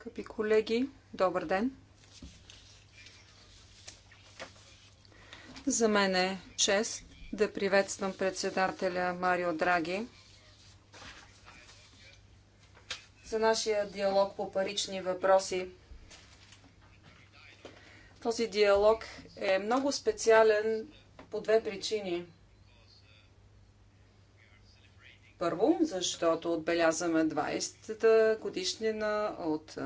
Скъпи колеги, добър ден. За мен е чест да приветствам председателя Марио Драги за нашия диалог по парични въпроси. Този диалог е много специален по две причини – Първо, защото отбелязваме 20-та годишнина от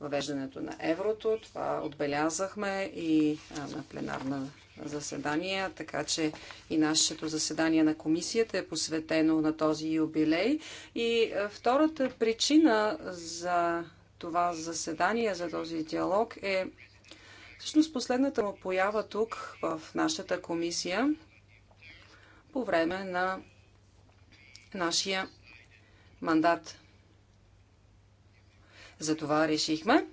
въвеждането на еврото. Това отбелязахме и на пленарна заседания, така че и нашето заседание на комисията е посветено на този юбилей. И втората причина за това заседание, за този диалог е всъщност последната му поява тук в нашата комисия по време на нашия мандат. Затова решихме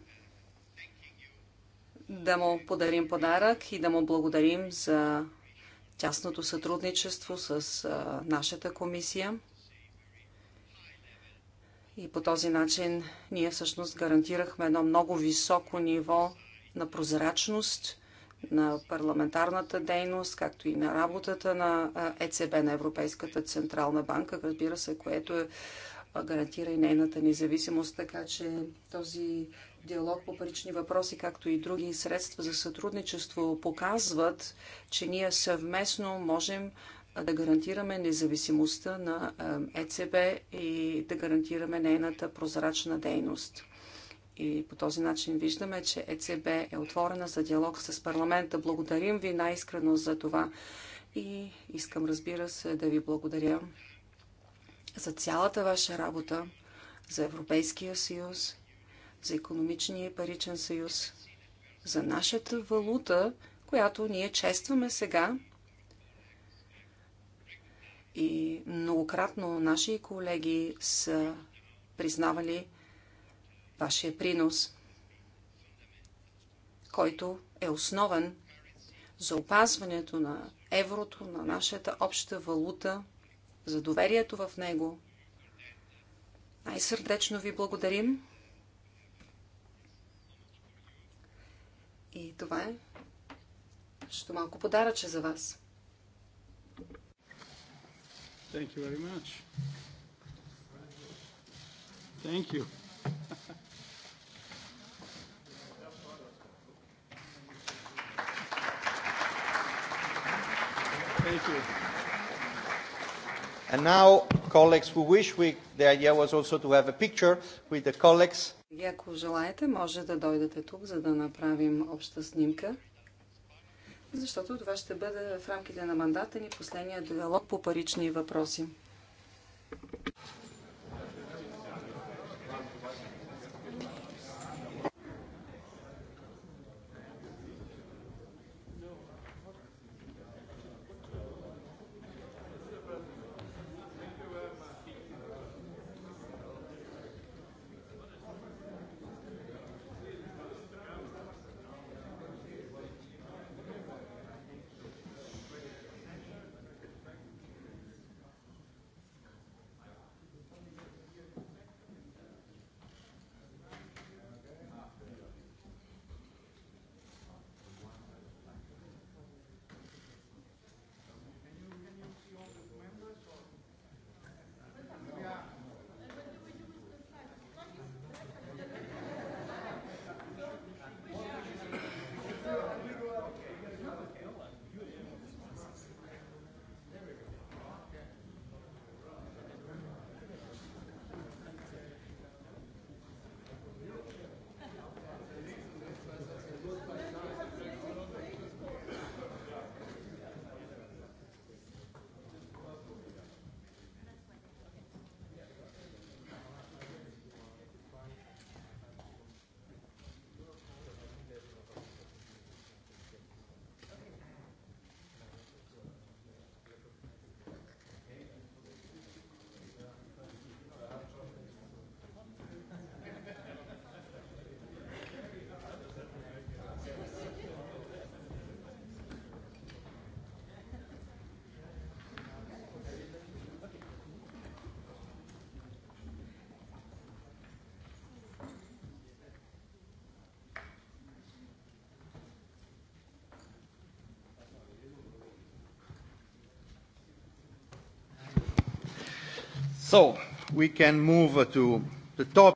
да му подарим подарък и да му благодарим за тясното сътрудничество с нашата комисия. И по този начин ние всъщност гарантирахме едно много високо ниво на прозрачност на парламентарната дейност, както и на работата на ЕЦБ, на Европейската централна банка, разбира се, което е, гарантира и нейната независимост, така че този диалог по парични въпроси, както и други средства за сътрудничество показват, че ние съвместно можем да гарантираме независимостта на ЕЦБ и да гарантираме нейната прозрачна дейност. И по този начин виждаме, че ЕЦБ е отворена за диалог с парламента. Благодарим ви най-искрено за това. И искам, разбира се, да ви благодаря за цялата ваша работа, за Европейския съюз, за економичния и паричен съюз, за нашата валута, която ние честваме сега. И многократно наши колеги са признавали, вашия принос, който е основен за опазването на еврото, на нашата обща валута, за доверието в него. Най-сърдечно ви благодарим. И това е ще малко подаръче за вас. Thank you very much. Thank you. Thank you. And now, colleagues who wish, we, the idea was also to have a picture with the colleagues. И ако желаете, може да дойдете тук, за да направим обща снимка. Защото това ще бъде в рамките на мандата ни последния диалог по парични въпроси. So, we can move to the top.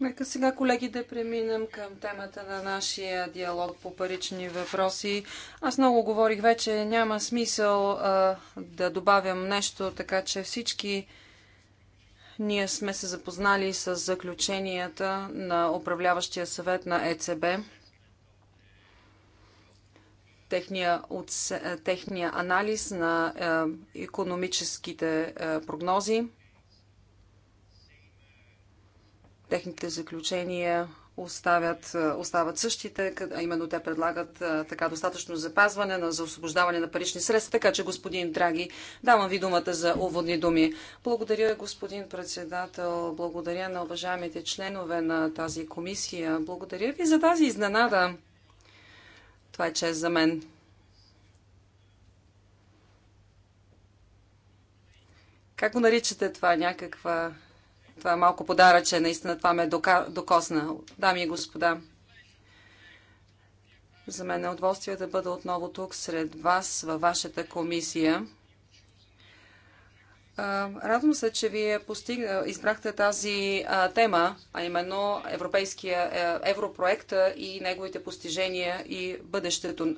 Нека сега, колеги, да преминем към темата на нашия диалог по парични въпроси. Аз много говорих вече, няма смисъл а, да добавям нещо, така че всички ние сме се запознали с заключенията на управляващия съвет на ЕЦБ. Техния, от, техния анализ на е, економическите е, прогнози. Техните заключения оставят, е, остават същите, а именно те предлагат е, така достатъчно запазване на, за освобождаване на парични средства. Така че, господин Драги, давам ви думата за уводни думи. Благодаря, господин председател. Благодаря на уважаемите членове на тази комисия. Благодаря ви за тази изненада. Това е чест за мен. Как го наричате това? Някаква това е малко подаръче, наистина това ме докосна. Дами и господа, за мен е удоволствие да бъда отново тук сред вас във вашата комисия. Радвам се, че вие избрахте тази а, тема, а именно европейския е, европроект и неговите постижения и бъдещето.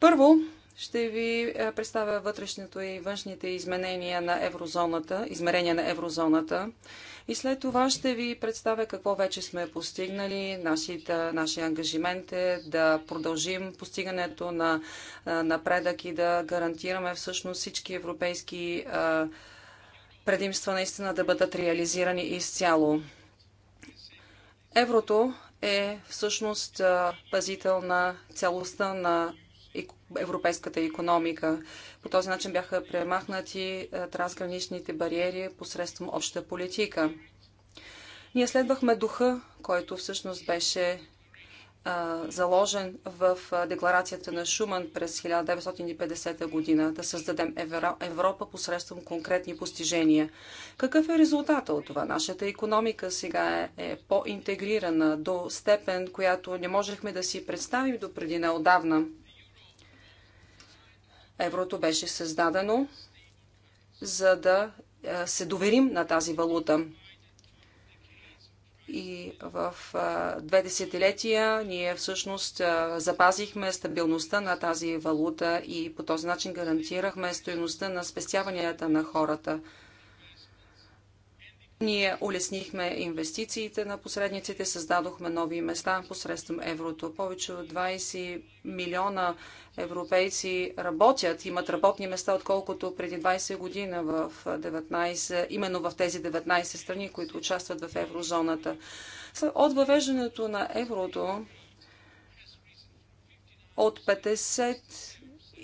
Първо, ще ви е, представя вътрешното и външните изменения на еврозоната, измерения на еврозоната. И след това ще ви представя какво вече сме постигнали, нашите, наши ангажимент е да продължим постигането на е, напредък и да гарантираме всъщност всички европейски предимства наистина да бъдат реализирани изцяло. Еврото е всъщност пазител на целостта на европейската економика. По този начин бяха премахнати е, трансграничните бариери посредством обща политика. Ние следвахме духа, който всъщност беше е, заложен в е, декларацията на Шуман през 1950 година да създадем Европа посредством конкретни постижения. Какъв е резултата от това? Нашата економика сега е по-интегрирана до степен, която не можехме да си представим до преди неодавна. Еврото беше създадено, за да е, се доверим на тази валута. И в е, две десетилетия ние всъщност е, запазихме стабилността на тази валута и по този начин гарантирахме стоеността на спестяванията на хората – ние улеснихме инвестициите на посредниците, създадохме нови места посредством еврото. Повече от 20 милиона европейци работят, имат работни места, отколкото преди 20 година в 19, именно в тези 19 страни, които участват в еврозоната. От въвеждането на еврото от 50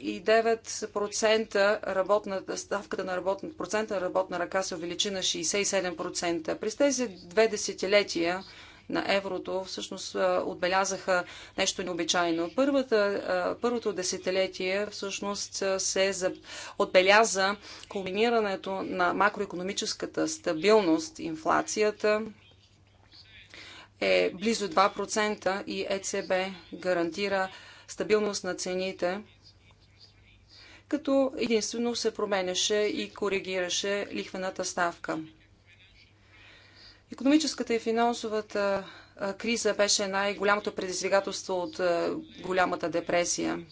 69% работната, ставката на работната, процента на работна ръка се увеличи на 67%. През тези две десетилетия на еврото всъщност отбелязаха нещо необичайно. Първата, първото десетилетие всъщност се отбеляза комбинирането на макроекономическата стабилност, инфлацията е близо 2% и ЕЦБ гарантира стабилност на цените като единствено се променяше и коригираше лихвената ставка. Економическата и финансовата криза беше най-голямото предизвикателство от голямата депресия.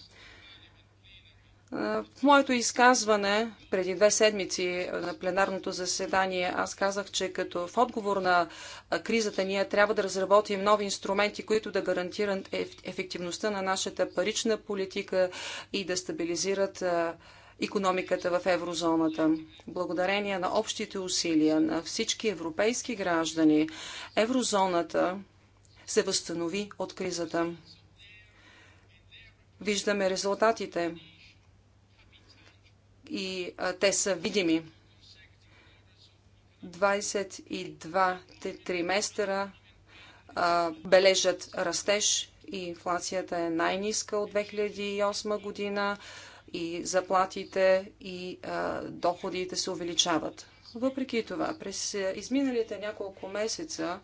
Е, в моето изказване преди две седмици на пленарното заседание аз казах, че като в отговор на е, кризата ние трябва да разработим нови инструменти, които да гарантират ефективността на нашата парична политика и да стабилизират економиката в еврозоната. Благодарение на общите усилия на всички европейски граждани, еврозоната се възстанови от кризата. Виждаме резултатите и а, те са видими. 22 триместъра а, бележат растеж и инфлацията е най-ниска от 2008 година и заплатите и а, доходите се увеличават. Въпреки това, през изминалите няколко месеца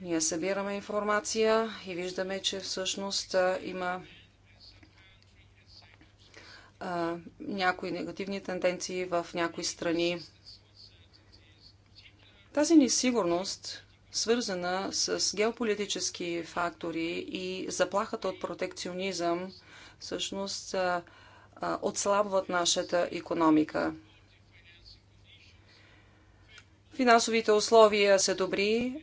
ние събираме информация и виждаме, че всъщност има някои негативни тенденции в някои страни. Тази несигурност, свързана с геополитически фактори и заплахата от протекционизъм, всъщност отслабват нашата економика. Финансовите условия са добри,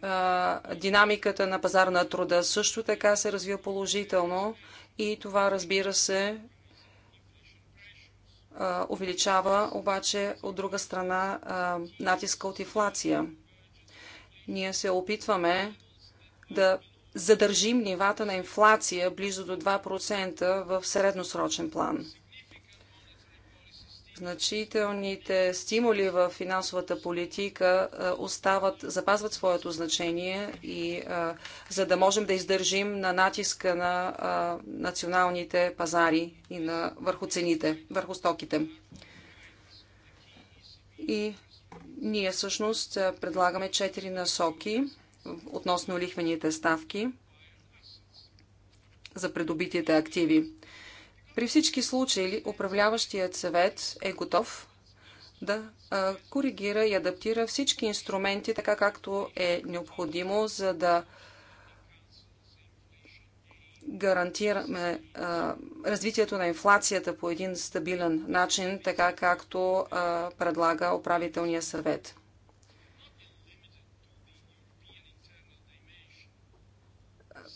динамиката на пазар на труда също така се развива положително и това, разбира се, увеличава обаче от друга страна натиска от инфлация. Ние се опитваме да задържим нивата на инфлация близо до 2% в средносрочен план. Значителните стимули в финансовата политика остават, запазват своето значение и за да можем да издържим на натиска на националните пазари и на, върху цените, върху стоките. И ние всъщност предлагаме четири насоки относно лихвените ставки за придобитите активи. При всички случаи управляващият съвет е готов да коригира и адаптира всички инструменти така както е необходимо, за да гарантираме а, развитието на инфлацията по един стабилен начин, така както а, предлага управителния съвет.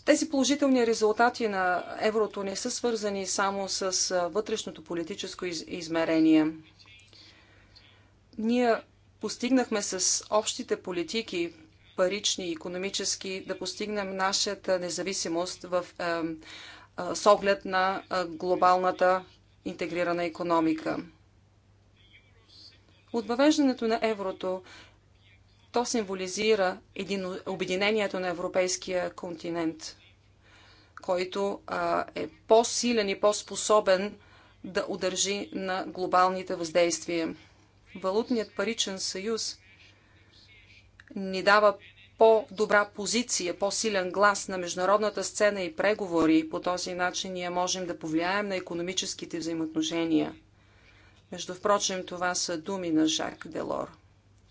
Тези положителни резултати на еврото не са свързани само с вътрешното политическо измерение. Ние постигнахме с общите политики, парични, и економически, да постигнем нашата независимост в, е, е, с оглед на глобалната интегрирана економика. От въвеждането на еврото то символизира един, обединението на европейския континент, който а, е по-силен и по-способен да удържи на глобалните въздействия. Валутният паричен съюз ни дава по-добра позиция, по-силен глас на международната сцена и преговори. По този начин ние можем да повлияем на економическите взаимоотношения. Между впрочем, това са думи на Жак Делор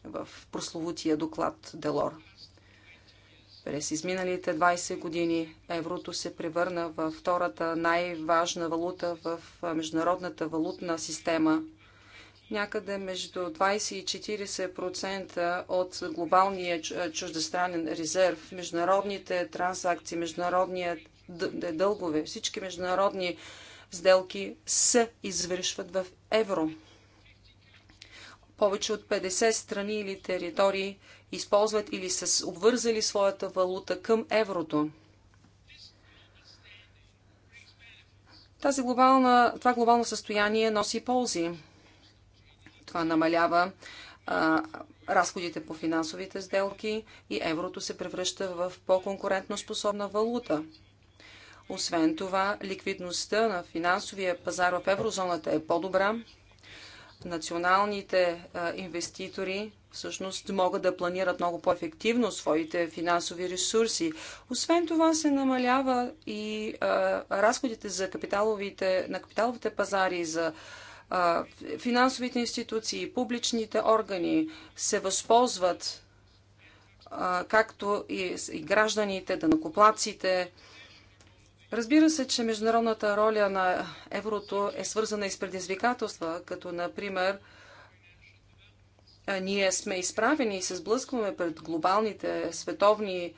в прословутия доклад Делор. През изминалите 20 години еврото се превърна във втората най-важна валута в международната валутна система. Някъде между 20 и 40% от глобалния чуждестранен резерв, международните транзакции, международният дългове, всички международни сделки се извършват в евро. Повече от 50 страни или територии използват или са обвързали своята валута към еврото. Тази глобална, това глобално състояние носи ползи. Това намалява а, разходите по финансовите сделки и еврото се превръща в по-конкурентно способна валута. Освен това, ликвидността на финансовия пазар в еврозоната е по-добра националните инвеститори всъщност могат да планират много по-ефективно своите финансови ресурси. Освен това се намалява и а, разходите за капиталовите, на капиталовите пазари, за а, финансовите институции, публичните органи се възползват, а, както и, и гражданите, данакоплаците, да Разбира се, че международната роля на еврото е свързана и с предизвикателства, като например ние сме изправени и се сблъскваме пред глобалните световни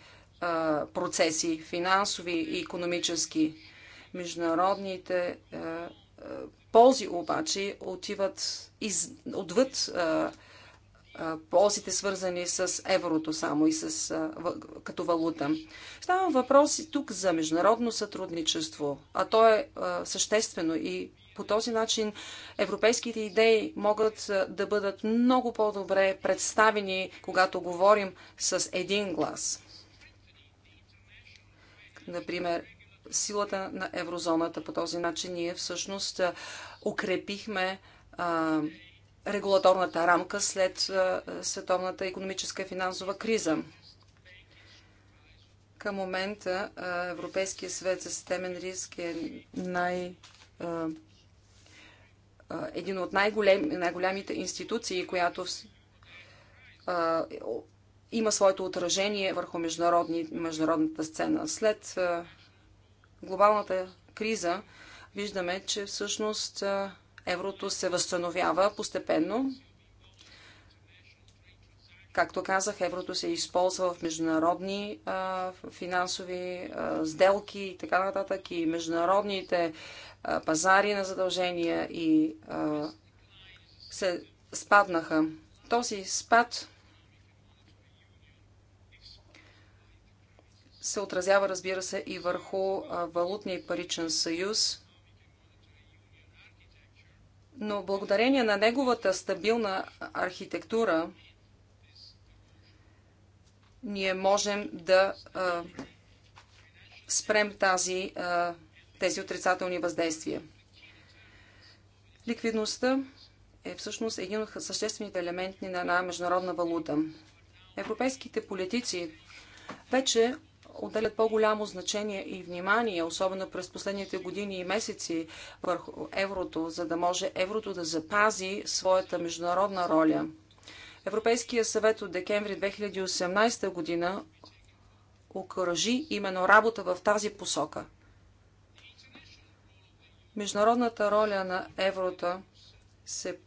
процеси, финансови и економически. Международните ползи обаче отиват отвъд ползите, свързани с еврото само и с, като валута. Става въпрос и тук за международно сътрудничество, а то е съществено и по този начин европейските идеи могат да бъдат много по-добре представени, когато говорим с един глас. Например, силата на еврозоната по този начин ние всъщност укрепихме регулаторната рамка след световната економическа и финансова криза. Към момента Европейския съвет за системен риск е най, един от най-голем, най-голямите институции, която има своето отражение върху международната сцена. След глобалната криза виждаме, че всъщност еврото се възстановява постепенно. Както казах, еврото се използва в международни а, финансови а, сделки и така нататък и международните а, пазари на задължения и а, се спаднаха. Този спад се отразява, разбира се, и върху валутния паричен съюз но благодарение на неговата стабилна архитектура, ние можем да а, спрем тази, а, тези отрицателни въздействия. Ликвидността е всъщност един от съществените елементи на една международна валута. Европейските политици вече отделят по-голямо значение и внимание, особено през последните години и месеци върху еврото, за да може еврото да запази своята международна роля. Европейския съвет от декември 2018 година окоръжи именно работа в тази посока. Международната роля на еврота се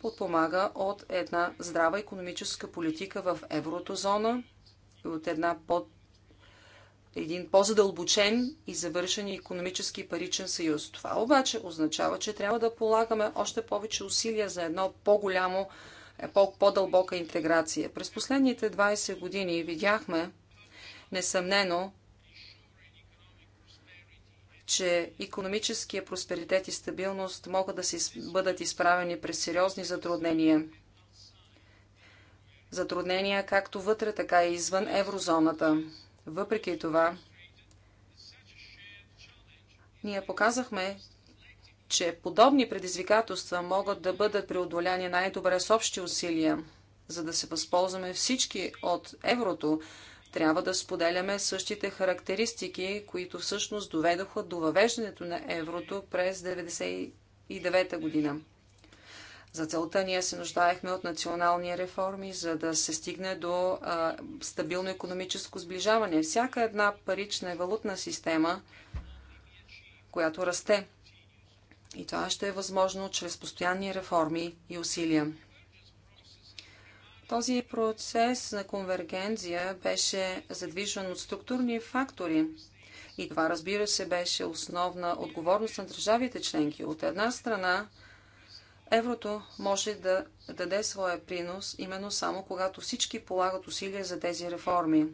подпомага от една здрава економическа политика в еврото зона – от една под един по-задълбочен и завършен економически и паричен съюз. Това обаче означава, че трябва да полагаме още повече усилия за едно по-голямо, е, по-дълбока -по интеграция. През последните 20 години видяхме, несъмнено, че економическия просперитет и стабилност могат да си бъдат изправени през сериозни затруднения – затруднения както вътре, така и извън еврозоната. Въпреки това, ние показахме, че подобни предизвикателства могат да бъдат преодоляни най-добре с общи усилия. За да се възползваме всички от еврото, трябва да споделяме същите характеристики, които всъщност доведоха до въвеждането на еврото през 1999 година. За целта ние се нуждаехме от национални реформи, за да се стигне до а, стабилно економическо сближаване. Всяка една парична и валутна система, която расте. И това ще е възможно чрез постоянни реформи и усилия. Този процес на конвергенция беше задвижен от структурни фактори. И това, разбира се, беше основна отговорност на държавите членки. От една страна, Еврото може да даде своя принос именно само когато всички полагат усилия за тези реформи.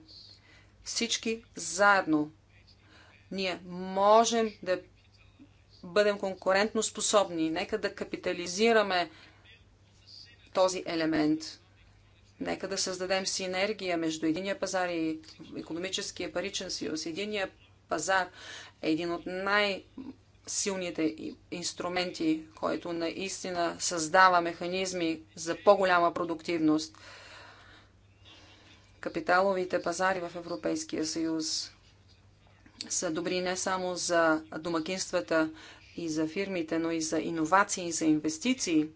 Всички заедно. Ние можем да бъдем конкурентно способни. Нека да капитализираме този елемент. Нека да създадем синергия между единия пазар и економическия паричен съюз. Единия пазар е един от най- силните инструменти, който наистина създава механизми за по-голяма продуктивност. Капиталовите пазари в Европейския съюз са добри не само за домакинствата и за фирмите, но и за иновации и за инвестиции.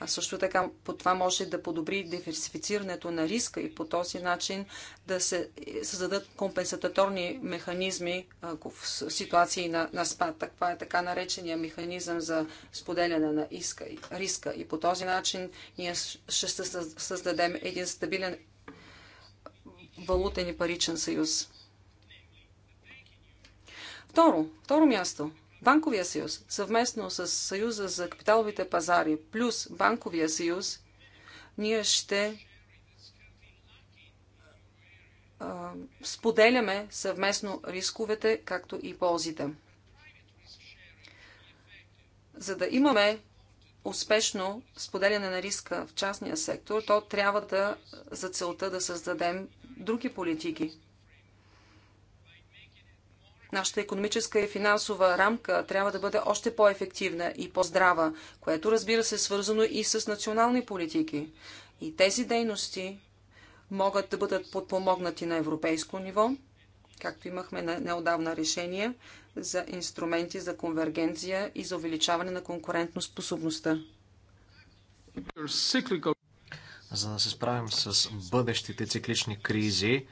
А също така по това може да подобри диверсифицирането на риска и по този начин да се създадат компенсататорни механизми в ситуации на, на спад. Това е така наречения механизъм за споделяне на иска, риска. И по този начин ние ще създадем един стабилен валутен и паричен съюз. Второ, второ място – Банковия съюз, съвместно с Съюза за капиталовите пазари, плюс Банковия съюз, ние ще а, споделяме съвместно рисковете, както и ползите. За да имаме успешно споделяне на риска в частния сектор, то трябва да за целта да създадем други политики. Нашата економическа и финансова рамка трябва да бъде още по-ефективна и по-здрава, което разбира се е свързано и с национални политики. И тези дейности могат да бъдат подпомогнати на европейско ниво, както имахме неодавна решение за инструменти за конвергенция и за увеличаване на конкурентоспособността. За да се справим с бъдещите циклични кризи,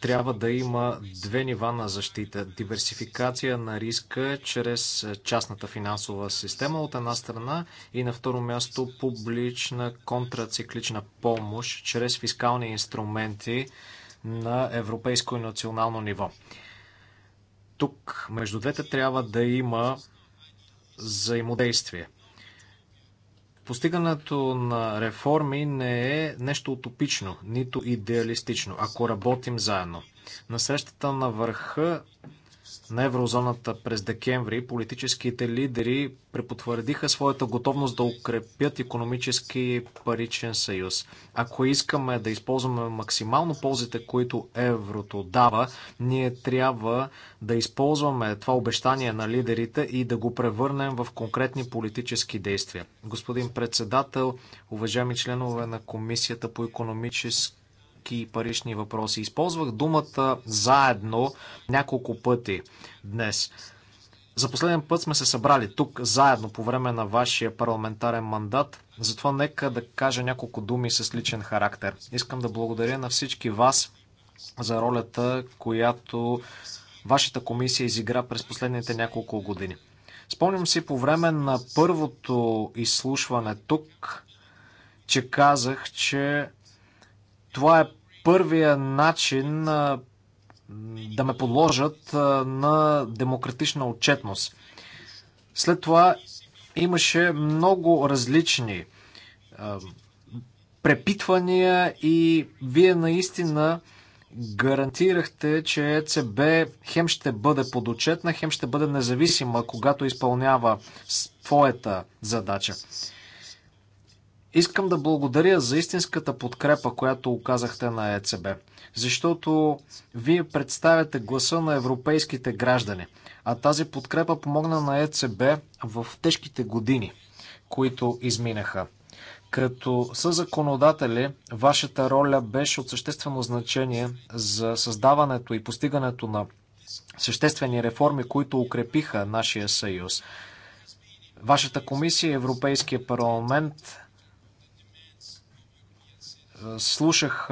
трябва да има две нива на защита. Диверсификация на риска чрез частната финансова система от една страна и на второ място публична контрациклична помощ чрез фискални инструменти на европейско и национално ниво. Тук между двете трябва да има взаимодействие – Постигането на реформи не е нещо утопично, нито идеалистично, ако работим заедно. На срещата на върха на еврозоната през декември, политическите лидери препотвърдиха своята готовност да укрепят економически паричен съюз. Ако искаме да използваме максимално ползите, които еврото дава, ние трябва да използваме това обещание на лидерите и да го превърнем в конкретни политически действия. Господин председател, уважаеми членове на Комисията по економически и парични въпроси. Използвах думата заедно няколко пъти днес. За последен път сме се събрали тук заедно по време на вашия парламентарен мандат. Затова нека да кажа няколко думи с личен характер. Искам да благодаря на всички вас за ролята, която вашата комисия изигра през последните няколко години. Спомням си по време на първото изслушване тук, че казах, че това е първия начин да ме подложат на демократична отчетност. След това имаше много различни препитвания и вие наистина гарантирахте, че ЕЦБ хем ще бъде подотчетна, хем ще бъде независима, когато изпълнява своята задача. Искам да благодаря за истинската подкрепа, която оказахте на ЕЦБ, защото вие представяте гласа на европейските граждани, а тази подкрепа помогна на ЕЦБ в тежките години, които изминаха. Като законодатели, вашата роля беше от съществено значение за създаването и постигането на съществени реформи, които укрепиха нашия съюз. Вашата комисия и Европейския парламент слушах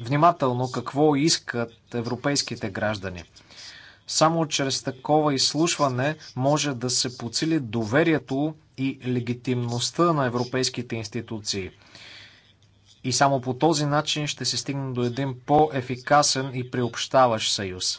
внимателно какво искат европейските граждани. Само чрез такова изслушване може да се подсили доверието и легитимността на европейските институции. И само по този начин ще се стигне до един по-ефикасен и приобщаващ съюз.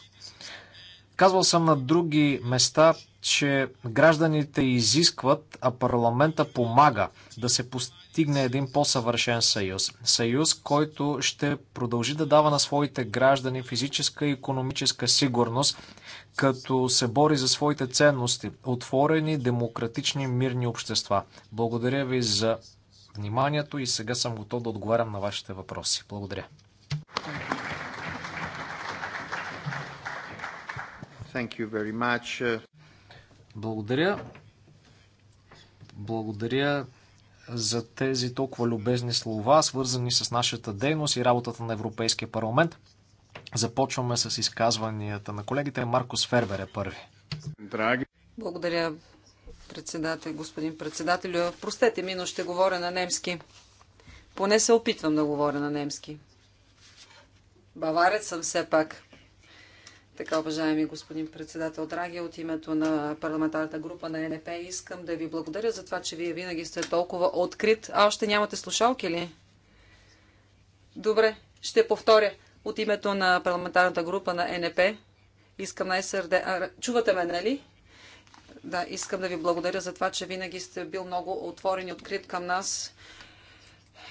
Казвал съм на други места, че гражданите изискват, а парламента помага да се постигне постигне един по-съвършен съюз. Съюз, който ще продължи да дава на своите граждани физическа и економическа сигурност, като се бори за своите ценности – отворени, демократични, мирни общества. Благодаря ви за вниманието и сега съм готов да отговарям на вашите въпроси. Благодаря. Благодаря. Благодаря за тези толкова любезни слова, свързани с нашата дейност и работата на Европейския парламент. Започваме с изказванията на колегите. Маркос Фербер е първи. Благодаря, председател, господин председател. Простете ми, но ще говоря на немски. Поне се опитвам да говоря на немски. Баварец съм все пак така, уважаеми господин председател Драги, от името на парламентарната група на НП искам да ви благодаря за това, че вие винаги сте толкова открит. А още нямате слушалки ли? Добре, ще повторя. От името на парламентарната група на НП искам най-сърде... Чувате ме, нали? Да, искам да ви благодаря за това, че винаги сте бил много отворен и открит към нас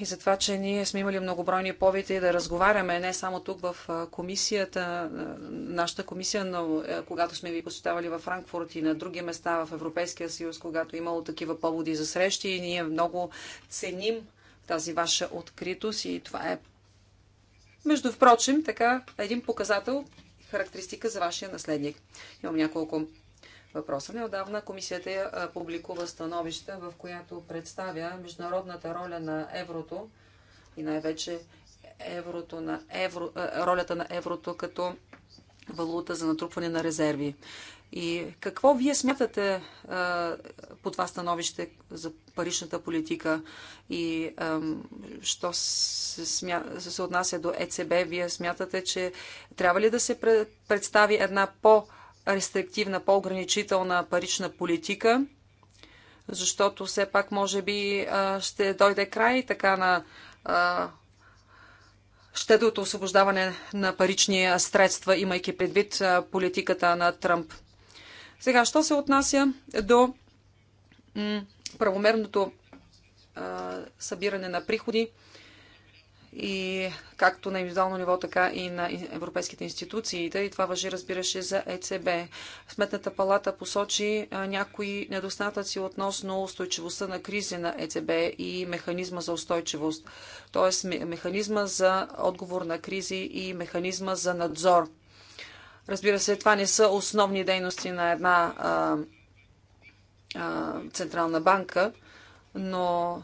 и за това, че ние сме имали многобройни повити да разговаряме не само тук в комисията, нашата комисия, но е, когато сме ви посетавали във Франкфурт и на други места в Европейския съюз, когато е имало такива поводи за срещи и ние много ценим тази ваша откритост и това е между впрочем, така един показател, характеристика за вашия наследник. Имам няколко въпроса. Неодавна комисията публикува становище, в която представя международната роля на еврото и най-вече еврото на евро, ролята на еврото като валута за натрупване на резерви. И какво вие смятате а, по това становище за паричната политика и а, що се, смя... се отнася до ЕЦБ? Вие смятате, че трябва ли да се представи една по- рестриктивна, по-ограничителна парична политика, защото все пак може би ще дойде край така на щедрото освобождаване на парични средства, имайки предвид политиката на Тръмп. Сега, що се отнася до правомерното събиране на приходи, и както на индивидуално ниво, така и на европейските институции. И това въжи, разбираше, за ЕЦБ. Сметната палата посочи някои недостатъци относно устойчивостта на кризи на ЕЦБ и механизма за устойчивост, т.е. механизма за отговор на кризи и механизма за надзор. Разбира се, това не са основни дейности на една а, а, централна банка, но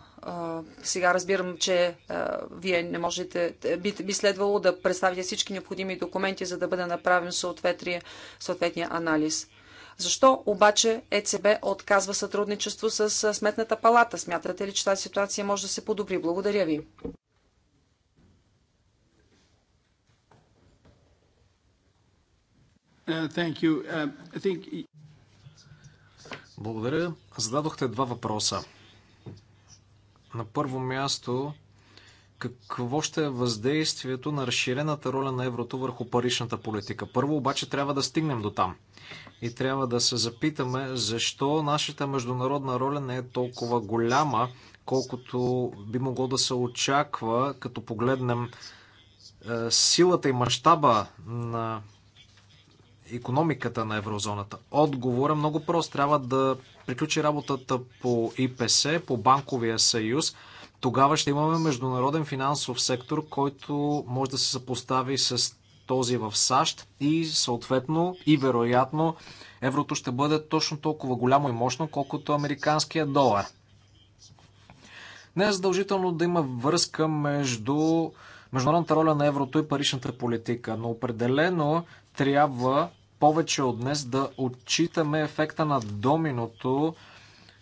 сега разбирам, че а, вие не можете, е, би, би следвало да представите всички необходими документи, за да бъде направен съответния анализ. Защо обаче ЕЦБ отказва сътрудничество с Сметната палата? Смятате ли, че тази ситуация може да се подобри? Благодаря ви. Uh, uh, Благодаря. Зададохте два въпроса. На първо място, какво ще е въздействието на разширената роля на еврото върху паричната политика? Първо обаче трябва да стигнем до там. И трябва да се запитаме защо нашата международна роля не е толкова голяма, колкото би могло да се очаква, като погледнем е, силата и мащаба на економиката на еврозоната? Отговор е много прост. Трябва да приключи работата по ИПС, по банковия съюз. Тогава ще имаме международен финансов сектор, който може да се съпостави с този в САЩ и съответно и вероятно еврото ще бъде точно толкова голямо и мощно, колкото американския долар. Не е задължително да има връзка между международната роля на еврото и паричната политика, но определено трябва повече от днес да отчитаме ефекта на доминото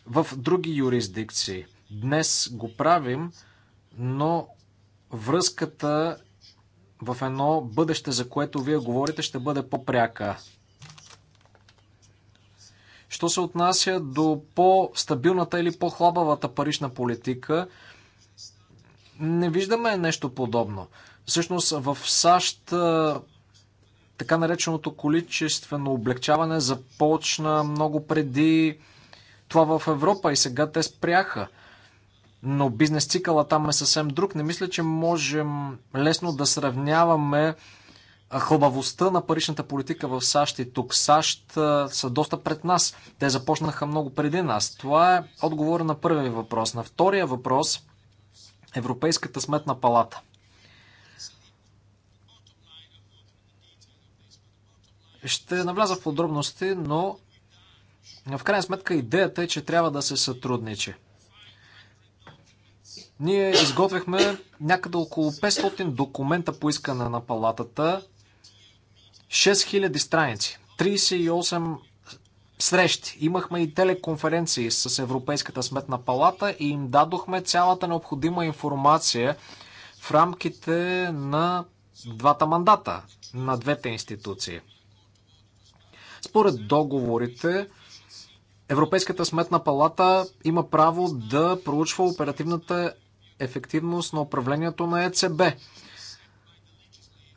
в други юрисдикции. Днес го правим, но връзката в едно бъдеще, за което вие говорите, ще бъде по-пряка. Що се отнася до по-стабилната или по-хлабавата парична политика, не виждаме нещо подобно. Всъщност в САЩ така нареченото количествено облегчаване започна много преди това в Европа и сега те спряха. Но бизнес цикъла там е съвсем друг. Не мисля, че можем лесно да сравняваме хубавостта на паричната политика в САЩ и тук. САЩ са доста пред нас. Те започнаха много преди нас. Това е отговор на първия въпрос. На втория въпрос – Европейската сметна палата. Ще навляза в подробности, но в крайна сметка идеята е, че трябва да се сътрудничи. Ние изготвихме някъде около 500 документа по искане на палатата, 6000 страници, 38 срещи. Имахме и телеконференции с Европейската сметна палата и им дадохме цялата необходима информация в рамките на двата мандата на двете институции. Според договорите, Европейската сметна палата има право да проучва оперативната ефективност на управлението на ЕЦБ.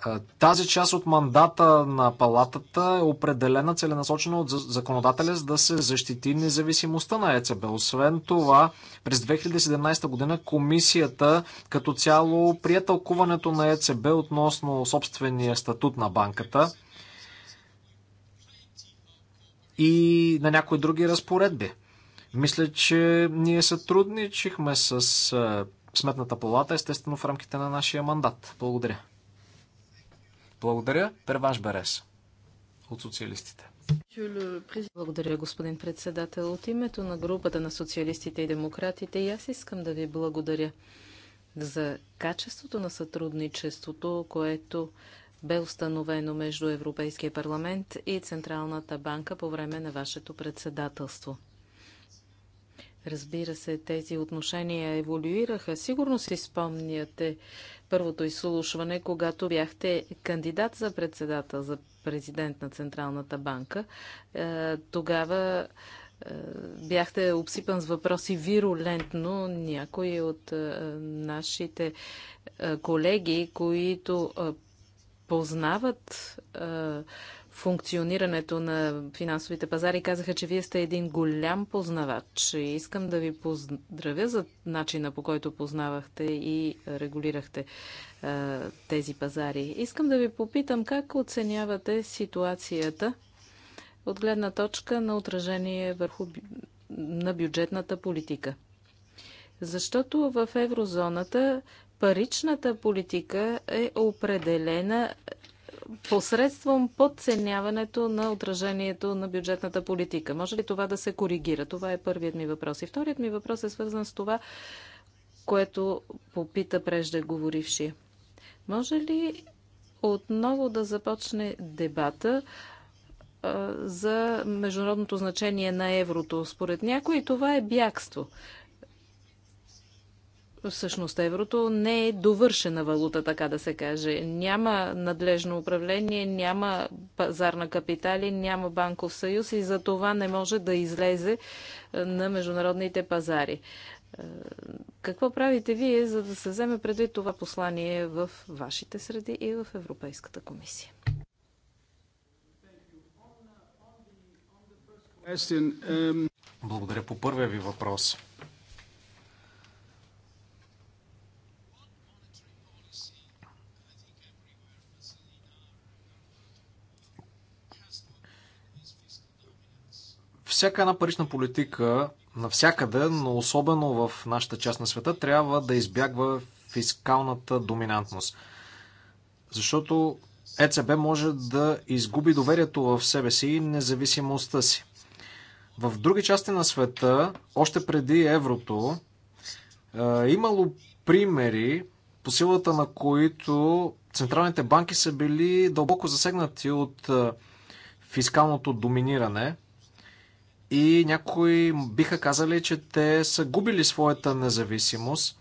Е, тази част от мандата на палатата е определена целенасочено от законодателя, за да се защити независимостта на ЕЦБ. Освен това, през 2017 година комисията като цяло прие тълкуването на ЕЦБ относно собствения статут на банката и на някои други разпоредби. Мисля, че ние сътрудничихме с е, Сметната палата, естествено в рамките на нашия мандат. Благодаря. Благодаря. Перваш Берес от социалистите. Благодаря, господин председател. От името на групата на социалистите и демократите и аз искам да ви благодаря за качеството на сътрудничеството, което бе установено между Европейския парламент и Централната банка по време на вашето председателство. Разбира се, тези отношения еволюираха. Сигурно си спомняте първото изслушване, когато бяхте кандидат за председател, за президент на Централната банка. Е, тогава е, бяхте обсипан с въпроси вирулентно. Някои от е, нашите колеги, които познават функционирането на финансовите пазари, казаха, че вие сте един голям познавач. И искам да ви поздравя за начина по който познавахте и регулирахте а, тези пазари. Искам да ви попитам как оценявате ситуацията от гледна точка на отражение върху на бюджетната политика. Защото в еврозоната паричната политика е определена посредством подценяването на отражението на бюджетната политика. Може ли това да се коригира? Това е първият ми въпрос. И вторият ми въпрос е свързан с това, което попита преждеговоривши. Може ли отново да започне дебата за международното значение на еврото? Според някои това е бягство всъщност еврото не е довършена валута, така да се каже. Няма надлежно управление, няма пазар на капитали, няма банков съюз и за това не може да излезе е, на международните пазари. Е, какво правите вие, за да се вземе предвид това послание в вашите среди и в Европейската комисия? Благодаря по първия ви въпрос. Всяка една парична политика навсякъде, но особено в нашата част на света, трябва да избягва фискалната доминантност. Защото ЕЦБ може да изгуби доверието в себе си и независимостта си. В други части на света, още преди еврото, е имало примери, по силата на които централните банки са били дълбоко засегнати от е, фискалното доминиране – и някои биха казали, че те са губили своята независимост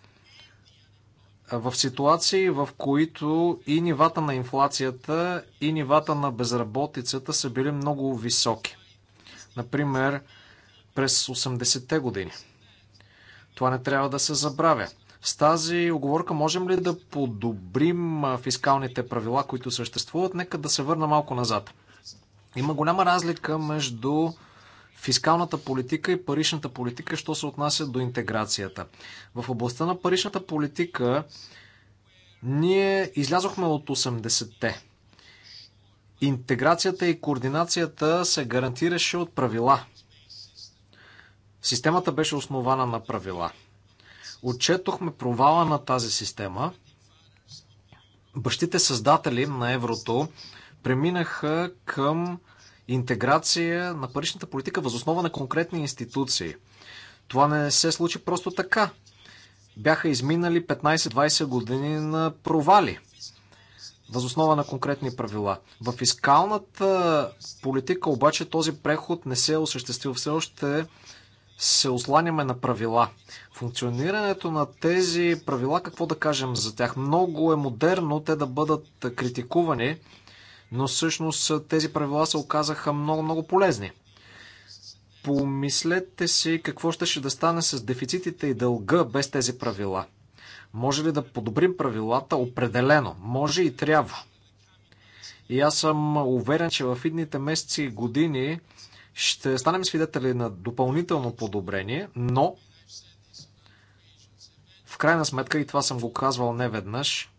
в ситуации, в които и нивата на инфлацията, и нивата на безработицата са били много високи. Например, през 80-те години. Това не трябва да се забравя. С тази оговорка можем ли да подобрим фискалните правила, които съществуват? Нека да се върна малко назад. Има голяма разлика между фискалната политика и паричната политика, що се отнася до интеграцията. В областта на паричната политика ние излязохме от 80-те. Интеграцията и координацията се гарантираше от правила. Системата беше основана на правила. Отчетохме провала на тази система. Бащите създатели на еврото преминаха към интеграция на паричната политика възоснова на конкретни институции. Това не се случи просто така. Бяха изминали 15-20 години на провали възоснова на конкретни правила. В фискалната политика обаче този преход не се е осъществил. Все още се осланяме на правила. Функционирането на тези правила, какво да кажем за тях? Много е модерно те да бъдат критикувани, но всъщност тези правила се оказаха много, много полезни. Помислете си какво ще, ще да стане с дефицитите и дълга без тези правила. Може ли да подобрим правилата? Определено. Може и трябва. И аз съм уверен, че в идните месеци и години ще станем свидетели на допълнително подобрение, но в крайна сметка, и това съм го казвал неведнъж,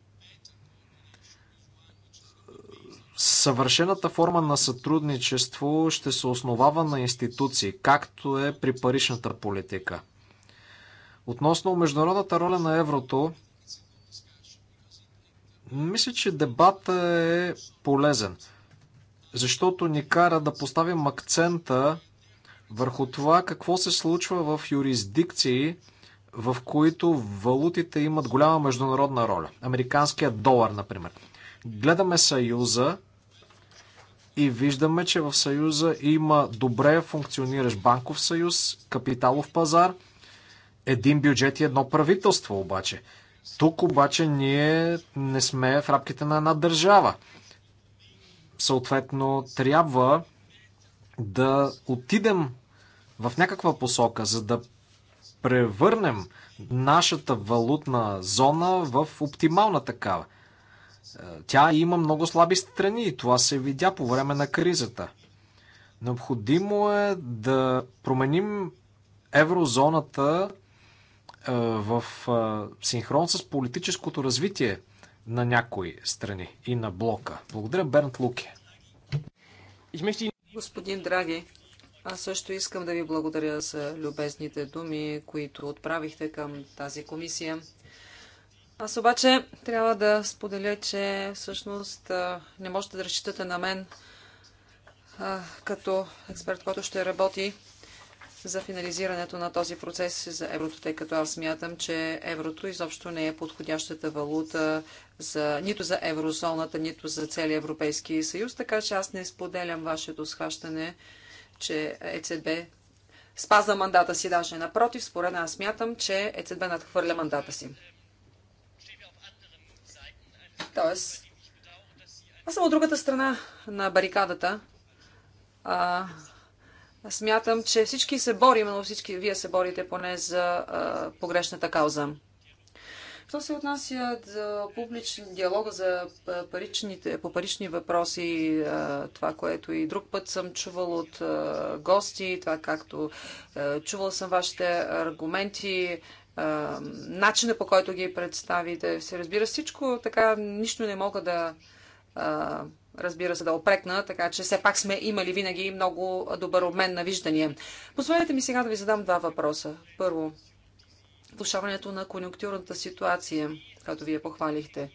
Съвършената форма на сътрудничество ще се основава на институции, както е при паричната политика. Относно международната роля на еврото, мисля, че дебата е полезен, защото ни кара да поставим акцента върху това какво се случва в юрисдикции, в които валутите имат голяма международна роля. Американският долар, например. Гледаме Съюза и виждаме, че в Съюза има добре функциониращ банков съюз, капиталов пазар, един бюджет и едно правителство обаче. Тук обаче ние не сме в рамките на една държава. Съответно, трябва да отидем в някаква посока, за да превърнем нашата валутна зона в оптимална такава. Тя има много слаби страни и това се видя по време на кризата. Необходимо е да променим еврозоната е, в е, синхрон с политическото развитие на някои страни и на блока. Благодаря, Бернт Луки. Господин Драги, аз също искам да ви благодаря за любезните думи, които отправихте към тази комисия. Аз обаче трябва да споделя, че всъщност не можете да разчитате на мен като експерт, който ще работи за финализирането на този процес за еврото, тъй като аз смятам, че еврото изобщо не е подходящата валута за, нито за еврозоната, нито за целия Европейски съюз, така че аз не споделям вашето схващане, че ЕЦБ спазва мандата си, даже напротив, според аз смятам, че ЕЦБ надхвърля мандата си. Тоест, аз съм от другата страна на барикадата. А, смятам, че всички се борим, но всички вие се борите поне за а, погрешната кауза. Що се отнася за публичен диалога за паричните, по парични въпроси, това, което и друг път съм чувал от гости, това както чувал съм вашите аргументи, начина по който ги представите. Се разбира всичко, така нищо не мога да разбира се да опрекна, така че все пак сме имали винаги много добър обмен на виждания. Позволете ми сега да ви задам два въпроса. Първо, влушаването на конъюнктурната ситуация, като вие похвалихте.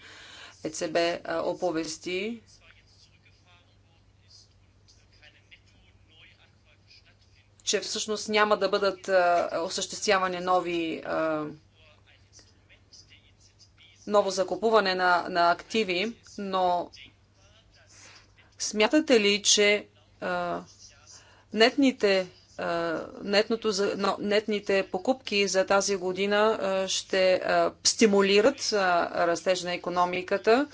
ЕЦБ оповести че всъщност няма да бъдат осъществявани нови ново закупуване на, на активи, но смятате ли, че а, нетните, а, нетното, но, нетните покупки за тази година а, ще а, стимулират а, растеж на економиката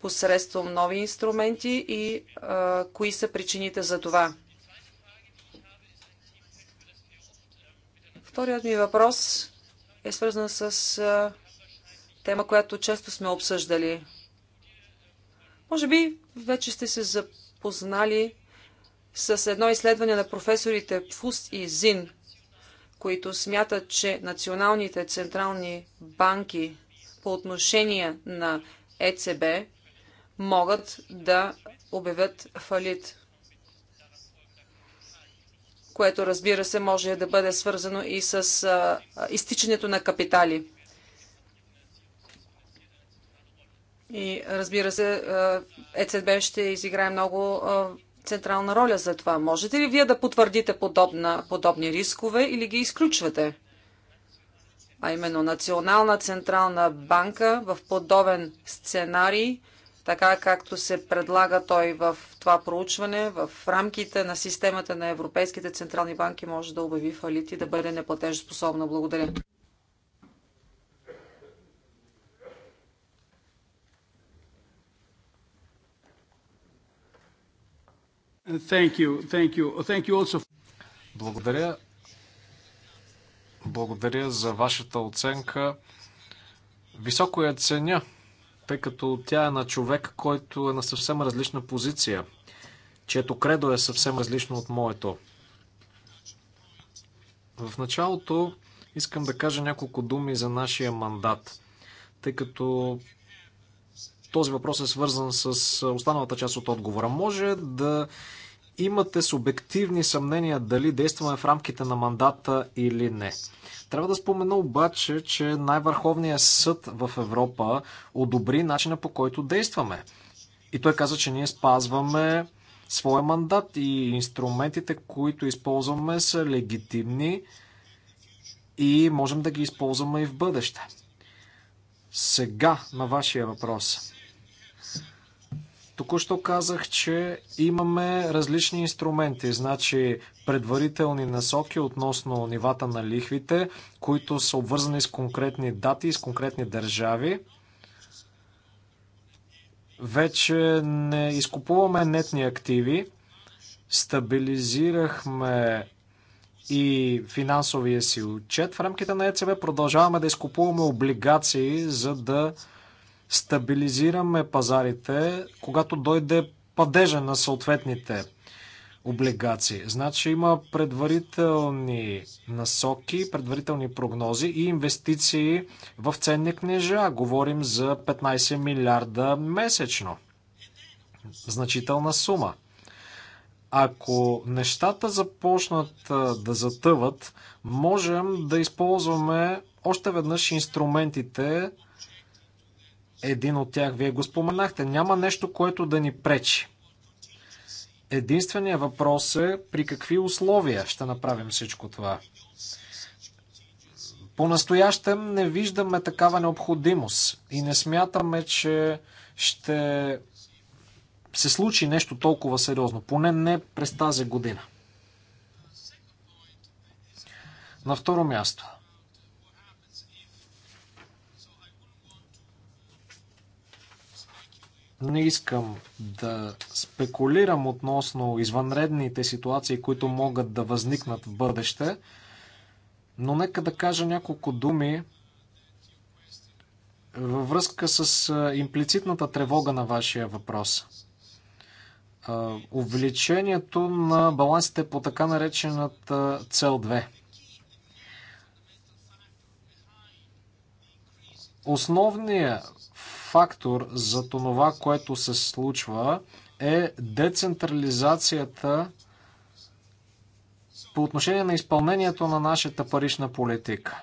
посредством нови инструменти и а, кои са причините за това? Вторият ми въпрос е свързан с тема, която често сме обсъждали. Може би вече сте се запознали с едно изследване на професорите Фуст и Зин, които смятат, че националните централни банки по отношение на ЕЦБ могат да обявят фалит което разбира се може да бъде свързано и с изтичането на капитали. И разбира се, ЕЦБ ще изиграе много централна роля за това. Можете ли вие да потвърдите подобна, подобни рискове или ги изключвате? А именно Национална централна банка в подобен сценарий – така както се предлага той в това проучване, в рамките на системата на европейските централни банки може да обяви фалит и да бъде неплатежоспособна. Благодаря. Thank you, thank you, thank you also. Благодаря. Благодаря за вашата оценка. Високо я ценя тъй като тя е на човек, който е на съвсем различна позиция, чието кредо е съвсем различно от моето. В началото искам да кажа няколко думи за нашия мандат, тъй като този въпрос е свързан с останалата част от отговора. Може да имате субективни съмнения дали действаме в рамките на мандата или не. Трябва да спомена обаче, че най-върховният съд в Европа одобри начина по който действаме. И той каза, че ние спазваме своя мандат и инструментите, които използваме, са легитимни и можем да ги използваме и в бъдеще. Сега на вашия въпрос. Току-що казах, че имаме различни инструменти, значи предварителни насоки относно нивата на лихвите, които са обвързани с конкретни дати и с конкретни държави. Вече не изкупуваме нетни активи, стабилизирахме и финансовия си отчет. В рамките на ЕЦБ продължаваме да изкупуваме облигации, за да стабилизираме пазарите, когато дойде падежа на съответните облигации. Значи има предварителни насоки, предварителни прогнози и инвестиции в ценни книжа. Говорим за 15 милиарда месечно. Значителна сума. Ако нещата започнат да затъват, можем да използваме още веднъж инструментите един от тях вие го споменахте. Няма нещо, което да ни пречи. Единственият въпрос е при какви условия ще направим всичко това. По-настоящем не виждаме такава необходимост и не смятаме, че ще се случи нещо толкова сериозно. Поне не през тази година. На второ място. Не искам да спекулирам относно извънредните ситуации, които могат да възникнат в бъдеще, но нека да кажа няколко думи във връзка с имплицитната тревога на вашия въпрос. Увеличението на балансите по така наречената цел 2. Основният фактор за това, което се случва, е децентрализацията по отношение на изпълнението на нашата парична политика.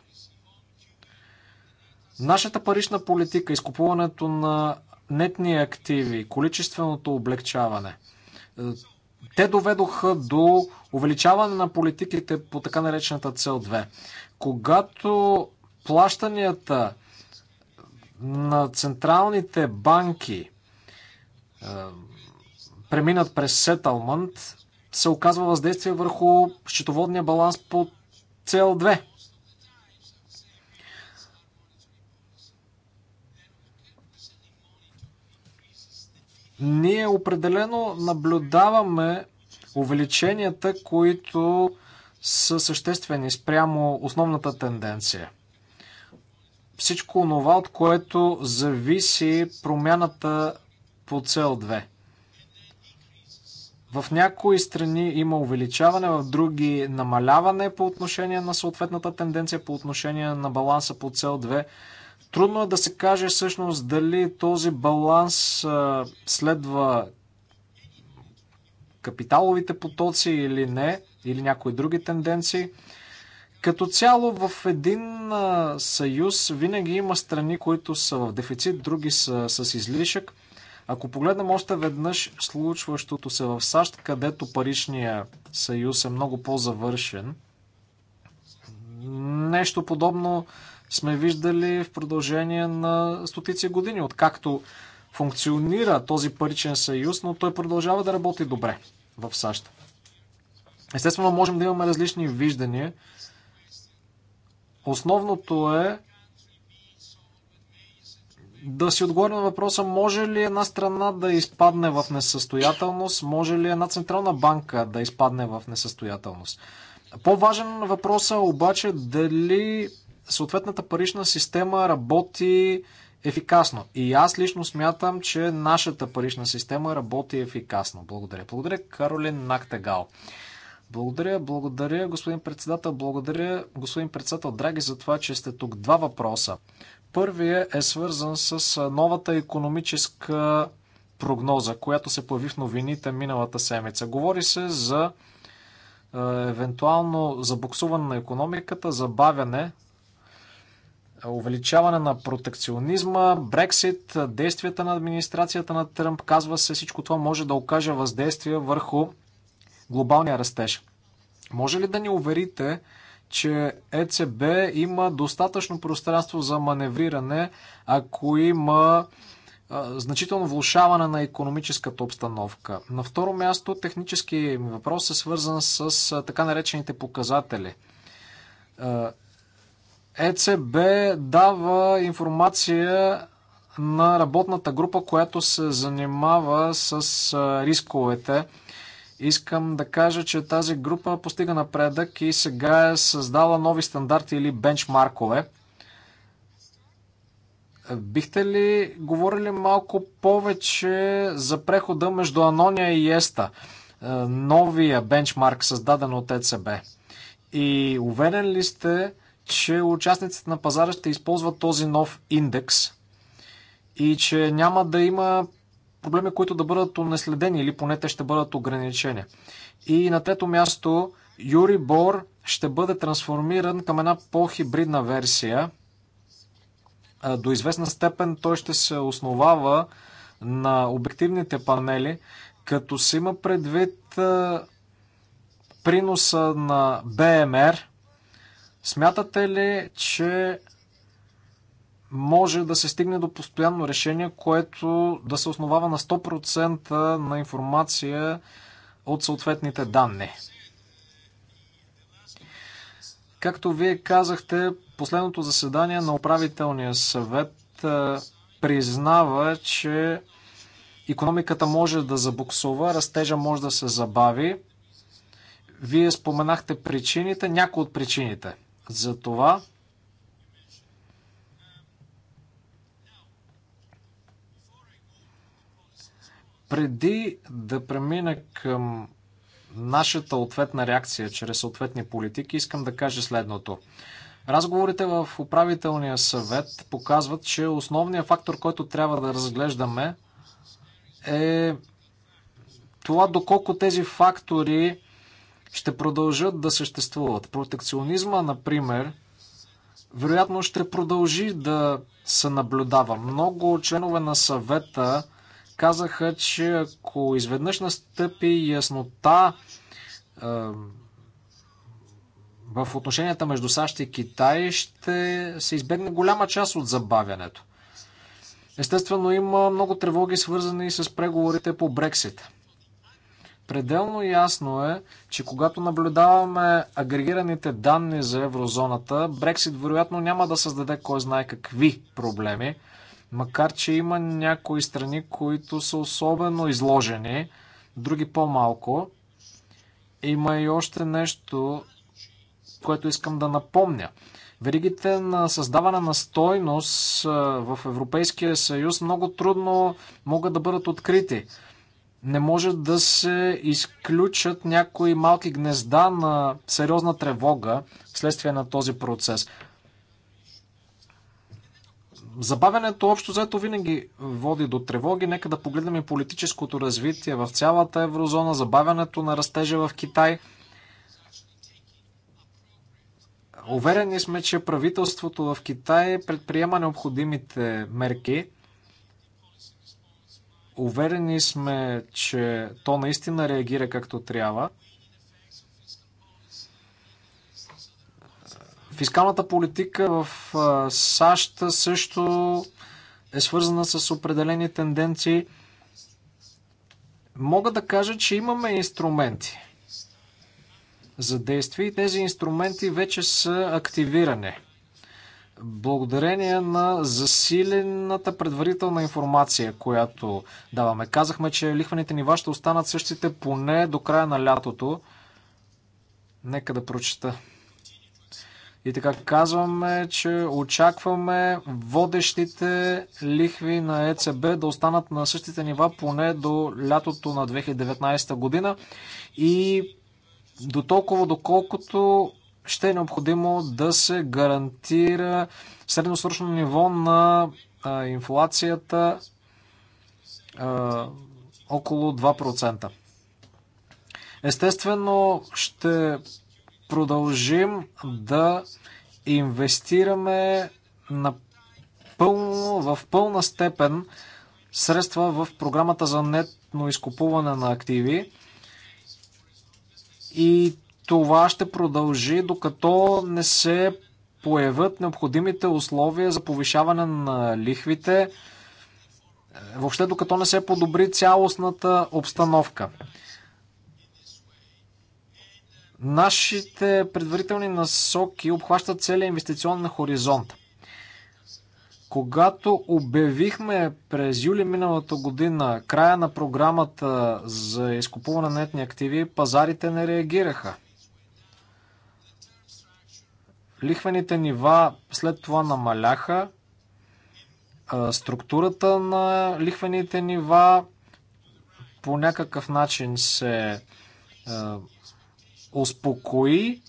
Нашата парична политика, изкупуването на нетни активи, количественото облегчаване, те доведоха до увеличаване на политиките по така наречената цел 2. Когато плащанията на централните банки е, преминат през сетълмент, се оказва въздействие върху счетоводния баланс по цел 2. Ние определено наблюдаваме увеличенията, които са съществени спрямо основната тенденция – всичко това, от което зависи промяната по цел 2. В някои страни има увеличаване, в други намаляване по отношение на съответната тенденция, по отношение на баланса по цел 2. Трудно е да се каже всъщност дали този баланс следва капиталовите потоци или не, или някои други тенденции. Като цяло в един съюз винаги има страни, които са в дефицит, други са с излишък. Ако погледнем още веднъж случващото се в САЩ, където паричния съюз е много по-завършен, нещо подобно сме виждали в продължение на стотици години, откакто функционира този паричен съюз, но той продължава да работи добре в САЩ. Естествено, можем да имаме различни виждания Основното е да си отговорим на въпроса, може ли една страна да изпадне в несъстоятелност, може ли една централна банка да изпадне в несъстоятелност. По-важен въпрос е обаче дали съответната парична система работи ефикасно. И аз лично смятам, че нашата парична система работи ефикасно. Благодаря. Благодаря, Каролин Нактегал. Благодаря, благодаря, господин председател. Благодаря, господин председател Драги, за това, че сте тук. Два въпроса. Първият е свързан с новата економическа прогноза, която се появи в новините миналата седмица. Говори се за евентуално забуксуване на економиката, забавяне, увеличаване на протекционизма, Брексит, действията на администрацията на Тръмп. Казва се, всичко това може да окаже въздействие върху глобалния растеж. Може ли да ни уверите, че ЕЦБ има достатъчно пространство за маневриране, ако има значително влушаване на економическата обстановка. На второ място, технически въпрос е свързан с така наречените показатели. ЕЦБ дава информация на работната група, която се занимава с рисковете Искам да кажа, че тази група постига напредък и сега е създала нови стандарти или бенчмаркове. Бихте ли говорили малко повече за прехода между Анония и Еста, е, новия бенчмарк, създаден от ЕЦБ? И уверен ли сте, че участниците на пазара ще използват този нов индекс и че няма да има проблеми, които да бъдат унаследени или поне те ще бъдат ограничени. И на трето място, Юри Бор ще бъде трансформиран към една по-хибридна версия. До известна степен той ще се основава на обективните панели, като се има предвид приноса на БМР. Смятате ли, че може да се стигне до постоянно решение, което да се основава на 100% на информация от съответните данни. Както вие казахте, последното заседание на управителния съвет е, признава, че економиката може да забуксува, растежа може да се забави. Вие споменахте причините, някои от причините за това – Преди да премина към нашата ответна реакция чрез съответни политики, искам да кажа следното. Разговорите в управителния съвет показват, че основният фактор, който трябва да разглеждаме е това доколко тези фактори ще продължат да съществуват. Протекционизма, например, вероятно ще продължи да се наблюдава. Много членове на съвета казаха, че ако изведнъж настъпи яснота в отношенията между САЩ и Китай, ще се избегне голяма част от забавянето. Естествено, има много тревоги, свързани с преговорите по Брексит. Пределно ясно е, че когато наблюдаваме агрегираните данни за еврозоната, Брексит вероятно няма да създаде кой знае какви проблеми. Макар, че има някои страни, които са особено изложени, други по-малко. Има и още нещо, което искам да напомня. Веригите на създаване на стойност в Европейския съюз много трудно могат да бъдат открити. Не може да се изключат някои малки гнезда на сериозна тревога вследствие на този процес. Забавянето общо заето винаги води до тревоги. Нека да погледнем и политическото развитие в цялата еврозона, забавянето на растежа в Китай. Уверени сме, че правителството в Китай предприема необходимите мерки. Уверени сме, че то наистина реагира както трябва. Фискалната политика в САЩ също е свързана с определени тенденции. Мога да кажа, че имаме инструменти за действие и тези инструменти вече са активирани. Благодарение на засилената предварителна информация, която даваме. Казахме, че лихвените нива ще останат същите поне до края на лятото. Нека да прочета и така казваме, че очакваме водещите лихви на ЕЦБ да останат на същите нива поне до лятото на 2019 година и до толкова доколкото ще е необходимо да се гарантира средносрочно ниво на инфлацията около 2%. Естествено, ще продължим да инвестираме на пълно, в пълна степен средства в програмата за нетно изкупуване на активи. И това ще продължи, докато не се появят необходимите условия за повишаване на лихвите, въобще докато не се подобри цялостната обстановка Нашите предварителни насоки обхващат целият инвестиционен хоризонт. Когато обявихме през юли миналата година края на програмата за изкупуване на нетни активи, пазарите не реагираха. Лихвените нива след това намаляха. Структурата на лихвените нива по някакъв начин се успокои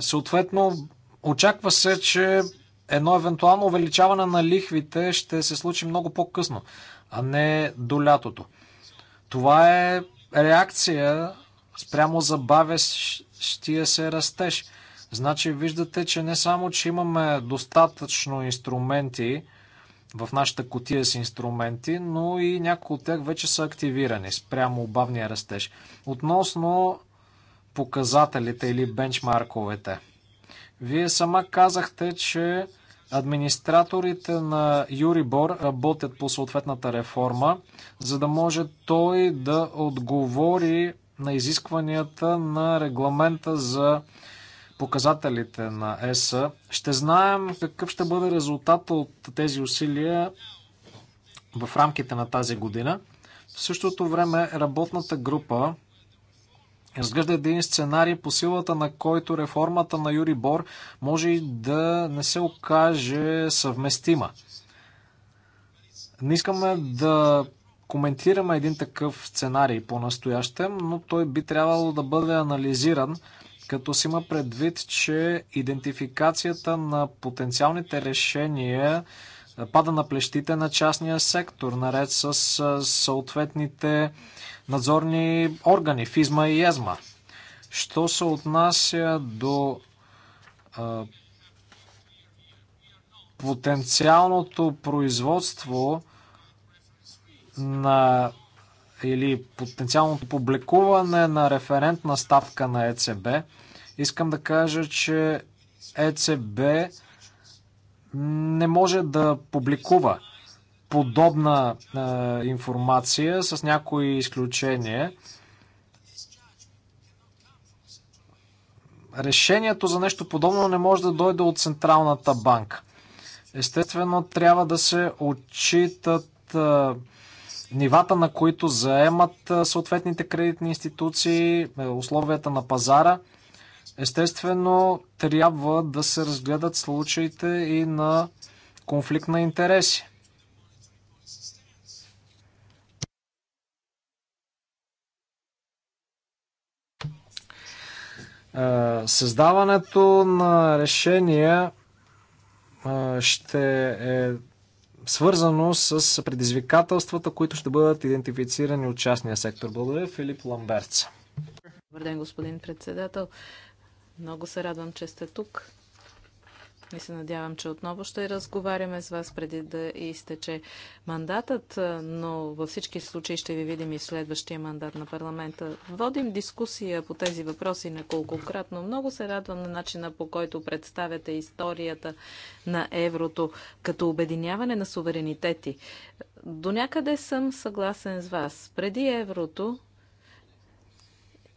Съответно, очаква се, че едно евентуално увеличаване на лихвите ще се случи много по-късно, а не до лятото. Това е реакция спрямо забавящия се растеж. Значи виждате, че не само, че имаме достатъчно инструменти, в нашата котия с инструменти, но и някои от тях вече са активирани спрямо бавния растеж. Относно показателите или бенчмарковете. Вие сама казахте, че администраторите на Юрибор работят по съответната реформа, за да може той да отговори на изискванията на регламента за показателите на ЕС, ще знаем какъв ще бъде резултата от тези усилия в рамките на тази година. В същото време работната група разглежда един сценарий по силата на който реформата на Юри Бор може и да не се окаже съвместима. Не искаме да коментираме един такъв сценарий по-настоящем, но той би трябвало да бъде анализиран като си има предвид, че идентификацията на потенциалните решения пада на плещите на частния сектор, наред с съответните надзорни органи, ФИЗМА и ЕЗМА. Що се отнася до потенциалното производство на или потенциалното публикуване на референтна ставка на ЕЦБ, искам да кажа, че ЕЦБ не може да публикува подобна е, информация с някои изключения. Решението за нещо подобно не може да дойде от Централната банка. Естествено, трябва да се отчитат е, нивата, на които заемат съответните кредитни институции, е, условията на пазара. Естествено, трябва да се разгледат случаите и на конфликт на интереси. Е, създаването на решения е, ще е свързано с предизвикателствата, които ще бъдат идентифицирани от частния сектор. Благодаря, Филип Ламберц. Добър ден, господин председател. Много се радвам, че сте тук. И се надявам, че отново ще разговаряме с вас преди да изтече мандатът, но във всички случаи ще ви видим и в следващия мандат на парламента. Водим дискусия по тези въпроси неколкократно. Много се радвам на начина по който представяте историята на еврото като обединяване на суверенитети. До някъде съм съгласен с вас. Преди еврото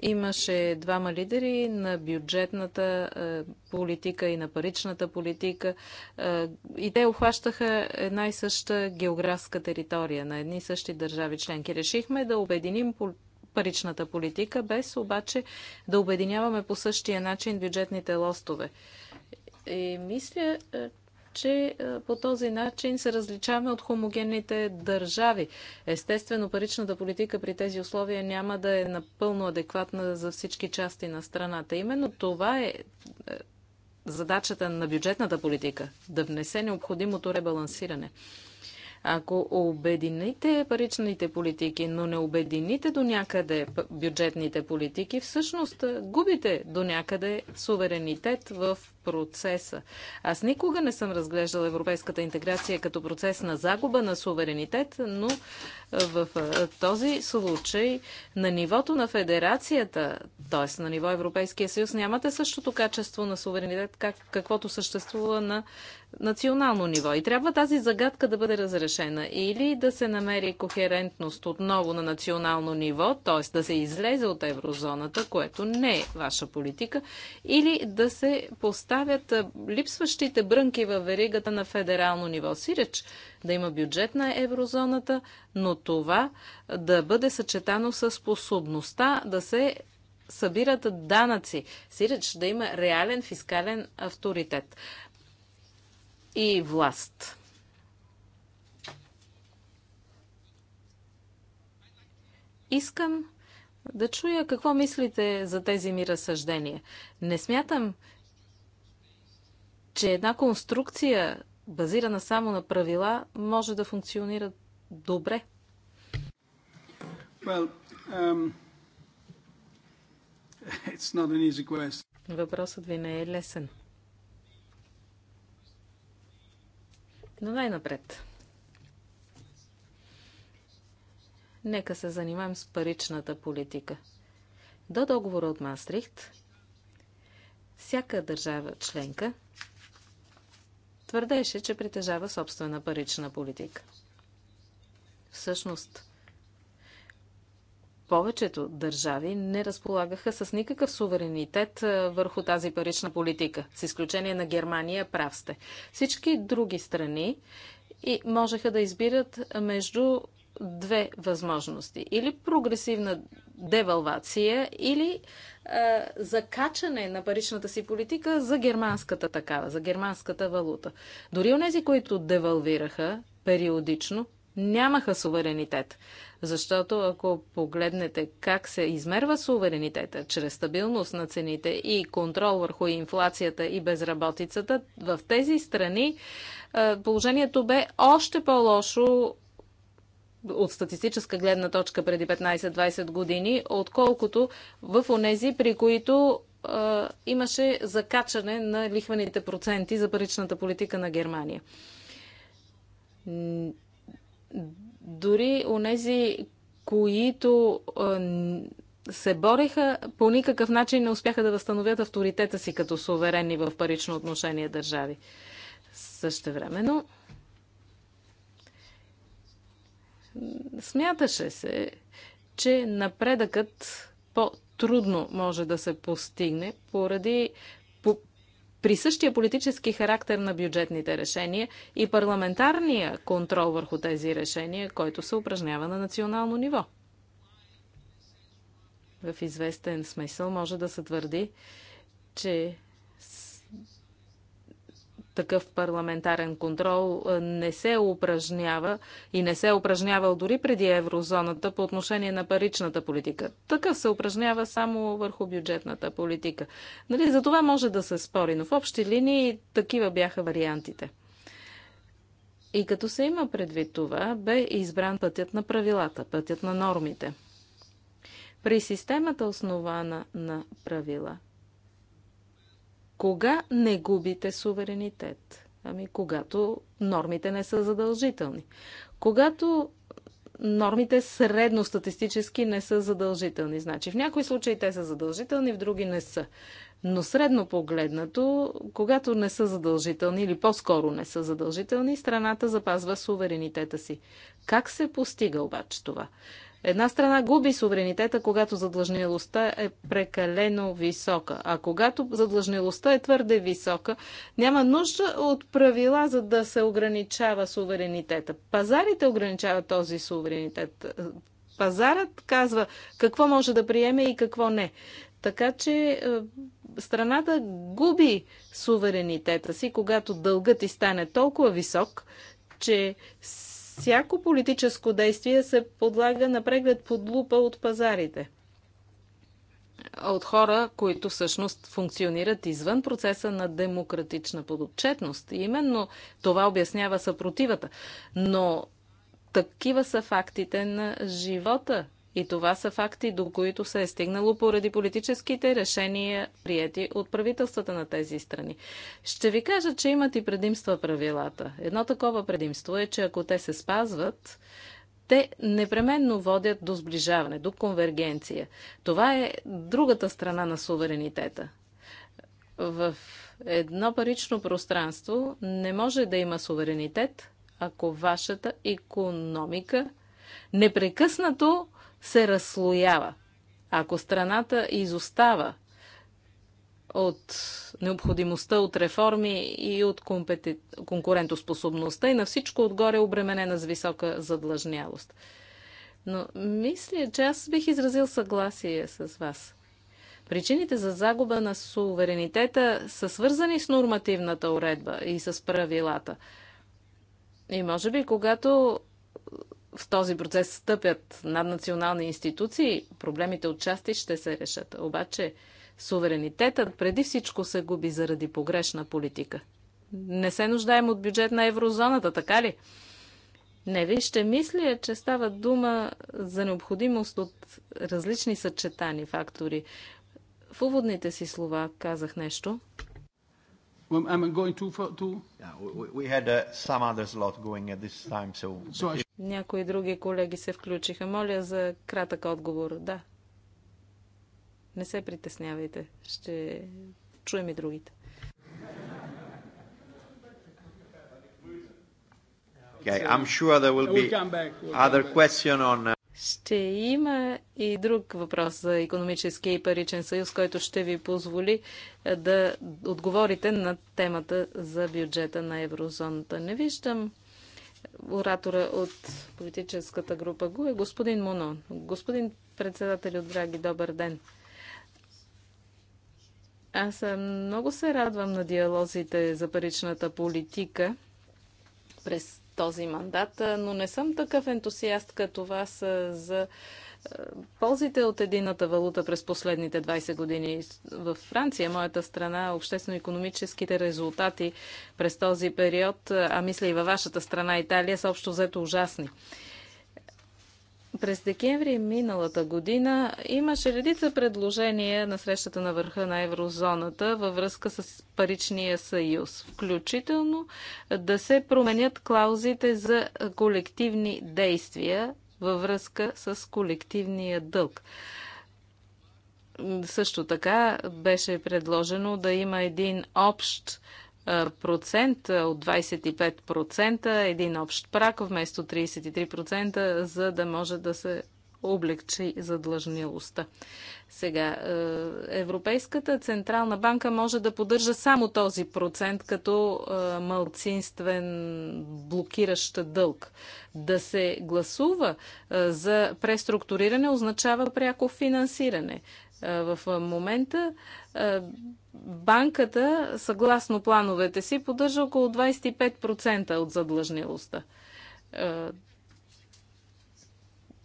Имаше двама лидери на бюджетната е, политика и на паричната политика е, и те обхващаха една и съща географска територия на едни и същи държави членки. Решихме да обединим паричната политика, без обаче да обединяваме по същия начин бюджетните лостове. И мисля, е, че е, по този начин се различаваме от хомогенните държави. Естествено, паричната политика при тези условия няма да е напълно адекватна за всички части на страната. Именно това е, е задачата на бюджетната политика да внесе необходимото ребалансиране. Ако обедините паричните политики, но не обедините до някъде бюджетните политики, всъщност е, губите до някъде суверенитет в процеса. Аз никога не съм разглеждала европейската интеграция като процес на загуба на суверенитет, но е, в е, този случай на нивото на федерацията, т.е. на ниво Европейския съюз, нямате същото качество на суверенитет, как, каквото съществува на национално ниво. И трябва тази загадка да бъде разрешена. Или да се намери кохерентност отново на национално ниво, т.е. да се излезе от еврозоната, което не е ваша политика, или да се постави поставят липсващите брънки във веригата на федерално ниво. Сиреч да има бюджет на еврозоната, но това да бъде съчетано с способността да се събират данъци. Сиреч да има реален фискален авторитет и власт. Искам да чуя какво мислите за тези ми разсъждения. Не смятам, че една конструкция, базирана само на правила, може да функционира добре. Well, um, it's not an easy question. Въпросът ви не е лесен. Но най-напред. Нека се занимаем с паричната политика. До договора от Мастрихт, всяка държава членка твърдеше, че притежава собствена парична политика. Всъщност, повечето държави не разполагаха с никакъв суверенитет върху тази парична политика, с изключение на Германия, прав сте. Всички други страни и можеха да избират между две възможности. Или прогресивна девалвация, или а, закачане на паричната си политика за германската такава, за германската валута. Дори нези, които девалвираха периодично, нямаха суверенитет. Защото ако погледнете как се измерва суверенитета чрез стабилност на цените и контрол върху инфлацията и безработицата, в тези страни положението бе още по-лошо от статистическа гледна точка преди 15-20 години, отколкото в онези, при които а, имаше закачане на лихвените проценти за паричната политика на Германия. Дори онези, които а, се бореха, по никакъв начин не успяха да възстановят авторитета си като суверени в парично отношение държави. Също времено, Смяташе се, че напредъкът по-трудно може да се постигне поради по при същия политически характер на бюджетните решения и парламентарния контрол върху тези решения, който се упражнява на национално ниво. В известен смисъл може да се твърди, че такъв парламентарен контрол не се упражнява и не се е упражнявал дори преди еврозоната по отношение на паричната политика. Такъв се упражнява само върху бюджетната политика. Нали, за това може да се спори, но в общи линии такива бяха вариантите. И като се има предвид това, бе избран пътят на правилата, пътят на нормите. При системата основана на правила – кога не губите суверенитет? Ами когато нормите не са задължителни. Когато нормите средностатистически не са задължителни. Значи в някои случаи те са задължителни, в други не са. Но средно погледнато, когато не са задължителни или по-скоро не са задължителни, страната запазва суверенитета си. Как се постига обаче това? Една страна губи суверенитета, когато задлъжнилостта е прекалено висока. А когато задлъжнилостта е твърде висока, няма нужда от правила, за да се ограничава суверенитета. Пазарите ограничават този суверенитет. Пазарът казва какво може да приеме и какво не. Така че е, страната губи суверенитета си, когато дългът ти стане толкова висок, че всяко политическо действие се подлага на преглед под лупа от пазарите. От хора, които всъщност функционират извън процеса на демократична подотчетност. И именно това обяснява съпротивата. Но такива са фактите на живота. И това са факти, до които се е стигнало поради политическите решения, прияти от правителствата на тези страни. Ще ви кажа, че имат и предимства правилата. Едно такова предимство е, че ако те се спазват, те непременно водят до сближаване, до конвергенция. Това е другата страна на суверенитета. В едно парично пространство не може да има суверенитет, ако вашата економика непрекъснато се разслоява. Ако страната изостава от необходимостта от реформи и от компетит... конкурентоспособността и на всичко отгоре обременена с висока задлъжнялост. Но мисля, че аз бих изразил съгласие с вас. Причините за загуба на суверенитета са свързани с нормативната уредба и с правилата. И може би, когато в този процес стъпят наднационални институции, проблемите отчасти ще се решат. Обаче суверенитетът преди всичко се губи заради погрешна политика. Не се нуждаем от бюджет на еврозоната, така ли? Не, ще мисля, че става дума за необходимост от различни съчетани фактори. В уводните си слова казах нещо – Am I going too far, too? Yeah, we had uh, some other slot going at this time, so... so I... Някои други колеги се включиха. Моля за кратък отговор. Да. Не се притеснявайте. Ще чуем и другите. Okay, I'm sure there will be other question on... Ще има и друг въпрос за економически и паричен съюз, който ще ви позволи е, да отговорите на темата за бюджета на еврозоната. Не виждам оратора от политическата група ГУ е господин Моно. Господин председател от Драги, добър ден. Аз е, много се радвам на диалозите за паричната политика през този мандат, но не съм такъв ентусиаст като вас за ползите от едината валута през последните 20 години. В Франция, моята страна, обществено-економическите резултати през този период, а мисля и във вашата страна Италия, са общо взето ужасни. През декември миналата година имаше редица предложения на срещата на върха на еврозоната във връзка с паричния съюз, включително да се променят клаузите за колективни действия във връзка с колективния дълг. Също така беше предложено да има един общ процент от 25%, един общ прак вместо 33%, за да може да се облегчи задлъжнилостта. Сега, е, Европейската Централна банка може да поддържа само този процент като е, малцинствен блокиращ дълг. Да се гласува е, за преструктуриране означава пряко финансиране. В момента банката, съгласно плановете си, поддържа около 25% от задлъжнилостта.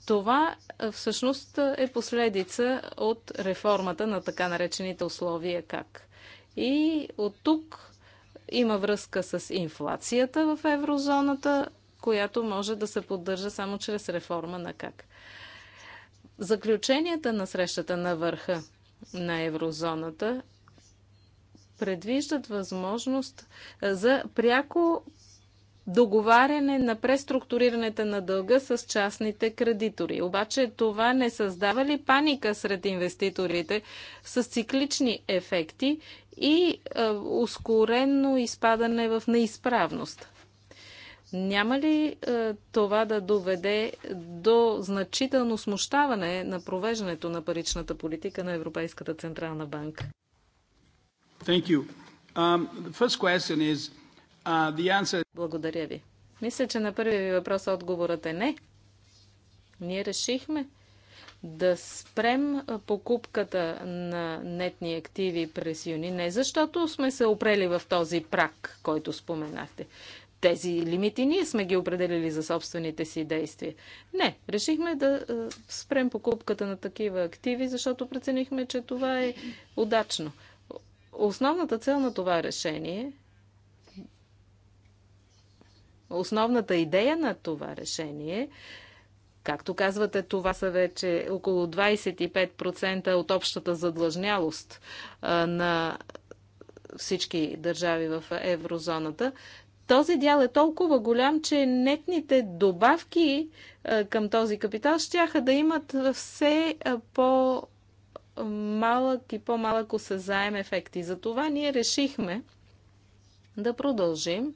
Това всъщност е последица от реформата на така наречените условия как. И от тук има връзка с инфлацията в еврозоната, която може да се поддържа само чрез реформа на как. Заключенията на срещата на върха на еврозоната предвиждат възможност за пряко договаряне на преструктурирането на дълга с частните кредитори. Обаче това не създава ли паника сред инвеститорите с циклични ефекти и е, ускорено изпадане в неизправност? Няма ли е, това да доведе до значително смущаване на провеждането на паричната политика на Европейската централна банка? Um, is, uh, answer... Благодаря ви. Мисля, че на първия ви въпрос отговорът е не. Ние решихме да спрем покупката на нетни активи през юни. Не защото сме се опрели в този прак, който споменахте тези лимити ние сме ги определили за собствените си действия. Не, решихме да е, спрем покупката на такива активи, защото преценихме, че това е удачно. Основната цел на това решение, основната идея на това решение, както казвате, това са вече около 25% от общата задлъжнялост е, на всички държави в еврозоната този дял е толкова голям, че нетните добавки е, към този капитал ще да имат все е, по-малък и по-малък осезаем ефект. И за това ние решихме да продължим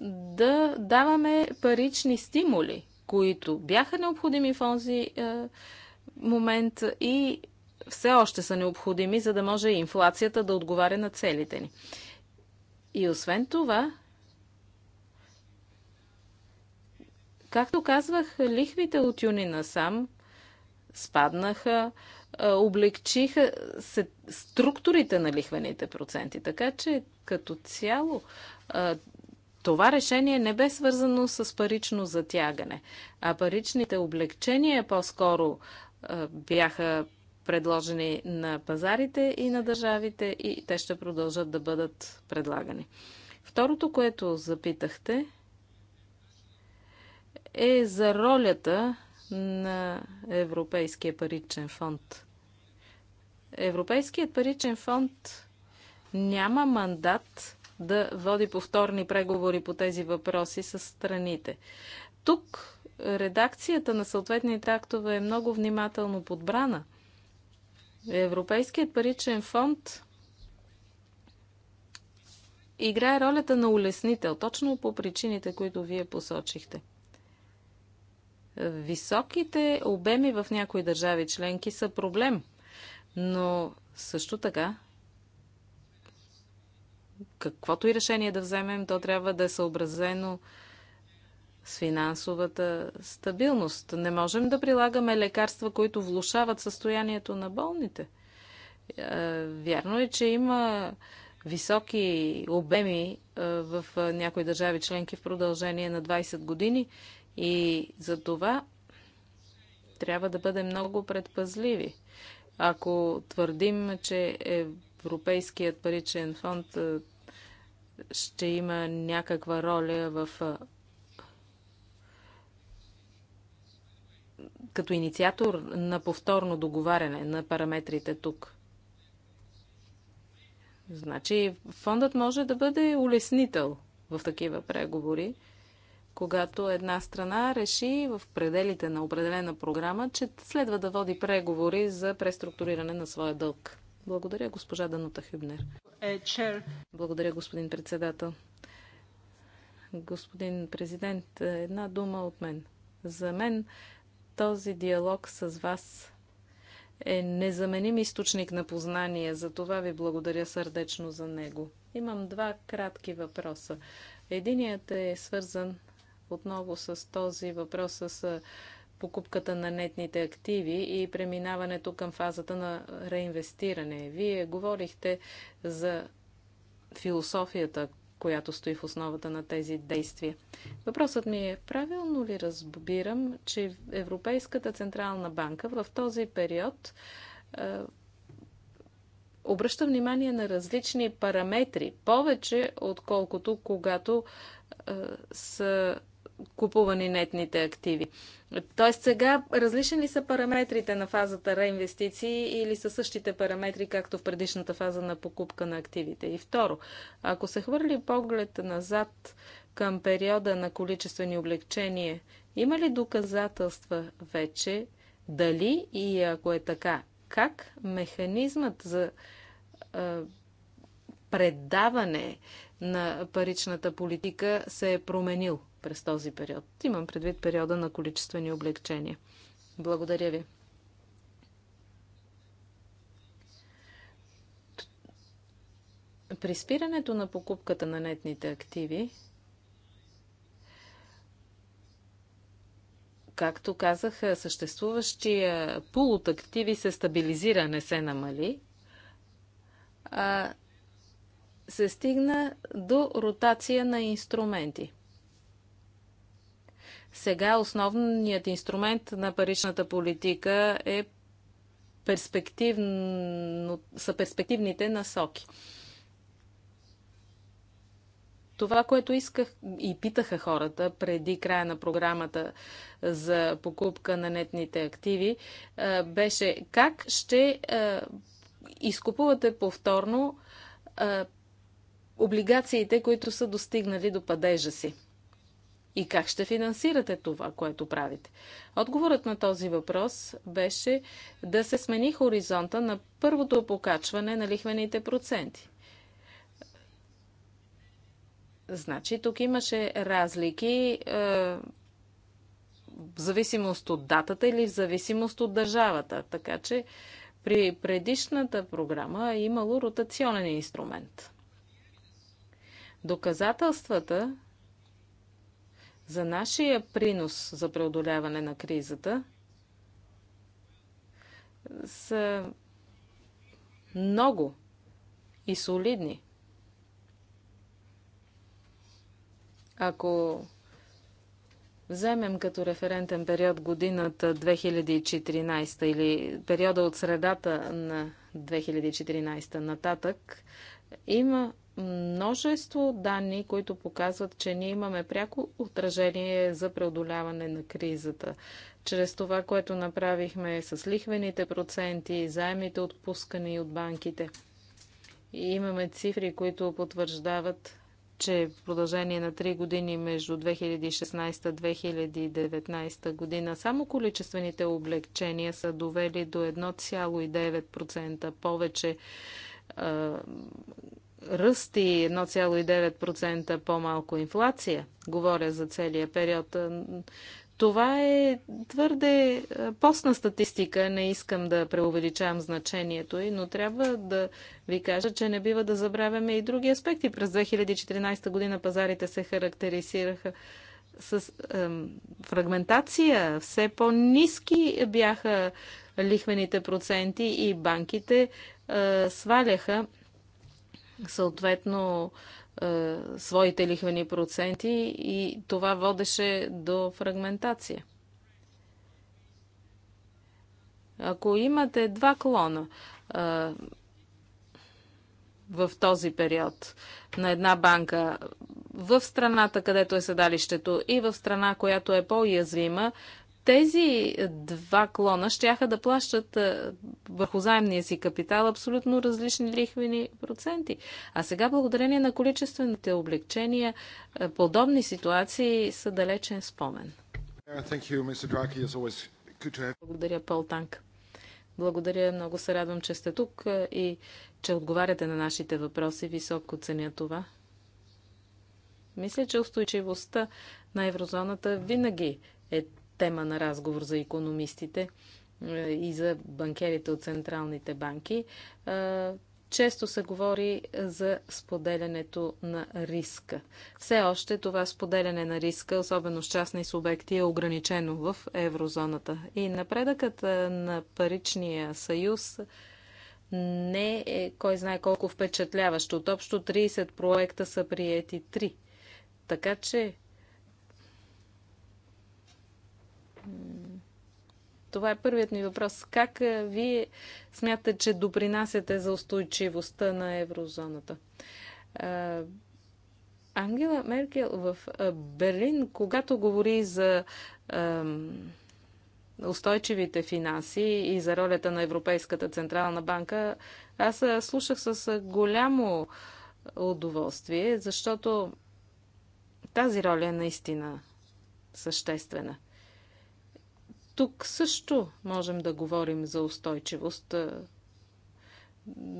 да даваме парични стимули, които бяха необходими в този е, момент и все още са необходими, за да може инфлацията да отговаря на целите ни. И освен това, както казвах, лихвите от юни насам спаднаха, облегчиха се структурите на лихвените проценти. Така че като цяло това решение не бе свързано с парично затягане, а паричните облегчения по-скоро бяха предложени на пазарите и на държавите и те ще продължат да бъдат предлагани. Второто, което запитахте, е за ролята на Европейския паричен фонд. Европейският паричен фонд няма мандат да води повторни преговори по тези въпроси с страните. Тук редакцията на съответните актове е много внимателно подбрана – Европейският паричен фонд играе ролята на улеснител, точно по причините, които вие посочихте. Високите обеми в някои държави членки са проблем, но също така, каквото и решение да вземем, то трябва да е съобразено с финансовата стабилност. Не можем да прилагаме лекарства, които влушават състоянието на болните. Е, вярно е, че има високи обеми е, в някои държави членки в продължение на 20 години и за това трябва да бъдем много предпазливи. Ако твърдим, че Европейският паричен фонд е, ще има някаква роля в като инициатор на повторно договаряне на параметрите тук. Значи фондът може да бъде улеснител в такива преговори, когато една страна реши в пределите на определена програма, че следва да води преговори за преструктуриране на своя дълг. Благодаря, госпожа Данута Хюбнер. Е, Благодаря, господин председател. Господин президент, е, една дума от мен. За мен този диалог с вас е незаменим източник на познание. За това ви благодаря сърдечно за него. Имам два кратки въпроса. Единият е свързан отново с този въпрос с покупката на нетните активи и преминаването към фазата на реинвестиране. Вие говорихте за философията, която стои в основата на тези действия. Въпросът ми е, правилно ли разбирам, че Европейската Централна банка в този период е, обръща внимание на различни параметри, повече отколкото когато е, са купувани нетните активи. Тоест сега различни ли са параметрите на фазата реинвестиции или са същите параметри, както в предишната фаза на покупка на активите? И второ, ако се хвърли поглед назад към периода на количествени облегчения, има ли доказателства вече дали и ако е така, как механизмът за предаване на паричната политика се е променил през този период. Имам предвид периода на количествени облегчения. Благодаря ви. При спирането на покупката на нетните активи, както казах, съществуващия пул от активи се стабилизира, не се намали, а се стигна до ротация на инструменти. Сега основният инструмент на паричната политика е перспективно, са перспективните насоки. Това, което исках и питаха хората преди края на програмата за покупка на нетните активи, беше как ще изкупувате повторно облигациите, които са достигнали до падежа си. И как ще финансирате това, което правите? Отговорът на този въпрос беше да се смени хоризонта на първото покачване на лихвените проценти. Значи, тук имаше разлики е, в зависимост от датата или в зависимост от държавата. Така че при предишната програма е имало ротационен инструмент. Доказателствата за нашия принос за преодоляване на кризата са много и солидни. Ако вземем като референтен период годината 2014 или периода от средата на 2014 нататък, има множество данни, които показват, че ние имаме пряко отражение за преодоляване на кризата. Чрез това, което направихме с лихвените проценти, заемите отпускани от банките. И имаме цифри, които потвърждават, че в продължение на 3 години между 2016-2019 година само количествените облегчения са довели до 1,9% повече ръст и 1,9% по-малко инфлация, говоря за целия период, това е твърде постна статистика, не искам да преувеличавам значението й, но трябва да ви кажа, че не бива да забравяме и други аспекти. През 2014 година пазарите се характеризираха с ем, фрагментация, все по-низки бяха лихвените проценти и банките е, сваляха съответно е, своите лихвени проценти и това водеше до фрагментация. Ако имате два клона е, в този период на една банка в страната, където е седалището и в страна, която е по-язвима, тези два клона ще да плащат е, върху заемния си капитал абсолютно различни лихвени проценти. А сега, благодарение на количествените облегчения, е, подобни ситуации са далечен спомен. Благодаря, Пол Танк. Благодаря, много се радвам, че сте тук е, и че отговаряте на нашите въпроси. Високо ценя това. Мисля, че устойчивостта на еврозоната винаги е тема на разговор за економистите е, и за банкерите от централните банки. Е, често се говори за споделянето на риска. Все още това споделяне на риска, особено с частни субекти, е ограничено в еврозоната. И напредъкът е, на паричния съюз не е кой знае колко впечатляващ. От общо 30 проекта са приети 3. Така че Това е първият ми въпрос. Как вие смятате, че допринасяте за устойчивостта на еврозоната? Ангела Меркел в Берлин, когато говори за устойчивите финанси и за ролята на Европейската Централна банка, аз слушах с голямо удоволствие, защото тази роля е наистина съществена. Тук също можем да говорим за устойчивост. Е,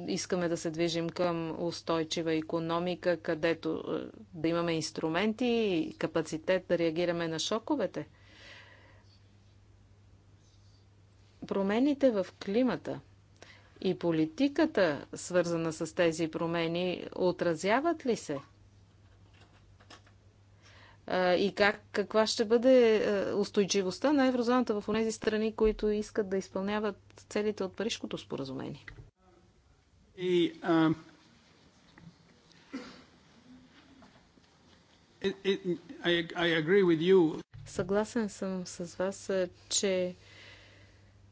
искаме да се движим към устойчива економика, където е, да имаме инструменти и капацитет да реагираме на шоковете. Промените в климата и политиката, свързана с тези промени, отразяват ли се – и как, каква ще бъде устойчивостта на еврозоната в тези страни, които искат да изпълняват целите от Парижкото споразумение? И, а... It, it, I, I agree with you. Съгласен съм с вас, че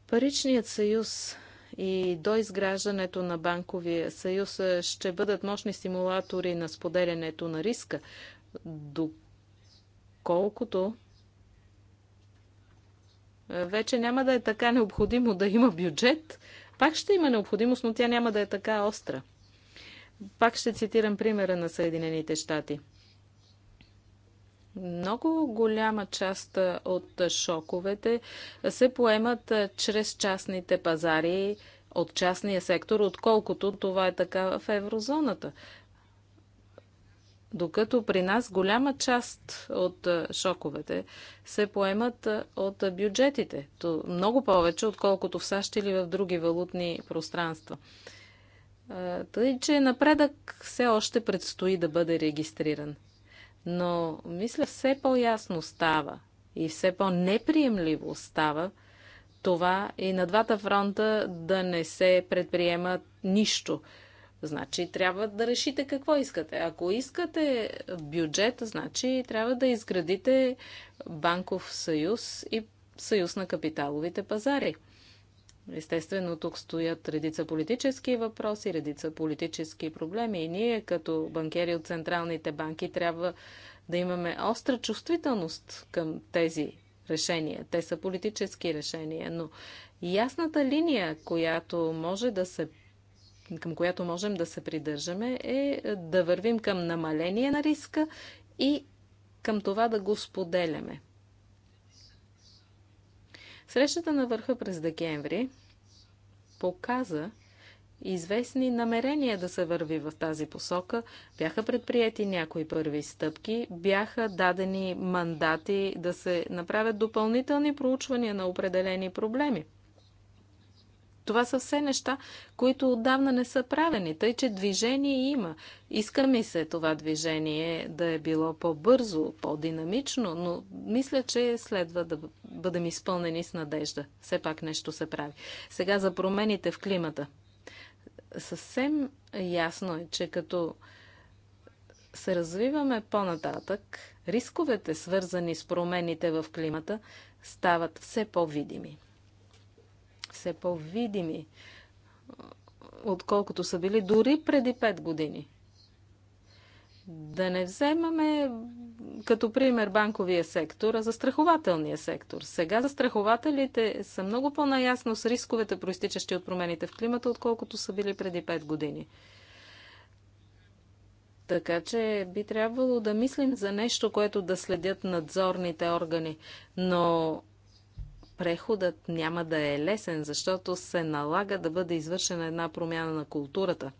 паричният съюз и до изграждането на банковия съюз ще бъдат мощни стимулатори на споделянето на риска, докато колкото е, вече няма да е така необходимо да има бюджет, пак ще има необходимост, но тя няма да е така остра. Пак ще цитирам примера на Съединените щати. Много голяма част от шоковете се поемат чрез частните пазари от частния сектор, отколкото това е така в еврозоната докато при нас голяма част от е, шоковете се поемат е, от е, бюджетите. То много повече, отколкото в САЩ или в други валутни пространства. Тъй, че напредък все още предстои да бъде регистриран. Но, мисля, все по-ясно става и все по-неприемливо става това и на двата фронта да не се предприема нищо – Значи трябва да решите какво искате. Ако искате бюджет, значи трябва да изградите банков съюз и съюз на капиталовите пазари. Естествено, тук стоят редица политически въпроси, редица политически проблеми и ние като банкери от централните банки трябва да имаме остра чувствителност към тези решения. Те са политически решения, но ясната линия, която може да се към която можем да се придържаме, е да вървим към намаление на риска и към това да го споделяме. Срещата на върха през декември показа известни намерения да се върви в тази посока. Бяха предприяти някои първи стъпки, бяха дадени мандати да се направят допълнителни проучвания на определени проблеми – това са все неща, които отдавна не са правени, тъй че движение има. Иска ми се това движение да е било по-бързо, по-динамично, но мисля, че следва да бъдем изпълнени с надежда. Все пак нещо се прави. Сега за промените в климата. Съвсем ясно е, че като се развиваме по-нататък, рисковете, свързани с промените в климата, стават все по-видими все по-видими, отколкото са били дори преди 5 години. Да не вземаме като пример банковия сектор, а застрахователния сектор. Сега застрахователите са много по-наясно с рисковете, проистичащи от промените в климата, отколкото са били преди 5 години. Така че би трябвало да мислим за нещо, което да следят надзорните органи. Но преходът няма да е лесен, защото се налага да бъде извършена една промяна на културата.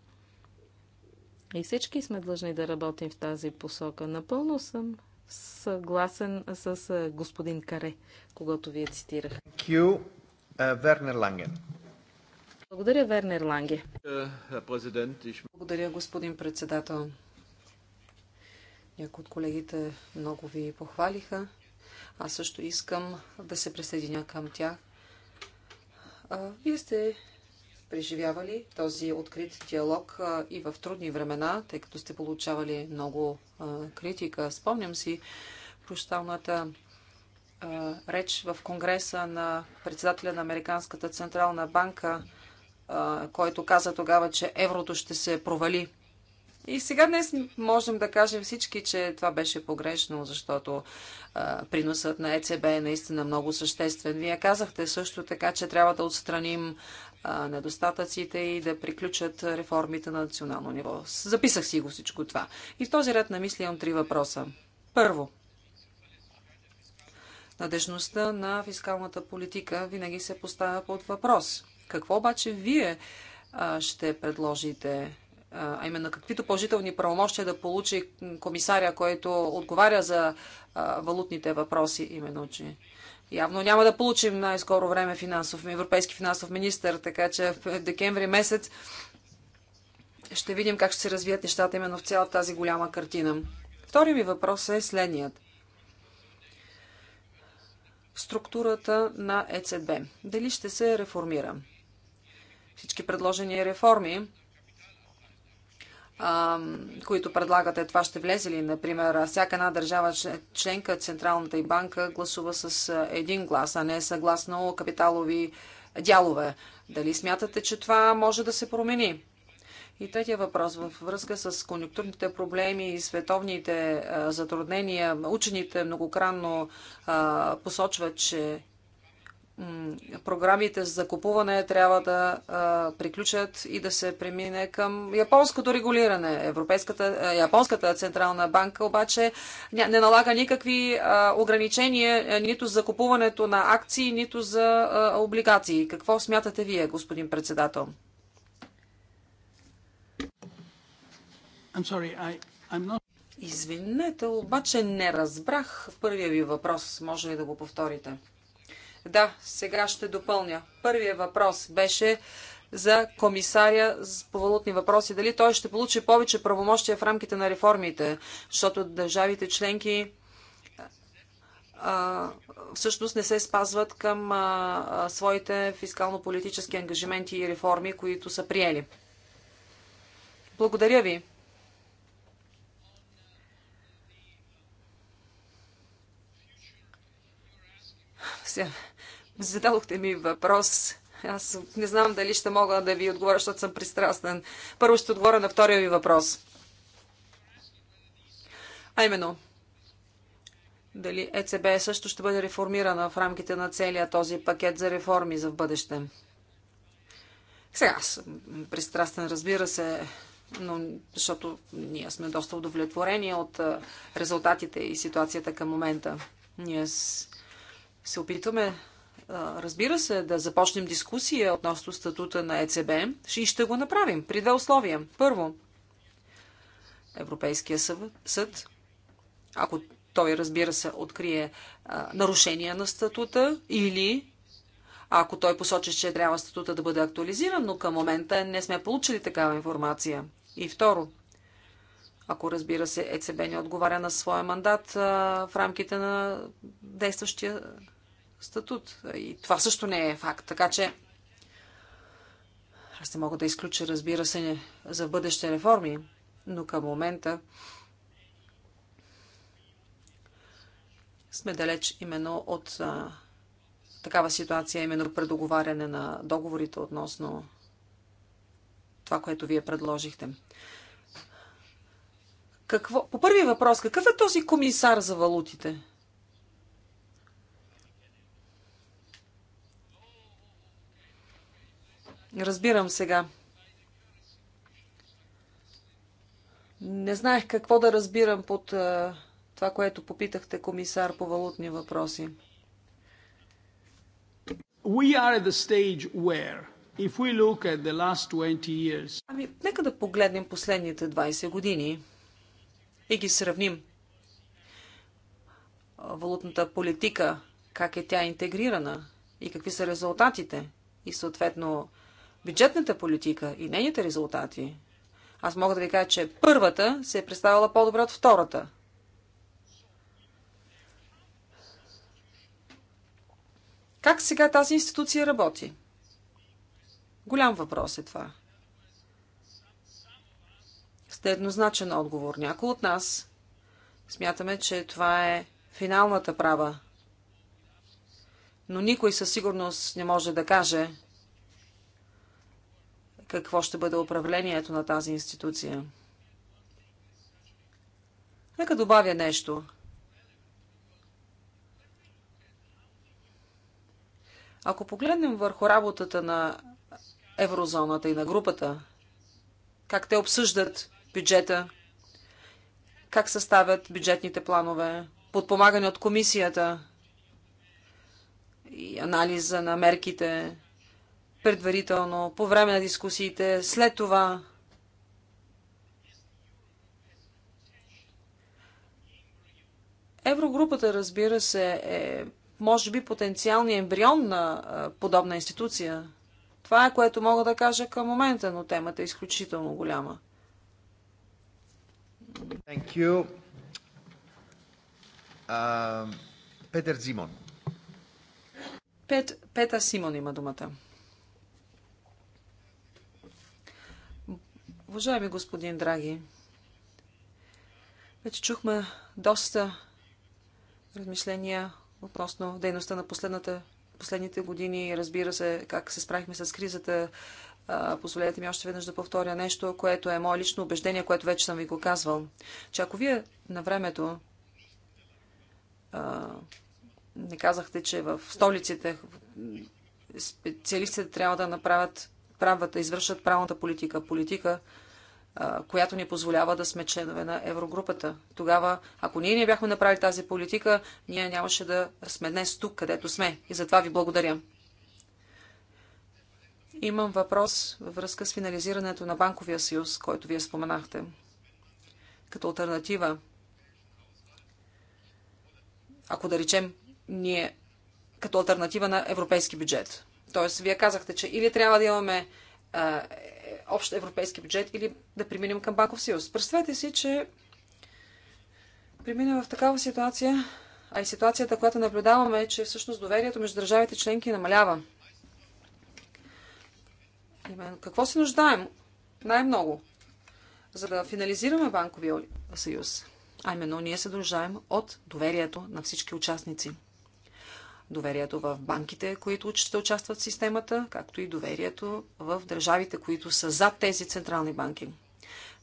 И всички сме длъжни да работим в тази посока. Напълно съм съгласен с господин Каре, когато вие цитирах. Q, Вернер Ланген. Благодаря, Вернер Ланге. Е, е, Благодаря, господин председател. Някои от колегите много ви похвалиха. Аз също искам да се присъединя към тях. Вие сте преживявали този открит диалог и в трудни времена, тъй като сте получавали много критика. Спомням си прощалната реч в Конгреса на председателя на Американската централна банка, който каза тогава, че еврото ще се провали. И сега днес можем да кажем всички, че това беше погрешно, защото а, приносът на ЕЦБ е наистина много съществен. Вие казахте също така, че трябва да отстраним а, недостатъците и да приключат реформите на национално ниво. Записах си го всичко това. И в този ред намислям три въпроса. Първо, надежността на фискалната политика винаги се поставя под въпрос. Какво обаче вие а, ще предложите а именно каквито положителни правомощия да получи комисаря, който отговаря за а, валутните въпроси, именно че явно няма да получим най-скоро време финансов, европейски финансов министр, така че в декември месец ще видим как ще се развият нещата именно в цялата тази голяма картина. Втори ми въпрос е следният. Структурата на ЕЦБ. Дали ще се реформира? Всички предложени реформи които предлагате, това ще влезе ли? Например, всяка една държава членка, Централната и банка гласува с един глас, а не съгласно капиталови дялове. Дали смятате, че това може да се промени? И третия въпрос във връзка с конъюнктурните проблеми и световните затруднения. Учените многократно посочват, че програмите за купуване трябва да а, приключат и да се премине към японското регулиране. Европейската, а, японската централна банка обаче не, не налага никакви а, ограничения нито за купуването на акции, нито за облигации. Какво смятате вие, господин председател? I'm sorry, I, I'm not... Извинете, обаче не разбрах първия ви въпрос. Може ли да го повторите? Да, сега ще допълня. Първият въпрос беше за комисаря по валутни въпроси. Дали той ще получи повече правомощия в рамките на реформите, защото държавите членки а, всъщност не се спазват към а, а, своите фискално-политически ангажименти и реформи, които са приели. Благодаря ви. Yeah. Зададохте ми въпрос. Аз не знам дали ще мога да ви отговоря, защото съм пристрастен. Първо ще отговоря на втория ви въпрос. А именно, дали ЕЦБ също ще бъде реформирана в рамките на целия този пакет за реформи за в бъдеще? Сега аз съм пристрастен, разбира се, но защото ние сме доста удовлетворени от резултатите и ситуацията към момента. Ние се опитваме разбира се, да започнем дискусия относно статута на ЕЦБ и ще го направим при две условия. Първо, Европейския съд, ако той, разбира се, открие а, нарушения на статута или ако той посочи, че трябва статута да бъде актуализиран, но към момента не сме получили такава информация. И второ, ако разбира се ЕЦБ не отговаря на своя мандат а, в рамките на действащия статут. И това също не е факт. Така че аз не мога да изключа, разбира се, за бъдещи реформи, но към момента сме далеч именно от а, такава ситуация, именно предоговаряне на договорите относно това, което вие предложихте. Какво? По първи въпрос, какъв е този комисар за валутите? Разбирам сега. Не знаех какво да разбирам под а, това, което попитахте комисар по валутни въпроси. We are at the stage where If we look at the last 20 years... Ами, нека да погледнем последните 20 години и ги сравним. Валутната политика, как е тя интегрирана и какви са резултатите и съответно бюджетната политика и нейните резултати, аз мога да ви кажа, че първата се е представила по-добре от втората. Как сега тази институция работи? Голям въпрос е това. Сте еднозначен отговор. Някои от нас смятаме, че това е финалната права. Но никой със сигурност не може да каже, какво ще бъде управлението на тази институция. Нека добавя нещо. Ако погледнем върху работата на еврозоната и на групата, как те обсъждат бюджета, как съставят бюджетните планове, подпомагане от комисията и анализа на мерките, предварително, по време на дискусиите, след това. Еврогрупата, разбира се, е може би потенциалния ембрион на подобна институция. Това е което мога да кажа към момента, но темата е изключително голяма. Thank you. Uh, Петър Зимон. Пет, Петър Симон има думата. Уважаеми господин Драги, вече чухме доста размишления относно дейността на последната, последните години и разбира се как се справихме с кризата. Позволете ми още веднъж да повторя нещо, което е мое лично убеждение, което вече съм ви го казвал. Че ако вие на времето не казахте, че в столиците специалистите трябва да направят правата, извършат правната политика, политика, която ни позволява да сме членове на Еврогрупата. Тогава, ако ние не бяхме направили тази политика, ние нямаше да сме днес тук, където сме. И затова ви благодаря. Имам въпрос във връзка с финализирането на Банковия съюз, който вие споменахте. Като альтернатива, ако да речем, ние като альтернатива на европейски бюджет. Тоест, вие казахте, че или трябва да имаме а, е, общ европейски бюджет, или да преминем към банков съюз. Представете си, че преминем в такава ситуация, а и ситуацията, която наблюдаваме, е, че всъщност доверието между държавите членки намалява. Именно. Какво се нуждаем? Най-много. За да финализираме банковия съюз. А именно, ние се нуждаем от доверието на всички участници доверието в банките, които ще участват в системата, както и доверието в държавите, които са зад тези централни банки.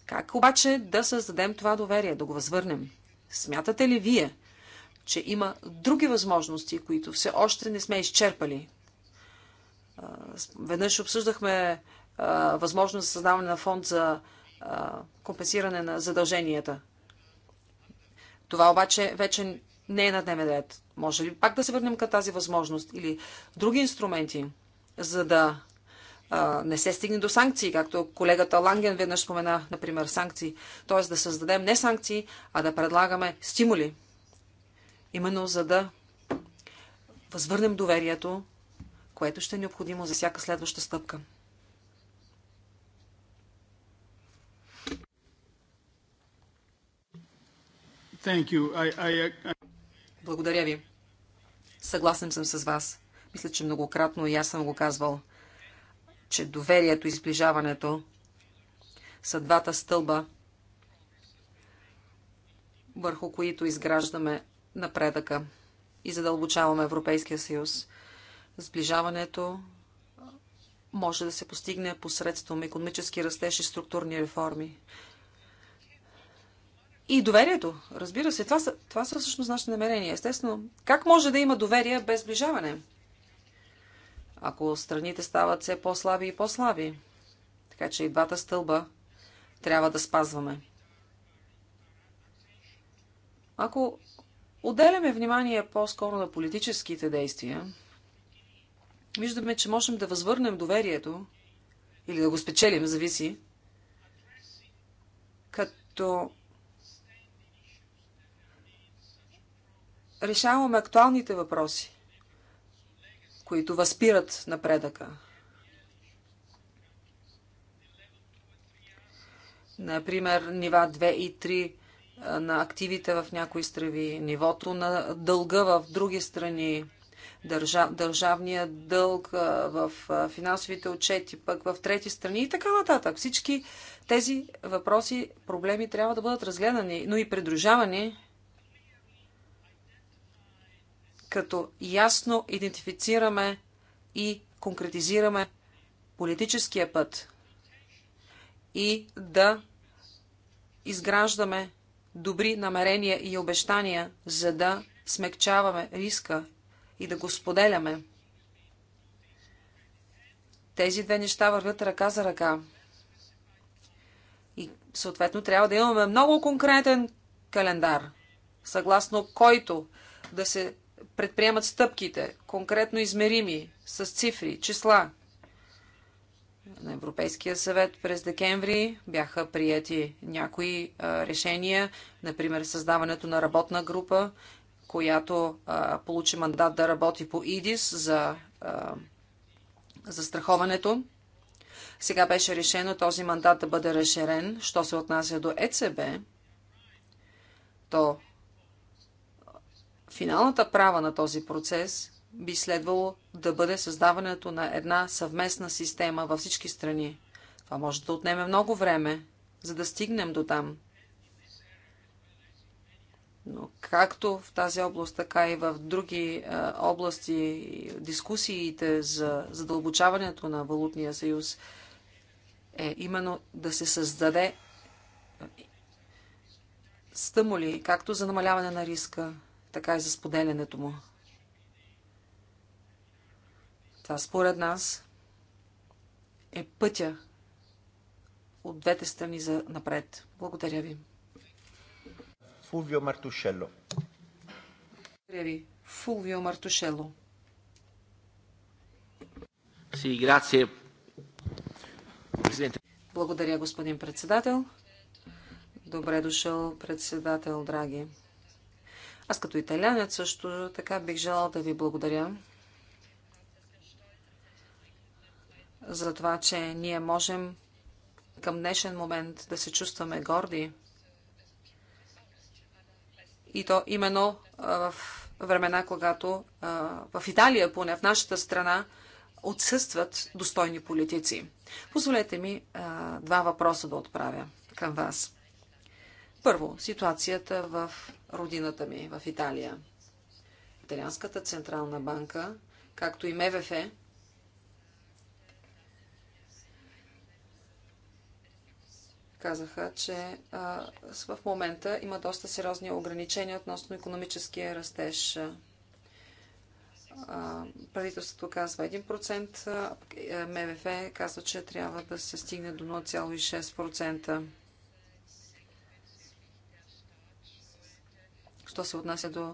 Как обаче да създадем това доверие, да го възвърнем? Смятате ли вие, че има други възможности, които все още не сме изчерпали? Веднъж обсъждахме възможност за създаване на фонд за компенсиране на задълженията. Това обаче вече не е на дневен ред. Може ли пак да се върнем към тази възможност или други инструменти, за да а, не се стигне до санкции, както колегата Ланген веднъж спомена, например, санкции. Тоест да създадем не санкции, а да предлагаме стимули. Именно за да възвърнем доверието, което ще е необходимо за всяка следваща стъпка. Благодаря ви. Съгласен съм с вас. Мисля, че многократно и аз съм го казвал, че доверието и сближаването са двата стълба, върху които изграждаме напредъка и задълбочаваме Европейския съюз. Сближаването може да се постигне посредством економически растеж и структурни реформи. И доверието, разбира се, това са, това са всъщност нашите намерения. Естествено, как може да има доверие без сближаване? Ако страните стават все по-слаби и по-слаби. Така че и двата стълба трябва да спазваме. Ако отделяме внимание по-скоро на политическите действия, виждаме, че можем да възвърнем доверието или да го спечелим, зависи, като решаваме актуалните въпроси, които възпират напредъка. Например, нива 2 и 3 на активите в някои страви, нивото на дълга в други страни, държавния дълг в финансовите отчети, пък в трети страни и така нататък. Всички тези въпроси, проблеми трябва да бъдат разгледани, но и придружавани като ясно идентифицираме и конкретизираме политическия път и да изграждаме добри намерения и обещания, за да смекчаваме риска и да го споделяме. Тези две неща вървят ръка за ръка. И съответно трябва да имаме много конкретен календар, съгласно който да се предприемат стъпките, конкретно измерими, с цифри, числа. На Европейския съвет през декември бяха прияти някои а, решения, например създаването на работна група, която а, получи мандат да работи по ИДИС за застраховането. Сега беше решено този мандат да бъде разширен. Що се отнася до ЕЦБ, то Финалната права на този процес би следвало да бъде създаването на една съвместна система във всички страни. Това може да отнеме много време, за да стигнем до там. Но както в тази област, така и в други е, области, дискусиите за задълбочаването на Валутния съюз е именно да се създаде стимули, както за намаляване на риска, така и за споделянето му. Това според нас е пътя от двете страни за напред. Благодаря ви. Фулвио Мартушело. Благодаря ви. Фулвио Мартушело. Си, грация. Благодаря, господин председател. Добре дошъл, председател, драги. Аз като италянец също така бих желал да ви благодаря за това, че ние можем към днешен момент да се чувстваме горди. И то именно в времена, когато в Италия, поне в нашата страна, отсъстват достойни политици. Позволете ми два въпроса да отправя към вас. Първо, ситуацията в родината ми, в Италия. Италианската централна банка, както и МВФ, казаха, че а, в момента има доста сериозни ограничения относно економическия растеж. А, правителството казва 1%, МВФ казва, че трябва да се стигне до 0,6%. що се отнася до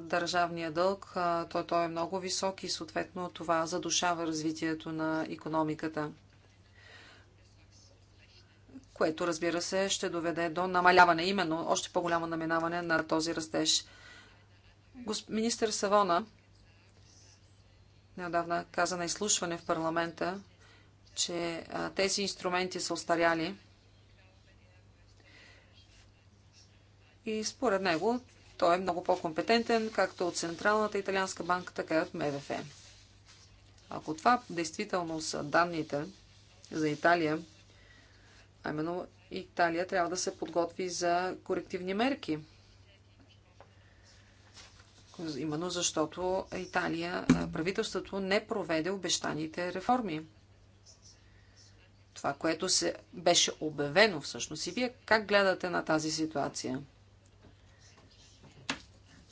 държавния дълг, то той е много висок и съответно това задушава развитието на економиката. Което, разбира се, ще доведе до намаляване, именно още по-голямо наминаване на този растеж. Министър Савона неодавна каза на изслушване в парламента, че тези инструменти са остаряли И според него той е много по-компетентен както от Централната италианска банка, така и от МВФ. Ако това действително са данните за Италия, а именно Италия трябва да се подготви за корективни мерки. Именно защото Италия, правителството не проведе обещаните реформи. Това, което се беше обявено всъщност. И вие как гледате на тази ситуация?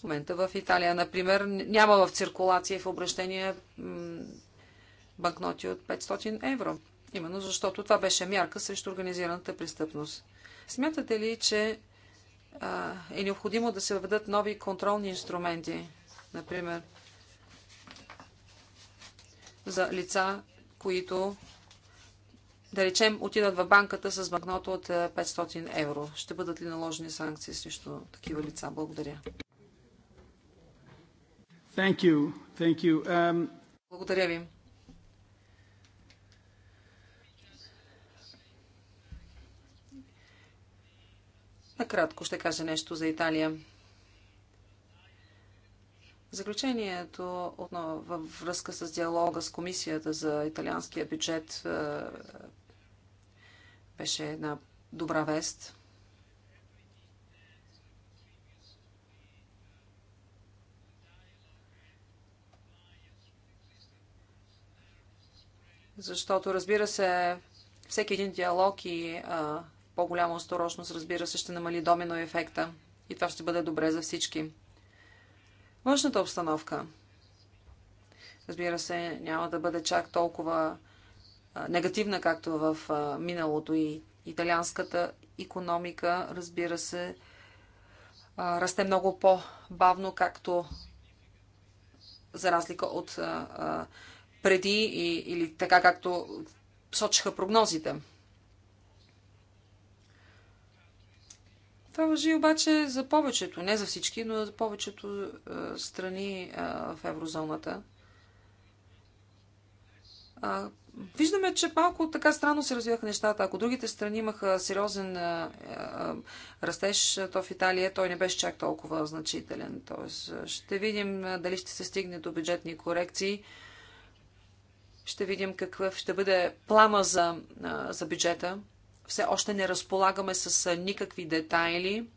В момента в Италия, например, няма в циркулация и в обращение банкноти от 500 евро. Именно защото това беше мярка срещу организираната престъпност. Смятате ли, че а, е необходимо да се въведат нови контролни инструменти, например, за лица, които, да речем, отидат в банката с банкнота от 500 евро? Ще бъдат ли наложени санкции срещу такива лица? Благодаря. Thank you. Thank you. Um... Благодаря ви. Накратко ще кажа нещо за Италия. Заключението отново във връзка с диалога с комисията за италианския бюджет е, беше една добра вест. Защото, разбира се, всеки един диалог и по-голяма осторожност, разбира се, ще намали домино ефекта. И това ще бъде добре за всички. Външната обстановка. Разбира се, няма да бъде чак толкова а, негативна, както в а, миналото и италианската економика, разбира се, а, расте много по-бавно, както за разлика от преди или така както сочиха прогнозите. Това въжи обаче за повечето, не за всички, но за повечето а, е, страни а, е, в еврозоната. А, виждаме, че малко така странно се развиваха нещата. Ако другите страни имаха сериозен а, е, а, растеж, то в Италия той не беше чак толкова значителен. Тоест, ще видим дали ще се стигне до бюджетни корекции. А, ще видим какъв ще бъде плама за, за бюджета. Все още не разполагаме с никакви детайли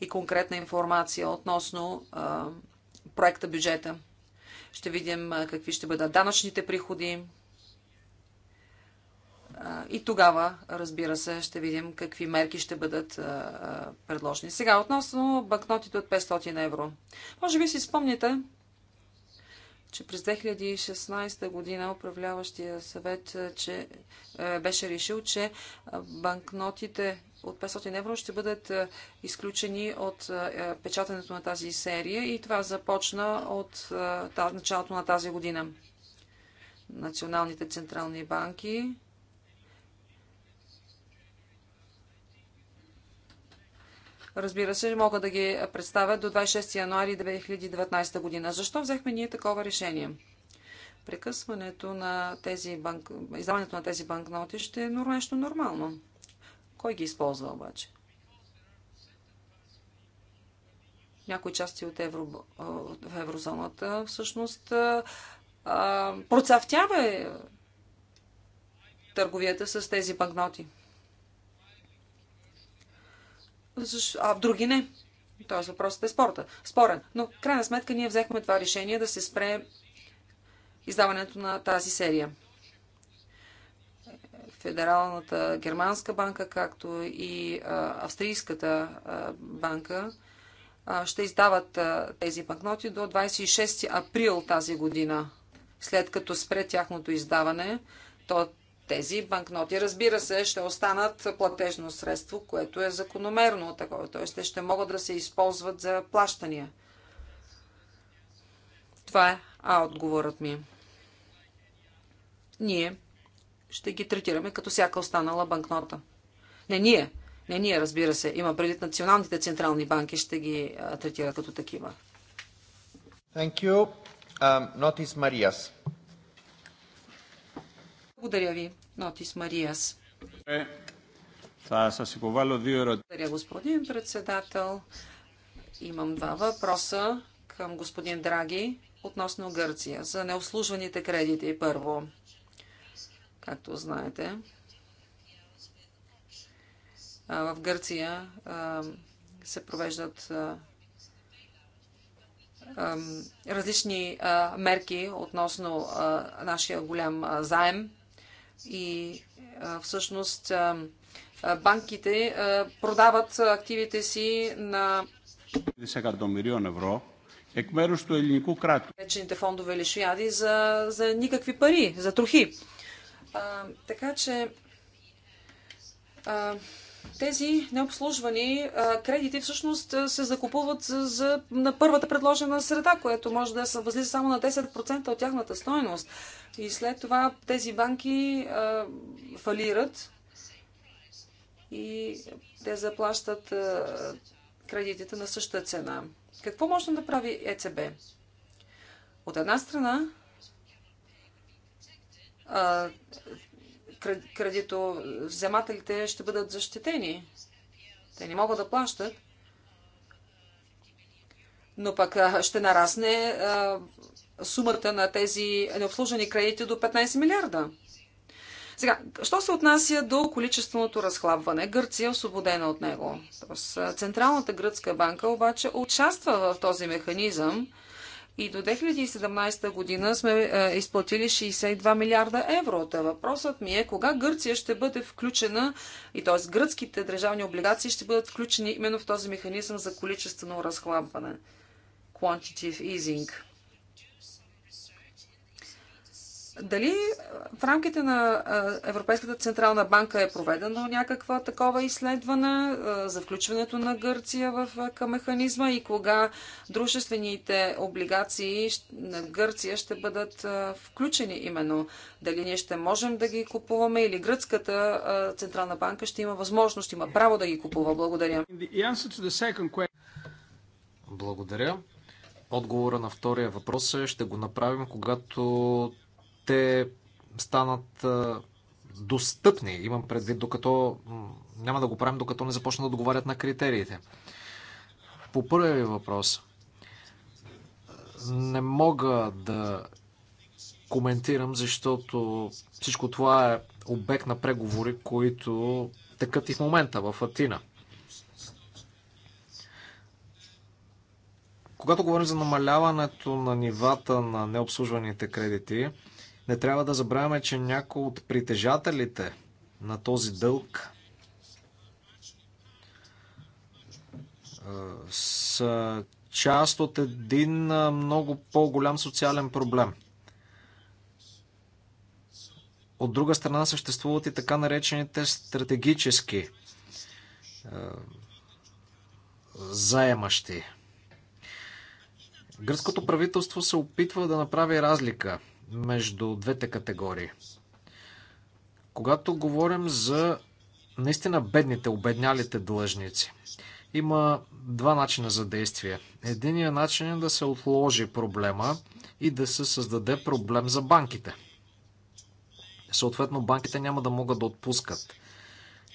и конкретна информация относно а, проекта бюджета. Ще видим какви ще бъдат данъчните приходи. И тогава, разбира се, ще видим какви мерки ще бъдат предложени. Сега, относно банкнотите от 500 евро. Може би си спомните, че през 2016 година управляващия съвет е, че, е, беше решил, че е, банкнотите от 500 евро ще бъдат е, изключени от е, печатането на тази серия и това започна от е, началото на тази година. Националните централни банки разбира се, могат да ги представят до 26 януари 2019 година. Защо взехме ние такова решение? Прекъсването на тези банк... издаването на тези банкноти ще е нещо нормално. Кой ги използва обаче? Някои части от евро... в еврозоната всъщност процъфтява е търговията с тези банкноти а в други не. Тоест въпросът е спорта, спорен. Но в крайна сметка ние взехме това решение да се спре издаването на тази серия. Федералната германска банка, както и а, австрийската а, банка, а, ще издават тези банкноти до 26 април тази година. След като спре тяхното издаване, то тези банкноти, разбира се, ще останат платежно средство, което е закономерно такова. Т.е. те ще могат да се използват за плащания. Това е А отговорът ми. Ние ще ги третираме като всяка останала банкнота. Не ние. Не ние, разбира се. Има предвид националните централни банки ще ги а, третират като такива. Thank you. Um, Notis Marias. Благодаря ви. Нотис Мариас. Е, Благодаря, господин председател. Имам два въпроса към господин Драги относно Гърция за неослужваните кредити първо. Както знаете, в Гърция се провеждат различни мерки относно нашия голям заем – и всъщност банките продават активите си на δισεκατομμυρίων евро. εκ фондове или швяди за, за никакви пари, за трохи. А, така че а, тези необслужвани кредити всъщност се закупуват за, на първата предложена среда, което може да се възлиза само на 10% от тяхната стойност. И след това тези банки а, фалират и те заплащат а, кредитите на същата цена. Какво може да направи ЕЦБ? От една страна, а, кредитовземателите ще бъдат защитени. Те не могат да плащат. Но пък ще нарасне сумата на тези необслужени кредити до 15 милиарда. Сега, що се отнася до количественото разхлабване? Гърция е освободена от него. Тоест, Централната гръцка банка обаче участва в този механизъм и до 2017 година сме е, изплатили 62 милиарда евро. Та въпросът ми е кога Гърция ще бъде включена, и т.е. гръцките държавни облигации ще бъдат включени именно в този механизъм за количествено разхлабване. Quantitative easing. Дали е, в рамките на е, Европейската централна банка е проведено някаква такова изследване е, за включването на Гърция в, към механизма и кога дружествените облигации на Гърция ще бъдат включени именно? Дали ние ще можем да ги купуваме или Гръцката централна банка ще има възможност, има право да ги купува? Благодаря. Благодаря. Отговора на втория въпрос е, ще го направим, когато те станат достъпни. Имам предвид, докато няма да го правим, докато не започнат да отговарят на критериите. По първия ви въпрос, не мога да коментирам, защото всичко това е обект на преговори, които текат и в момента в Атина. Когато говорим за намаляването на нивата на необслужваните кредити, не трябва да забравяме, че някои от притежателите на този дълг са част от един много по-голям социален проблем. От друга страна съществуват и така наречените стратегически заемащи. Гръцкото правителство се опитва да направи разлика между двете категории. Когато говорим за наистина бедните, обеднялите длъжници, има два начина за действие. Единият начин е да се отложи проблема и да се създаде проблем за банките. Съответно, банките няма да могат да отпускат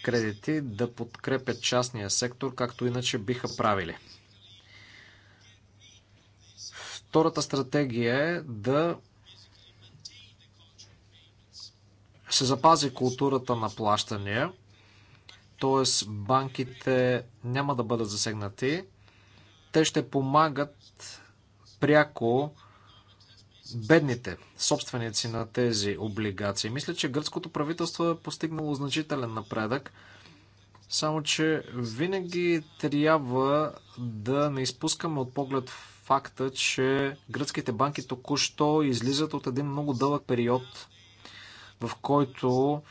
кредити, да подкрепят частния сектор, както иначе биха правили. Втората стратегия е да се запази културата на плащания, т.е. банките няма да бъдат засегнати. Те ще помагат пряко бедните собственици на тези облигации. Мисля, че гръцкото правителство е постигнало значителен напредък, само че винаги трябва да не изпускаме от поглед факта, че гръцките банки току-що излизат от един много дълъг период в който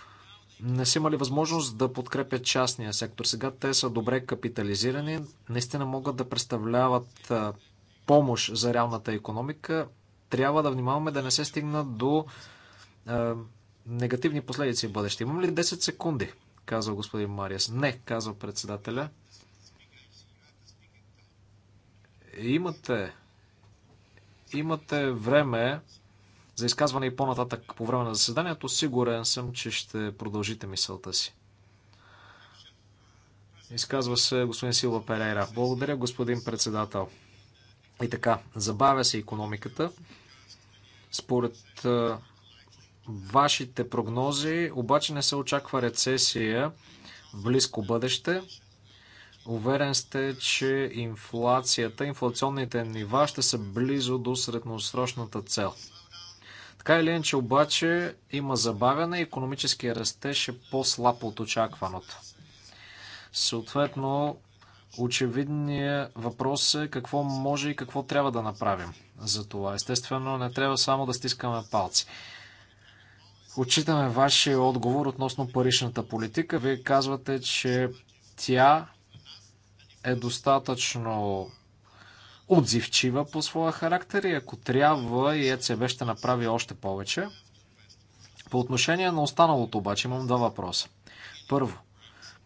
не са имали възможност да подкрепят частния сектор. Сега те са добре капитализирани, наистина могат да представляват помощ за реалната економика. Трябва да внимаваме да не се стигна до е, негативни последици в бъдеще. Имам ли 10 секунди? казва господин Мариас. Не, казва председателя. Имате, имате време за изказване и по-нататък по време на заседанието. Сигурен съм, че ще продължите мисълта си. Изказва се господин Силва Перейра. Благодаря, господин председател. И така, забавя се економиката. Според вашите прогнози, обаче не се очаква рецесия в близко бъдеще. Уверен сте, че инфлацията, инфлационните нива ще са близо до средносрочната цел. Така или иначе обаче има забавяне, и економическия растеж е по-слаб от очакваното. Съответно, очевидният въпрос е какво може и какво трябва да направим за това. Естествено, не трябва само да стискаме палци. Отчитаме вашия отговор относно паричната политика. Вие казвате, че тя е достатъчно отзивчива по своя характер и ако трябва и ЕЦБ ще направи още повече. По отношение на останалото обаче имам два въпроса. Първо,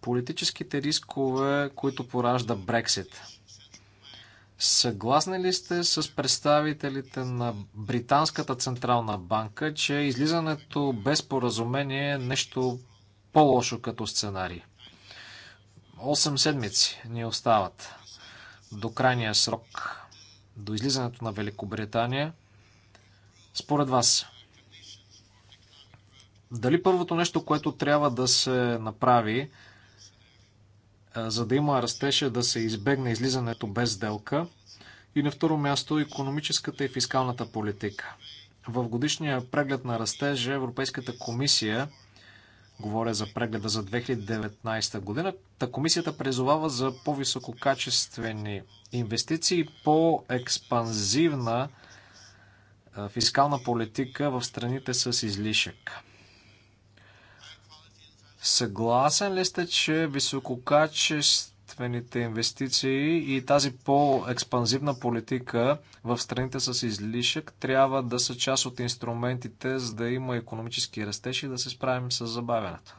политическите рискове, които поражда Брексит. Съгласни ли сте с представителите на Британската централна банка, че излизането без поразумение е нещо по-лошо като сценарий? 8 седмици ни остават до крайния срок, до излизането на Великобритания, според вас, дали първото нещо, което трябва да се направи, е, за да има растеж, е да се избегне излизането без делка? и на второ място економическата и фискалната политика. В годишния преглед на растежа Европейската комисия Говоря за прегледа за 2019 година. Та комисията призовава за по-висококачествени инвестиции, по-експанзивна фискална политика в страните с излишък. Съгласен ли сте, че висококачествени собствените инвестиции и тази по-експанзивна политика в страните с излишък трябва да са част от инструментите, за да има економически растеж и да се справим с забавянето.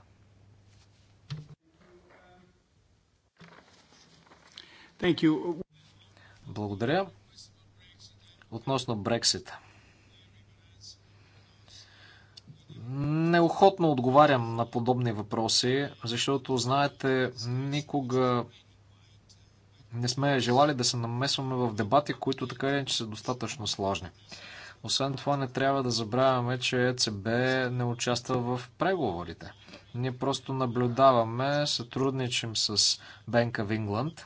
Благодаря. Относно Брексита. Неохотно отговарям на подобни въпроси, защото, знаете, никога не сме желали да се намесваме в дебати, които така или иначе са достатъчно сложни. Освен това, не трябва да забравяме, че ЕЦБ не участва в преговорите. Ние просто наблюдаваме, сътрудничим с Бенка в Ингланд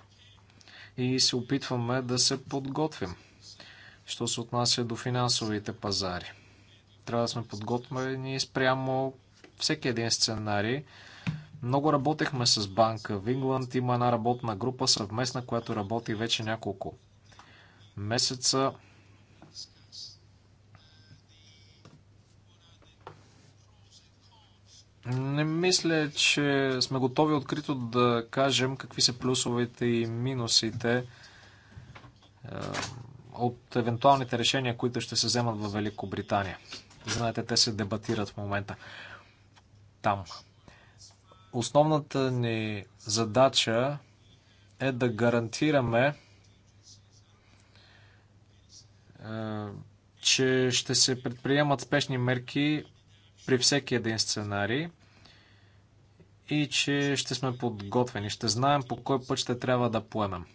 и се опитваме да се подготвим, що се отнася до финансовите пазари. Трябва да сме подготвени спрямо всеки един сценарий, много работехме с банка. В Ингланд има една работна група съвместна, която работи вече няколко месеца. Не мисля, че сме готови открито да кажем какви са плюсовете и минусите е, от евентуалните решения, които ще се вземат в Великобритания. Знаете, те се дебатират в момента там. Основната ни задача е да гарантираме, е, че ще се предприемат спешни мерки при всеки един сценарий и че ще сме подготвени, ще знаем по кой път ще трябва да поемем.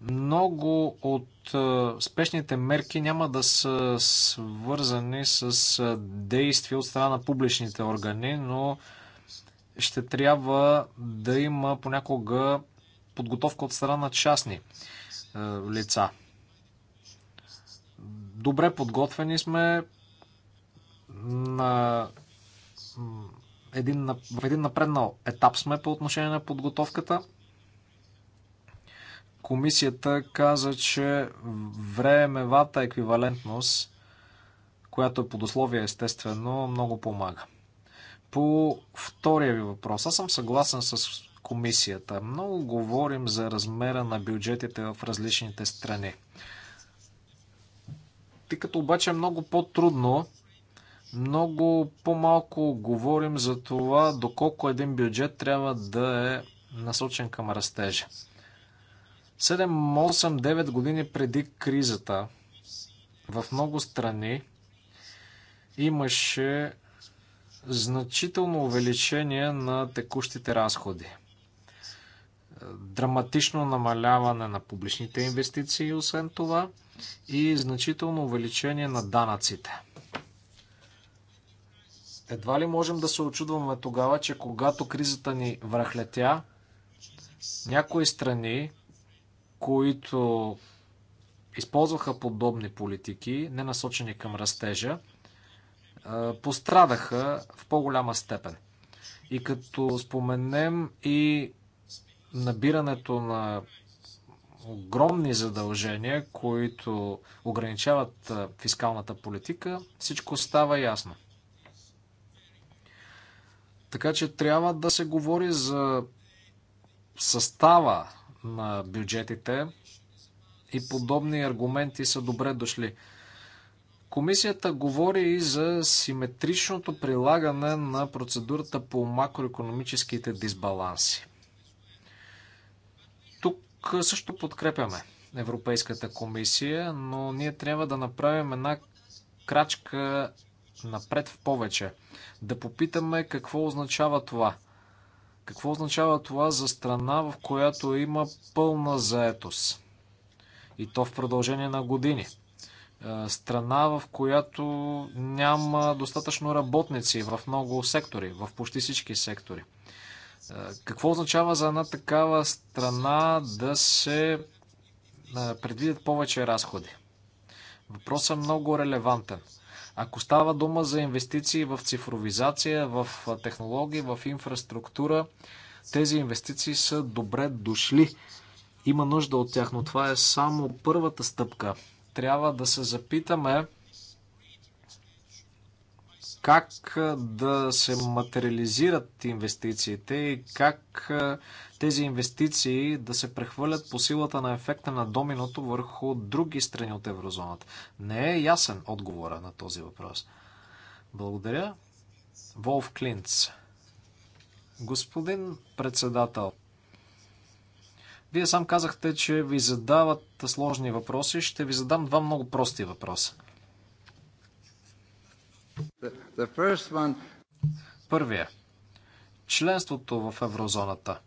Много от е, спешните мерки няма да са свързани с е, действия от страна на публичните органи, но ще трябва да има понякога подготовка от страна на частни е, лица. Добре подготвени сме на един, в един напреднал етап сме по отношение на подготовката. Комисията каза, че времевата еквивалентност, която е под условие естествено, много помага. По втория ви въпрос, аз съм съгласен с комисията. Много говорим за размера на бюджетите в различните страни. Тъй като обаче е много по-трудно, много по-малко говорим за това доколко един бюджет трябва да е насочен към растежа. 7, 8, 9 години преди кризата в много страни имаше значително увеличение на текущите разходи. Драматично намаляване на публичните инвестиции, освен това, и значително увеличение на данъците. Едва ли можем да се очудваме тогава, че когато кризата ни връхлетя, някои страни, които използваха подобни политики, ненасочени към растежа, пострадаха в по-голяма степен. И като споменем и набирането на огромни задължения, които ограничават фискалната политика, всичко става ясно. Така че трябва да се говори за състава на бюджетите и подобни аргументи са добре дошли. Комисията говори и за симетричното прилагане на процедурата по макроекономическите дисбаланси. Тук също подкрепяме Европейската комисия, но ние трябва да направим една крачка напред в повече. Да попитаме какво означава това. Какво означава това за страна, в която има пълна заетост? И то в продължение на години – страна, в която няма достатъчно работници в много сектори, в почти всички сектори. Какво означава за една такава страна да се предвидят повече разходи? Въпросът е много релевантен. Ако става дума за инвестиции в цифровизация, в технологии, в инфраструктура, тези инвестиции са добре дошли. Има нужда от тях, но това е само първата стъпка трябва да се запитаме как да се материализират инвестициите и как тези инвестиции да се прехвърлят по силата на ефекта на доминото върху други страни от еврозоната. Не е ясен отговора на този въпрос. Благодаря. Волф Клинц. Господин председател, вие сам казахте, че ви задават сложни въпроси. Ще ви задам два много прости въпроса. Първия. Членството в еврозоната.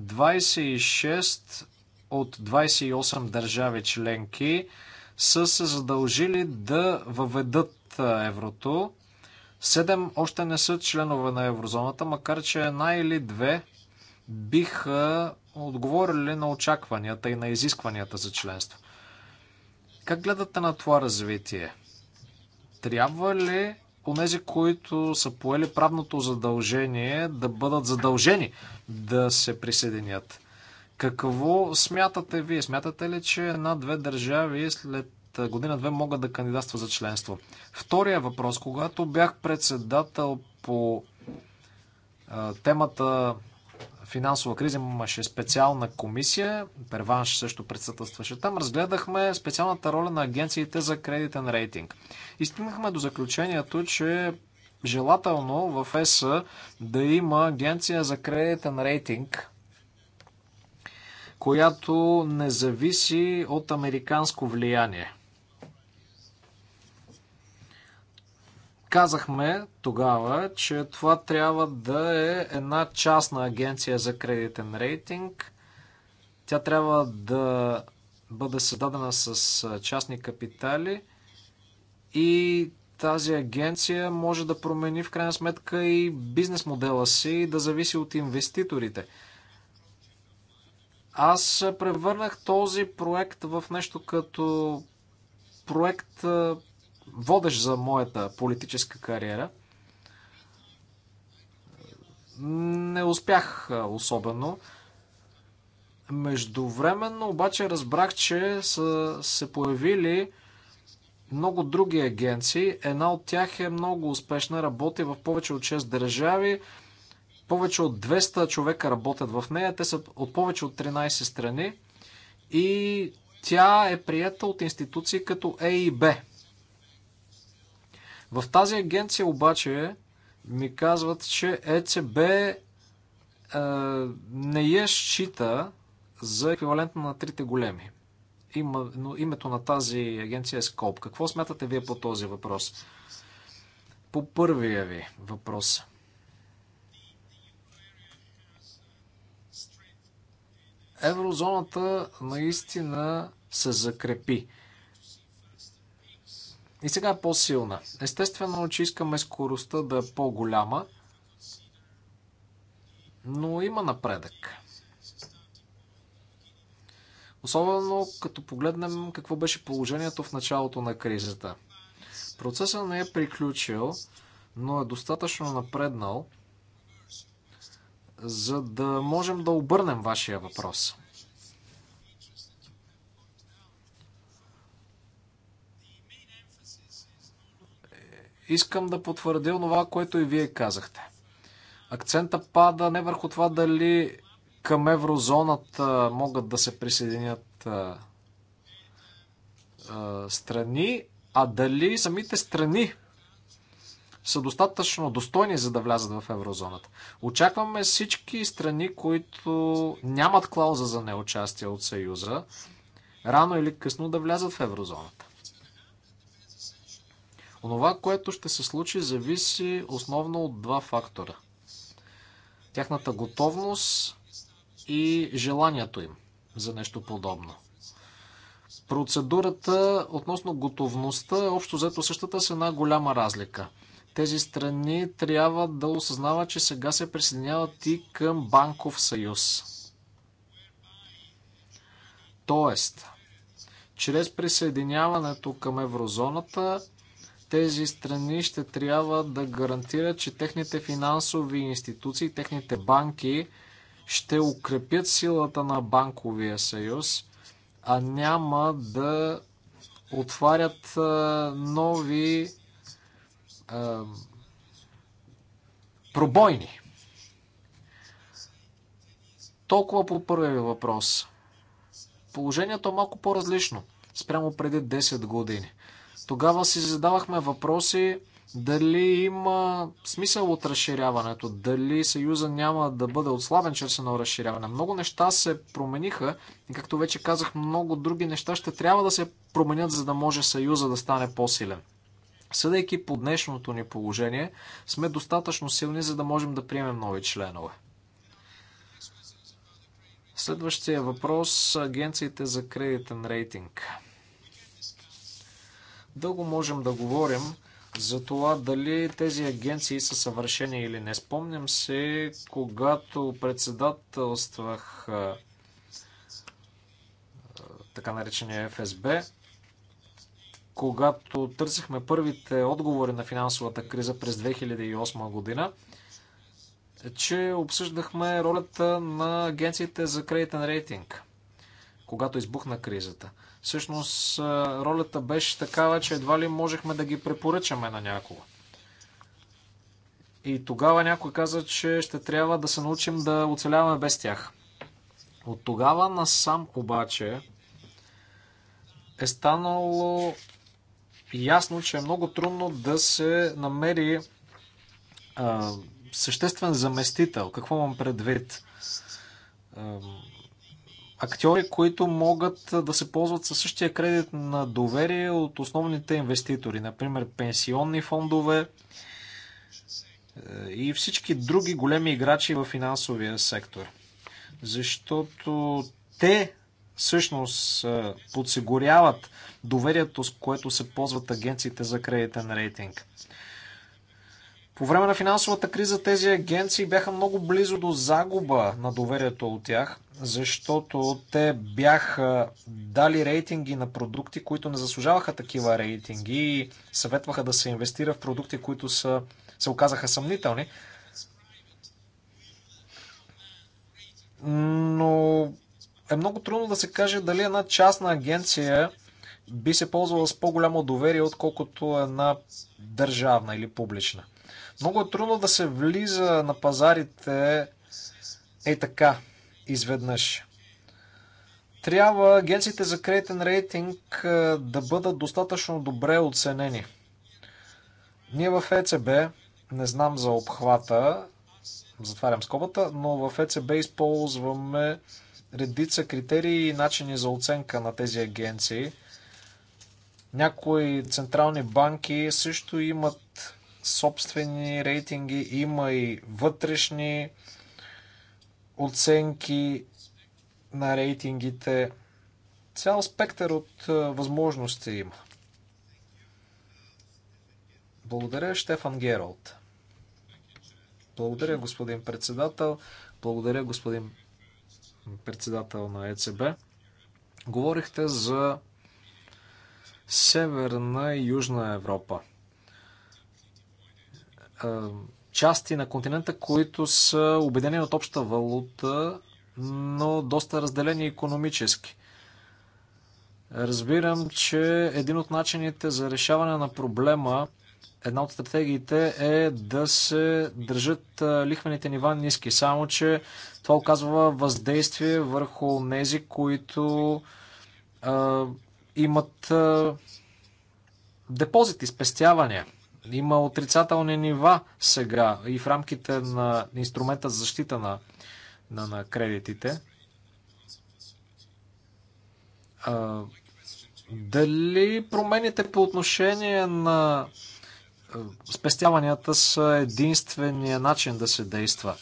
26 от 28 държави членки са се задължили да въведат еврото. Седем още не са членове на еврозоната, макар че една или две биха отговорили на очакванията и на изискванията за членство. Как гледате на това развитие? Трябва ли онези, които са поели правното задължение, да бъдат задължени да се присъединят? Какво смятате вие? Смятате ли, че една-две държави след година-две могат да кандидатстват за членство? Втория въпрос. Когато бях председател по темата финансова криза имаше специална комисия, Перванш също председателстваше там, разгледахме специалната роля на агенциите за кредитен рейтинг. И стигнахме до заключението, че желателно в ЕС да има агенция за кредитен рейтинг, която не зависи от американско влияние. Казахме тогава, че това трябва да е една частна агенция за кредитен рейтинг. Тя трябва да бъде създадена с частни капитали и тази агенция може да промени в крайна сметка и бизнес модела си и да зависи от инвеститорите. Аз превърнах този проект в нещо като проект водещ за моята политическа кариера. Не успях особено. Междувременно обаче разбрах, че са се появили много други агенции. Една от тях е много успешна, работи в повече от 6 държави. Повече от 200 човека работят в нея. Те са от повече от 13 страни. И тя е прията от институции като ЕИБ. и в тази агенция обаче ми казват, че ЕЦБ е, не я счита за еквивалент на трите големи. Има, но името на тази агенция е Скоп. Какво смятате вие по този въпрос? По първия ви въпрос. Еврозоната наистина се закрепи и сега е по-силна. Естествено, че искаме скоростта да е по-голяма, но има напредък. Особено като погледнем какво беше положението в началото на кризата. Процесът не е приключил, но е достатъчно напреднал, за да можем да обърнем вашия въпрос. Искам да потвърдя това, което и вие казахте. Акцента пада не върху това дали към еврозоната могат да се присъединят а, а, страни, а дали самите страни са достатъчно достойни за да влязат в еврозоната. Очакваме всички страни, които нямат клауза за неучастие от Съюза, рано или късно да влязат в еврозоната. Онова, което ще се случи, зависи основно от два фактора. Тяхната готовност и желанието им за нещо подобно. Процедурата относно готовността е общо взето същата с една голяма разлика. Тези страни трябва да осъзнават, че сега се присъединяват и към банков съюз. Тоест, чрез присъединяването към еврозоната тези страни ще трябва да гарантират, че техните финансови институции, техните банки ще укрепят силата на банковия съюз, а няма да отварят нови пробойни. Толкова по първия въпрос. Положението е малко по-различно спрямо преди 10 години. Тогава си задавахме въпроси дали има смисъл от разширяването, дали Съюза няма да бъде отслабен чрез едно разширяване. Много неща се промениха и както вече казах, много други неща ще трябва да се променят, за да може Съюза да стане по-силен. Съдейки по днешното ни положение, сме достатъчно силни, за да можем да приемем нови членове. Следващия въпрос – агенциите за кредитен рейтинг. Дълго можем да говорим за това дали тези агенции са съвършени или не. Спомням се, когато председателствах така наречения ФСБ, когато търсихме първите отговори на финансовата криза през 2008 година, че обсъждахме ролята на агенциите за кредитен рейтинг, когато избухна кризата. Всъщност ролята беше такава, че едва ли можехме да ги препоръчаме на някого. И тогава някой каза, че ще трябва да се научим да оцеляваме без тях. От тогава насам обаче е станало ясно, че е много трудно да се намери а, съществен заместител. Какво имам предвид? А, актьори, които могат да се ползват със същия кредит на доверие от основните инвеститори, например пенсионни фондове е, и всички други големи играчи в финансовия сектор. Защото те всъщност е, подсигуряват доверието, с което се ползват агенциите за кредитен рейтинг. По време на финансовата криза тези агенции бяха много близо до загуба на доверието от тях, защото те бяха дали рейтинги на продукти, които не заслужаваха такива рейтинги и съветваха да се инвестира в продукти, които са, се оказаха съмнителни. Но е много трудно да се каже дали една частна агенция би се ползвала с по-голямо доверие, отколкото една държавна или публична. Много е трудно да се влиза на пазарите е така, изведнъж. Трябва агенциите за кредитен рейтинг е, да бъдат достатъчно добре оценени. Ние в ЕЦБ, не знам за обхвата, затварям скобата, но в ЕЦБ използваме редица критерии и начини за оценка на тези агенции. Някои централни банки също имат собствени рейтинги, има и вътрешни оценки на рейтингите. Цял спектър от е, възможности има. Благодаря, Штефан Гералт. Благодаря, господин председател. Благодаря, господин председател на ЕЦБ. Говорихте за Северна и Южна Европа части на континента, които са обедени от обща валута, но доста разделени економически. Разбирам, че един от начините за решаване на проблема, една от стратегиите е да се държат лихвените нива ниски, само че това оказва въздействие върху нези, които а, имат а, депозити, спестявания. Има отрицателни нива сега и в рамките на инструмента за защита на, на, на кредитите. А, дали промените по отношение на спестяванията са единствения начин да се действа?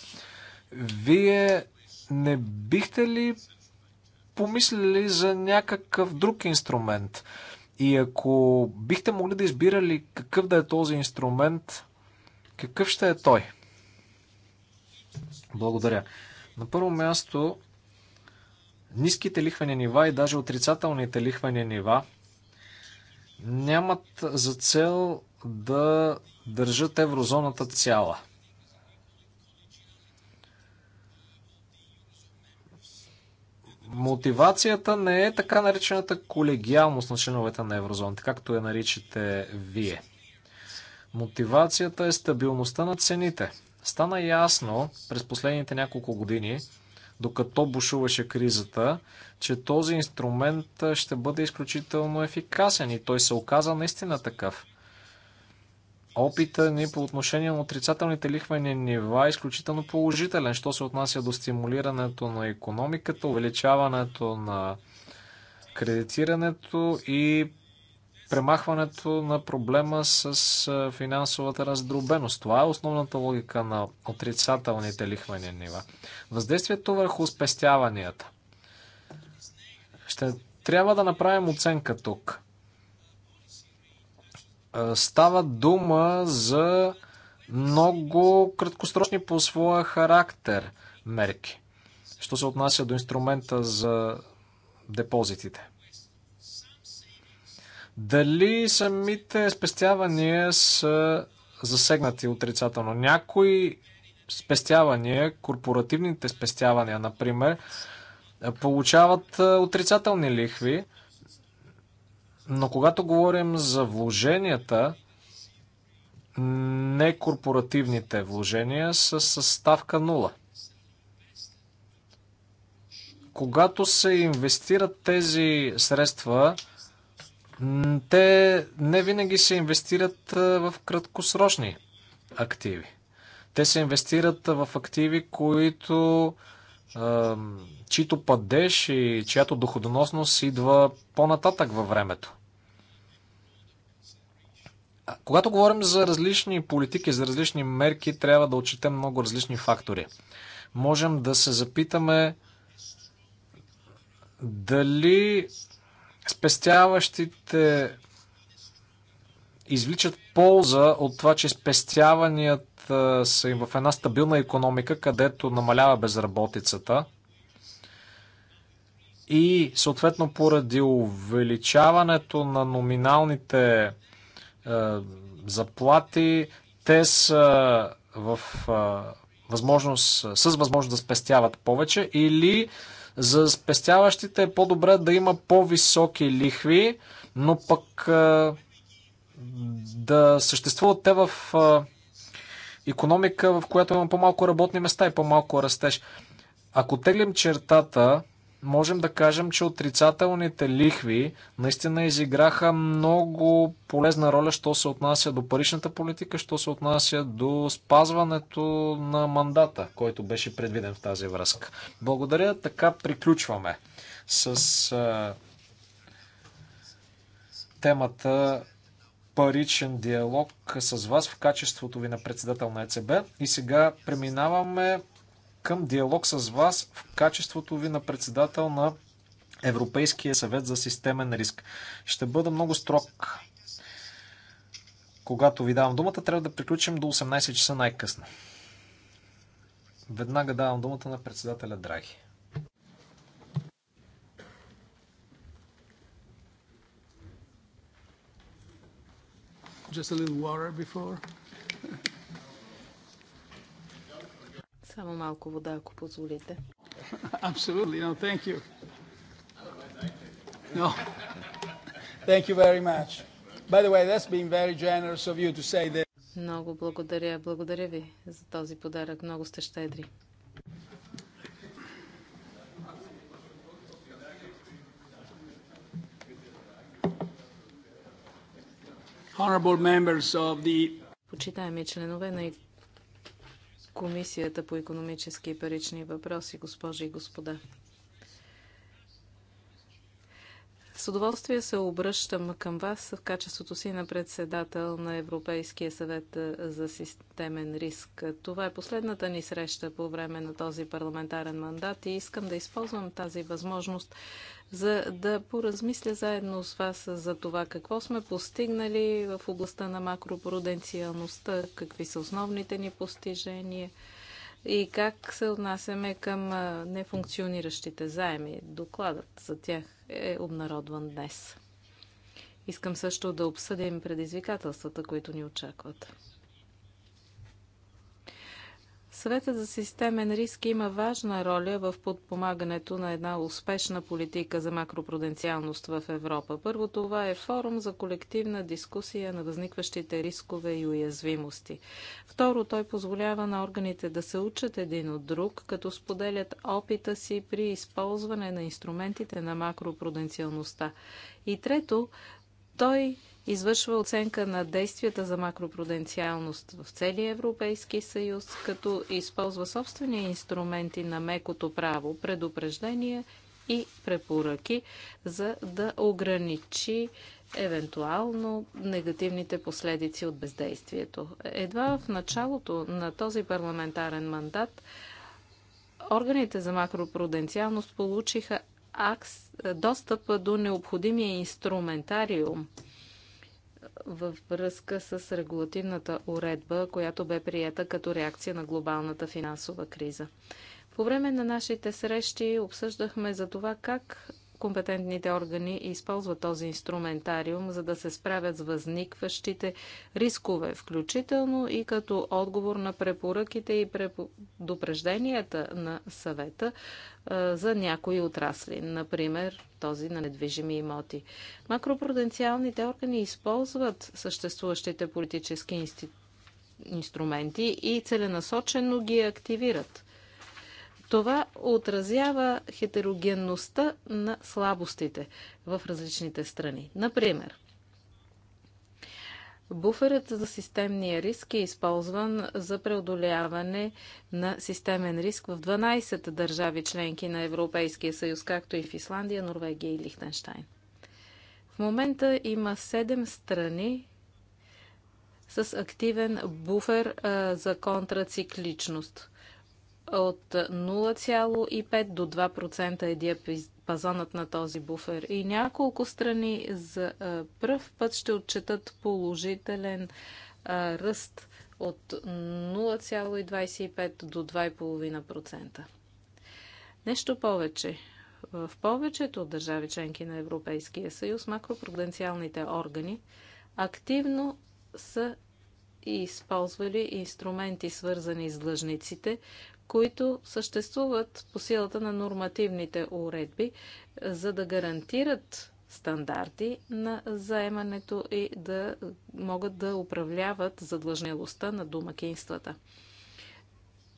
Вие не бихте ли помислили за някакъв друг инструмент? И ако бихте могли да избирали какъв да е този инструмент, какъв ще е той? Благодаря. На първо място, ниските лихвени нива и даже отрицателните лихвени нива нямат за цел да държат еврозоната цяла – Мотивацията не е така наречената колегиалност на членовете на еврозоната, както я наричате вие. Мотивацията е стабилността на цените. Стана ясно през последните няколко години, докато бушуваше кризата, че този инструмент ще бъде изключително ефикасен и той се оказа наистина такъв. Опита ни по отношение на отрицателните лихвени нива е изключително положителен, що се отнася до стимулирането на економиката, увеличаването на кредитирането и премахването на проблема с финансовата раздробеност. Това е основната логика на отрицателните лихвени нива. Въздействието върху спестяванията. Ще трябва да направим оценка тук. Е, става дума за много краткосрочни по своя характер мерки, що се отнася до инструмента за депозитите. Дали самите спестявания са засегнати отрицателно? Някои спестявания, корпоративните спестявания, например, е, получават е, отрицателни лихви, но когато говорим за вложенията, некорпоративните вложения са със ставка 0. Когато се инвестират тези средства, те не винаги се инвестират в краткосрочни активи. Те се инвестират в активи, които чието падеж и чиято доходоносност идва по-нататък във времето. Когато говорим за различни политики, за различни мерки, трябва да отчетем много различни фактори. Можем да се запитаме дали спестяващите извличат полза от това, че спестяванията са им в една стабилна економика, където намалява безработицата и съответно поради увеличаването на номиналните е, заплати, те са в е, възможност, с възможност да спестяват повече или за спестяващите е по-добре да има по-високи лихви, но пък е, да съществуват те в економика, в която има по-малко работни места и по-малко растеж. Ако теглим чертата можем да кажем, че отрицателните лихви наистина изиграха много полезна роля, що се отнася до паричната политика, що се отнася до спазването на мандата, който беше предвиден в тази връзка. Благодаря, така приключваме с а, темата паричен диалог с вас в качеството ви на председател на ЕЦБ. И сега преминаваме към диалог с вас в качеството ви на председател на Европейския съвет за системен риск. Ще бъда много строг. Когато ви давам думата, трябва да приключим до 18 часа най-късно. Веднага давам думата на председателя Драги. Just a little water before. Само малко вода, ако позволите. Абсолютно, no, thank you. No. Thank you very much. By the way, that's been very generous of you to say that. Много благодаря. Благодаря ви за този подарък. Много сте щедри. Honorable members of the Почитаеми членове на Комисията по економически и парични въпроси, госпожи и господа. С удоволствие се обръщам към вас в качеството си на председател на Европейския съвет за системен риск. Това е последната ни среща по време на този парламентарен мандат и искам да използвам тази възможност за да поразмисля заедно с вас за това какво сме постигнали в областта на макропруденциалността, какви са основните ни постижения – и как се отнасяме към нефункциониращите заеми. Докладът за тях е обнародван днес. Искам също да обсъдим предизвикателствата, които ни очакват. Съветът за системен риск има важна роля в подпомагането на една успешна политика за макропруденциалност в Европа. Първо това е форум за колективна дискусия на възникващите рискове и уязвимости. Второ, той позволява на органите да се учат един от друг, като споделят опита си при използване на инструментите на макропруденциалността. И трето, той извършва оценка на действията за макропруденциалност в целия Европейски съюз, като използва собствени инструменти на мекото право, предупреждения и препоръки, за да ограничи евентуално негативните последици от бездействието. Едва в началото на този парламентарен мандат органите за макропруденциалност получиха акс, достъп до необходимия инструментариум – във връзка с регулативната уредба, която бе приета като реакция на глобалната финансова криза. По време на нашите срещи обсъждахме за това как компетентните органи използват този инструментариум, за да се справят с възникващите рискове, включително и като отговор на препоръките и предупрежденията на съвета за някои отрасли, например този на недвижими имоти. Макропруденциалните органи използват съществуващите политически институции инструменти и целенасочено ги активират. Това отразява хетерогенността на слабостите в различните страни. Например, Буферът за системния риск е използван за преодоляване на системен риск в 12 държави членки на Европейския съюз, както и в Исландия, Норвегия и Лихтенштайн. В момента има 7 страни с активен буфер а, за контрацикличност от 0,5 до 2% е диапазонът на този буфер. И няколко страни за пръв път ще отчетат положителен ръст от 0,25 до 2,5%. Нещо повече. В повечето от държави членки на Европейския съюз макропруденциалните органи активно са използвали инструменти, свързани с длъжниците, които съществуват по силата на нормативните уредби, за да гарантират стандарти на заемането и да могат да управляват задлъжнелостта на домакинствата.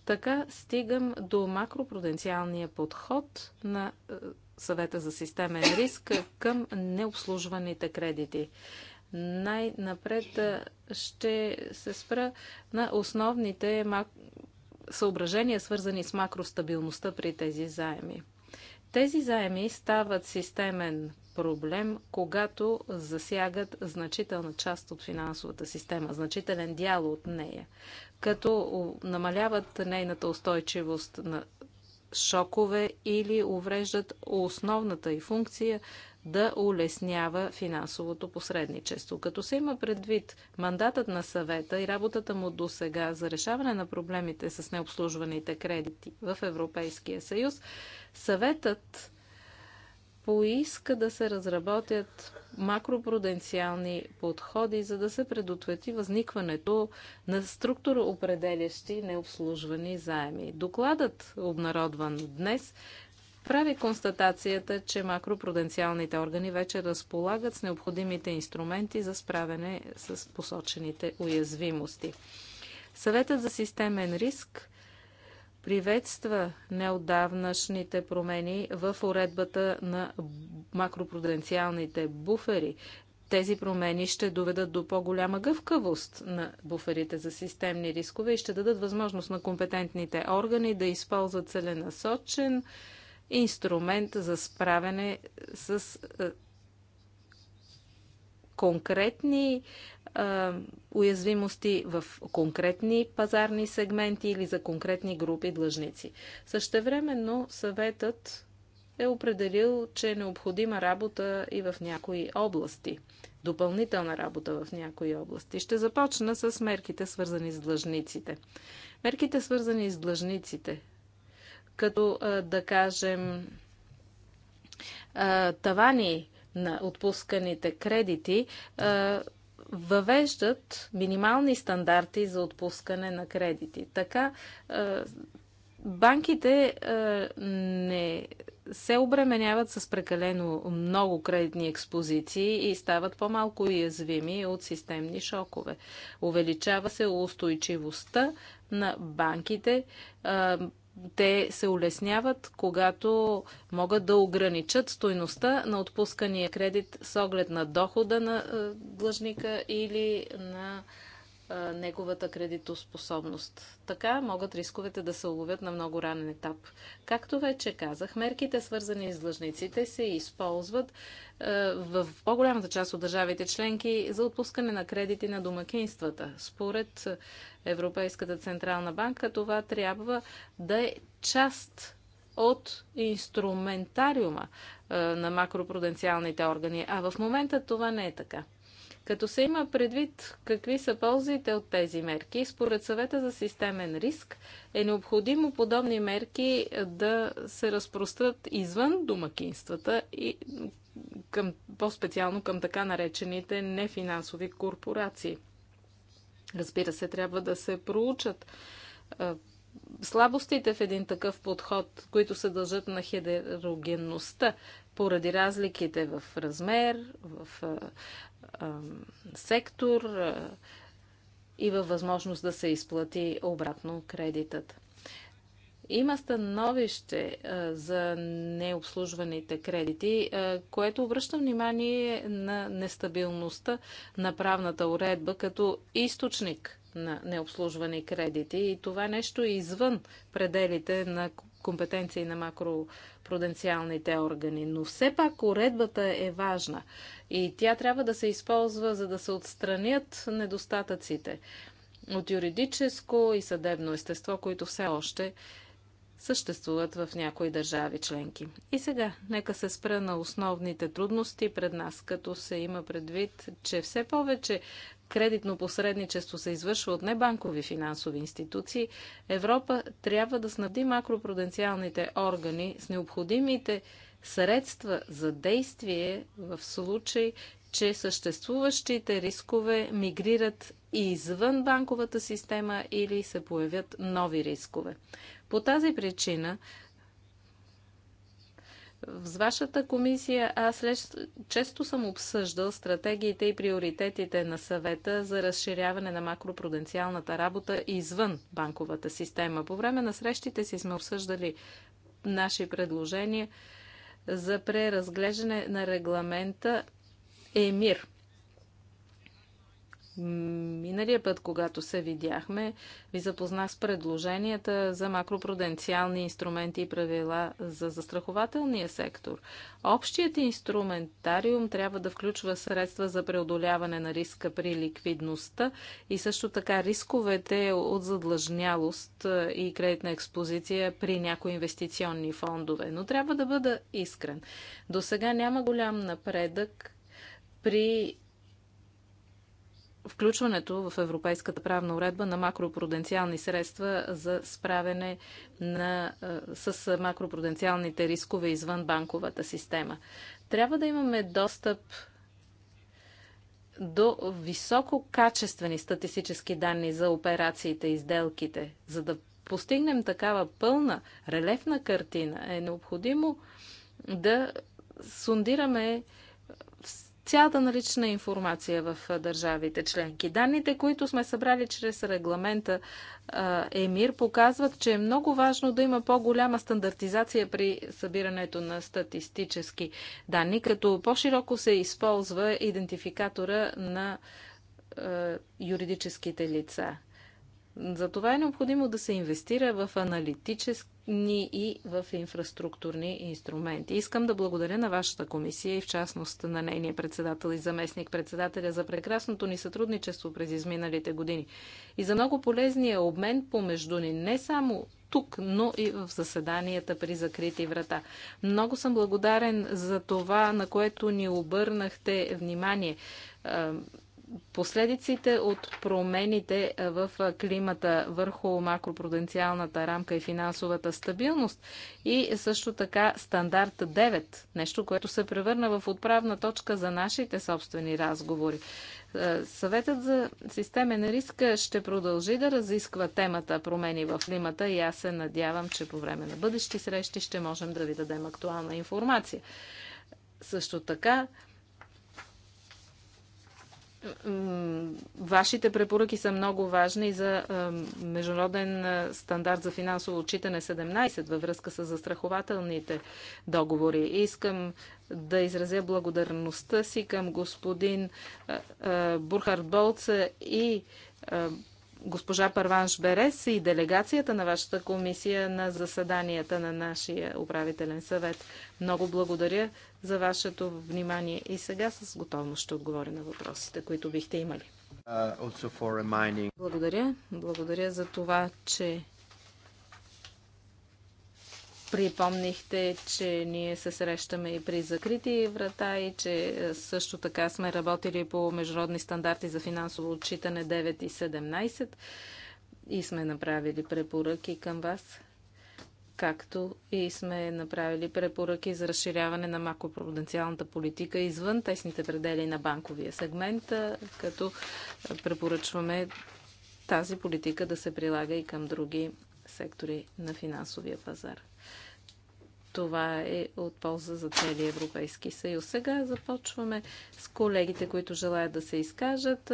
Така стигам до макропруденциалния подход на е, съвета за системен риск към необслужваните кредити. Най-напред е, ще се спра на основните съображения, свързани с макростабилността при тези заеми. Тези заеми стават системен проблем, когато засягат значителна част от финансовата система, значителен дял от нея, като намаляват нейната устойчивост на шокове или увреждат основната и функция да улеснява финансовото посредничество. Като се има предвид мандатът на съвета и работата му до сега за решаване на проблемите с необслужваните кредити в Европейския съюз, съветът поиска да се разработят макропруденциални подходи, за да се предотврати възникването на структуроопределящи необслужвани заеми. Докладът, обнародван днес, прави констатацията, че макропруденциалните органи вече разполагат с необходимите инструменти за справяне с посочените уязвимости. Съветът за системен риск приветства неодавнашните промени в уредбата на макропруденциалните буфери. Тези промени ще доведат до по-голяма гъвкавост на буферите за системни рискове и ще дадат възможност на компетентните органи да използват целенасочен, инструмент за справяне с конкретни а, уязвимости в конкретни пазарни сегменти или за конкретни групи длъжници. Същевременно съветът е определил, че е необходима работа и в някои области. Допълнителна работа в някои области. Ще започна с мерките, свързани с длъжниците. Мерките, свързани с длъжниците, като да кажем тавани на отпусканите кредити въвеждат минимални стандарти за отпускане на кредити. Така банките не се обременяват с прекалено много кредитни експозиции и стават по-малко уязвими от системни шокове. Увеличава се устойчивостта на банките те се улесняват, когато могат да ограничат стойността на отпускания кредит с оглед на дохода на длъжника или на неговата кредитоспособност. Така могат рисковете да се уловят на много ранен етап. Както вече казах, мерките свързани с длъжниците се използват в по-голямата част от държавите членки за отпускане на кредити на домакинствата. Според Европейската Централна банка, това трябва да е част от инструментариума е, на макропруденциалните органи. А в момента това не е така. Като се има предвид какви са ползите от тези мерки, според съвета за системен риск е необходимо подобни мерки да се разпрострат извън домакинствата и към, по-специално към така наречените нефинансови корпорации – Разбира се, трябва да се проучат слабостите в един такъв подход, които се дължат на хедерогенността, поради разликите в размер, в сектор и във възможност да се изплати обратно кредитът. Има становище за необслужваните кредити, което обръща внимание на нестабилността на правната уредба като източник на необслужвани кредити. И това нещо е извън пределите на компетенции на макропруденциалните органи. Но все пак уредбата е важна и тя трябва да се използва, за да се отстранят недостатъците от юридическо и съдебно естество, които все още съществуват в някои държави членки. И сега, нека се спра на основните трудности пред нас, като се има предвид, че все повече кредитно посредничество се извършва от небанкови финансови институции, Европа трябва да снабди макропруденциалните органи с необходимите средства за действие в случай, че съществуващите рискове мигрират извън банковата система или се появят нови рискове. По тази причина с вашата комисия аз често съм обсъждал стратегиите и приоритетите на съвета за разширяване на макропруденциалната работа извън банковата система. По време на срещите си сме обсъждали наши предложения за преразглеждане на регламента ЕМИР – Миналия път, когато се видяхме, ви запознах с предложенията за макропруденциални инструменти и правила за застрахователния сектор. Общият инструментариум трябва да включва средства за преодоляване на риска при ликвидността и също така рисковете от задлъжнялост и кредитна експозиция при някои инвестиционни фондове. Но трябва да бъда искрен. До сега няма голям напредък при включването в европейската правна уредба на макропруденциални средства за справяне на, с макропруденциалните рискове извън банковата система. Трябва да имаме достъп до висококачествени статистически данни за операциите и сделките. За да постигнем такава пълна, релефна картина, е необходимо да сундираме цялата налична информация в държавите членки. Данните, които сме събрали чрез регламента ЕМИР, показват, че е много важно да има по-голяма стандартизация при събирането на статистически данни, като по-широко се използва идентификатора на юридическите лица. Затова е необходимо да се инвестира в аналитически ни и в инфраструктурни инструменти. Искам да благодаря на вашата комисия и в частност на нейния председател и заместник председателя за прекрасното ни сътрудничество през изминалите години и за много полезния обмен помежду ни, не само тук, но и в заседанията при закрити врата. Много съм благодарен за това, на което ни обърнахте внимание последиците от промените в климата върху макропруденциалната рамка и финансовата стабилност и също така стандарт 9, нещо, което се превърна в отправна точка за нашите собствени разговори. Съветът за системен риск ще продължи да разисква темата промени в климата и аз се надявам, че по време на бъдещи срещи ще можем да ви дадем актуална информация. Също така, Вашите препоръки са много важни за Международен стандарт за финансово отчитане 17 във връзка с застрахователните договори. Искам да изразя благодарността си към господин Бурхард Болца и госпожа Парванш Берес и делегацията на вашата комисия на заседанията на нашия управителен съвет. Много благодаря за вашето внимание и сега с готовност ще отговоря на въпросите, които бихте имали. Uh, благодаря. Благодаря за това, че Припомнихте, че ние се срещаме и при закрити врата и че е, също така сме работили по международни стандарти за финансово отчитане 9 и 17 и сме направили препоръки към вас, както и сме направили препоръки за разширяване на макропруденциалната политика извън тесните предели на банковия сегмент, е, като е, препоръчваме тази политика да се прилага и към други сектори на финансовия пазар това е от полза за целия Европейски съюз. Сега започваме с колегите, които желаят да се изкажат.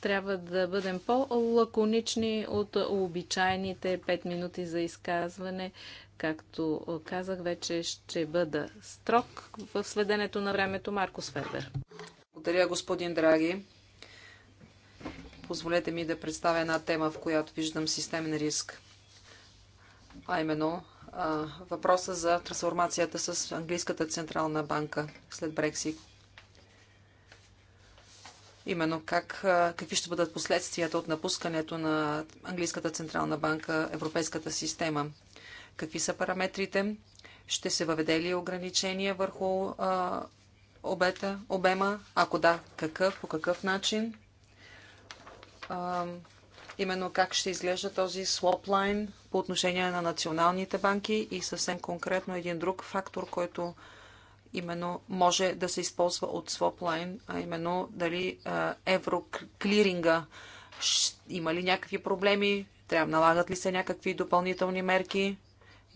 Трябва да бъдем по-лаконични от обичайните 5 минути за изказване. Както казах вече, ще бъда строг в следенето на времето Марко Сфербер. Благодаря, господин Драги. Позволете ми да представя една тема, в която виждам системен риск, а именно въпроса за трансформацията с Английската централна банка след Брексит. Именно как, какви ще бъдат последствията от напускането на Английската централна банка, Европейската система? Какви са параметрите? Ще се въведе ли ограничения върху а, обета, обема? Ако да, какъв, по какъв начин? именно как ще изглежда този слоплайн по отношение на националните банки и съвсем конкретно един друг фактор, който именно може да се използва от своплайн, а именно дали евроклиринга има ли някакви проблеми, трябва налагат ли се някакви допълнителни мерки,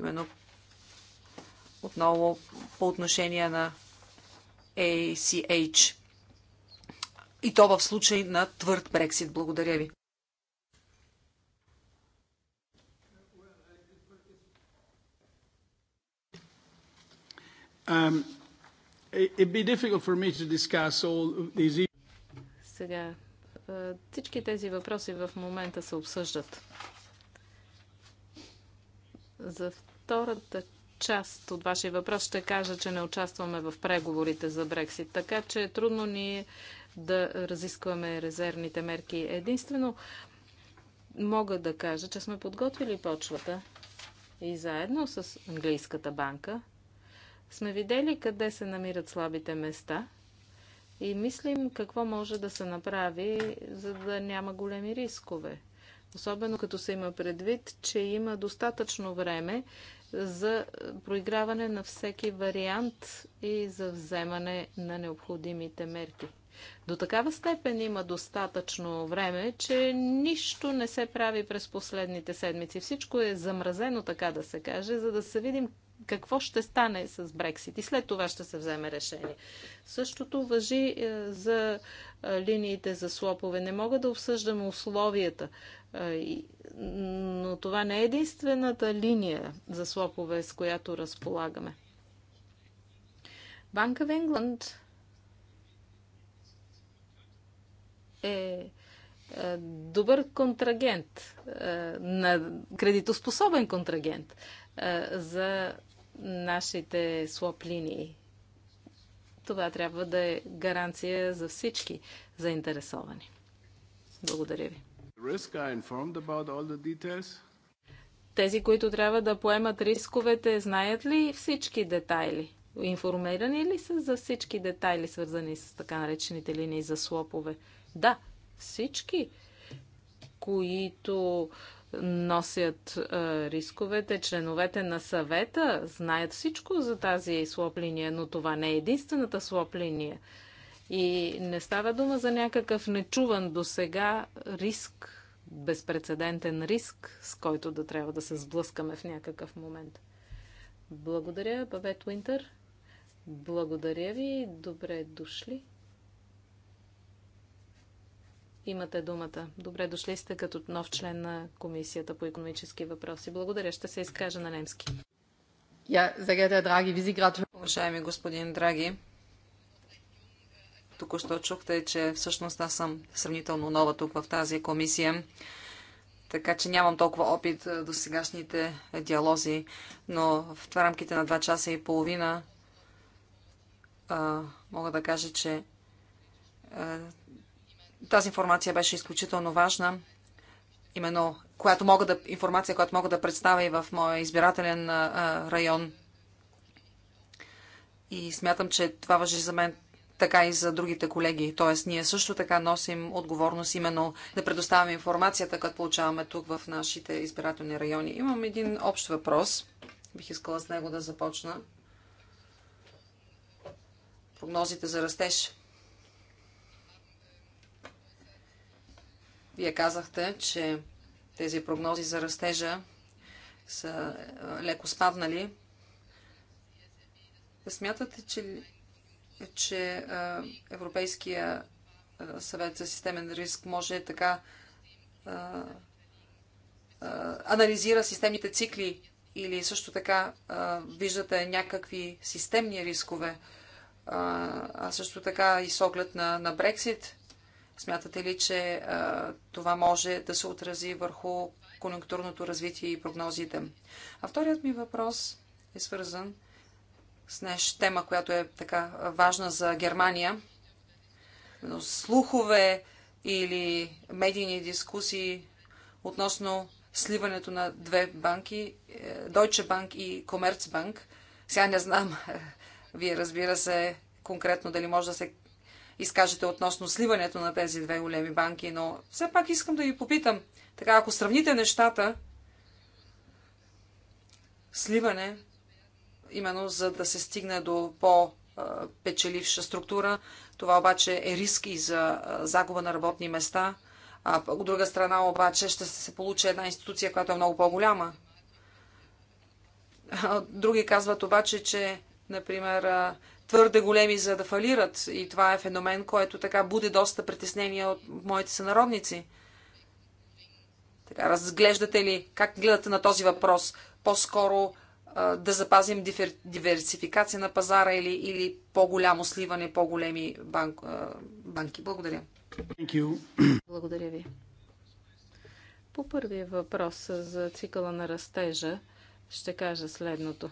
именно отново по отношение на ACH. И то в случай на твърд Брексит. Благодаря ви. Um, it'd be difficult for me to discuss all these Сега всички тези въпроси в момента се обсъждат. За втората част от вашия въпрос ще кажа, че не участваме в преговорите за Брексит, така че е трудно ни е да разискваме резервните мерки. Единствено мога да кажа, че сме подготвили почвата и заедно с Английската банка – сме видели къде се намират слабите места и мислим какво може да се направи, за да няма големи рискове. Особено като се има предвид, че има достатъчно време за проиграване на всеки вариант и за вземане на необходимите мерки. До такава степен има достатъчно време, че нищо не се прави през последните седмици. Всичко е замразено, така да се каже, за да се видим какво ще стане с Брексит и след това ще се вземе решение. Същото въжи е, за е, линиите за слопове. Не мога да обсъждаме условията, е, но това не е единствената линия за слопове, с която разполагаме. Банка в Енгланд е добър контрагент, на кредитоспособен контрагент за нашите слоп линии. Това трябва да е гаранция за всички заинтересовани. Благодаря ви. Тези, които трябва да поемат рисковете, знаят ли всички детайли? Информирани ли са за всички детайли, свързани с така наречените линии за слопове? Да, всички, които носят а, рисковете. Членовете на съвета знаят всичко за тази слоп линия, но това не е единствената слоп линия. И не става дума за някакъв нечуван до сега риск, безпредседентен риск, с който да трябва да се сблъскаме в някакъв момент. Благодаря, Бабет Уинтер. Благодаря ви. Добре дошли. Имате думата. Добре дошли сте като нов член на Комисията по економически въпроси. Благодаря. Ще се изкажа на немски. Yeah, Драги, grad... Уважаеми господин Драги, току-що чухте, че всъщност аз съм сравнително нова тук в тази комисия, така че нямам толкова опит до сегашните диалози, но в това рамките на 2 часа и половина а, мога да кажа, че а, тази информация беше изключително важна, именно която мога да, информация, която мога да представя и в моя избирателен район. И смятам, че това въжи за мен така и за другите колеги. Тоест, ние също така носим отговорност именно да предоставяме информацията, която получаваме тук в нашите избирателни райони. Имам един общ въпрос. Бих искала с него да започна. Прогнозите за растеж. Вие казахте, че тези прогнози за растежа са е, леко спаднали. Смятате, че, че е, Европейския е, съвет за системен риск може така а, а, анализира системните цикли или също така а, виждате някакви системни рискове, а също така и с оглед на, на Брексит, Смятате ли, че а, това може да се отрази върху конъюнктурното развитие и прогнозите? А вторият ми въпрос е свързан с нещо, тема, която е така важна за Германия. Но слухове или медийни дискусии относно сливането на две банки, е, Deutsche Bank и Commerzbank. Сега не знам, вие разбира се, конкретно дали може да се изкажете относно сливането на тези две големи банки, но все пак искам да ви попитам, така ако сравните нещата, сливане, именно за да се стигне до по-печеливша структура, това обаче е риск и за загуба на работни места, а от друга страна обаче ще се получи една институция, която е много по-голяма. Други казват обаче, че, например, твърде големи за да фалират. И това е феномен, който така буде доста притеснения от моите сънародници. Така, разглеждате ли, как гледате на този въпрос? По-скоро да запазим диверсификация на пазара или, или по-голямо сливане, по-големи банк, банки? Благодаря. Благодаря ви. По първия въпрос за цикъла на растежа ще кажа следното.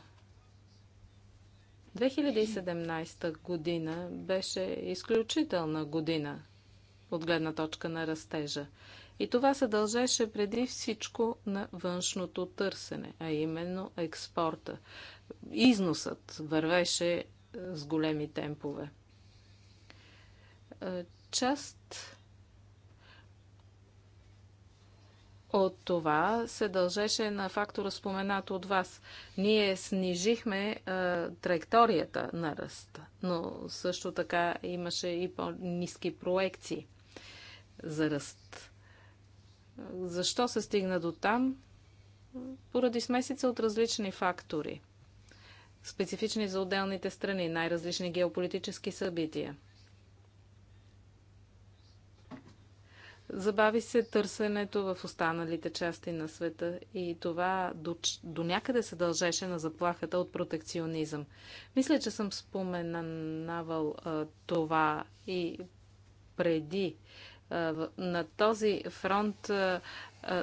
2017 година беше изключителна година от гледна точка на растежа. И това се дължеше преди всичко на външното търсене, а именно експорта. Износът вървеше с големи темпове. Е, част от това се дължеше на фактора споменат от вас. Ние снижихме а, е, траекторията на ръста, но също така имаше и по-низки проекции за ръст. Защо се стигна до там? Поради смесица от различни фактори, специфични за отделните страни, най-различни геополитически събития – Забави се търсенето в останалите части на света и това до, до някъде се дължеше на заплахата от протекционизъм. Мисля, че съм споменавал а, това и преди. А, на този фронт а,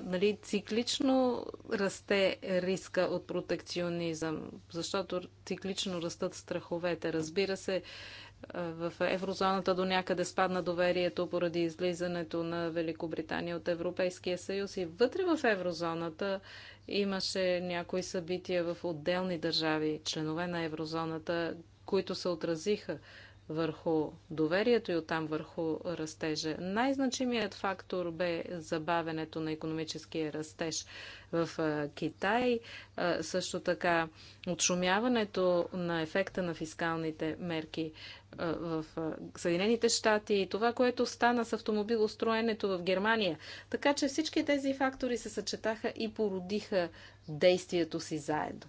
нали, циклично расте риска от протекционизъм, защото циклично растат страховете. Разбира се, а, в еврозоната до някъде спадна доверието поради излизането на Великобритания от Европейския съюз и вътре в еврозоната имаше някои събития в отделни държави, членове на еврозоната, които се отразиха върху доверието и оттам върху растежа. Най-значимият фактор бе забавенето на економическия растеж в Китай, също така отшумяването на ефекта на фискалните мерки в Съединените щати и това, което стана с автомобилостроенето в Германия. Така че всички тези фактори се съчетаха и породиха действието си заедно.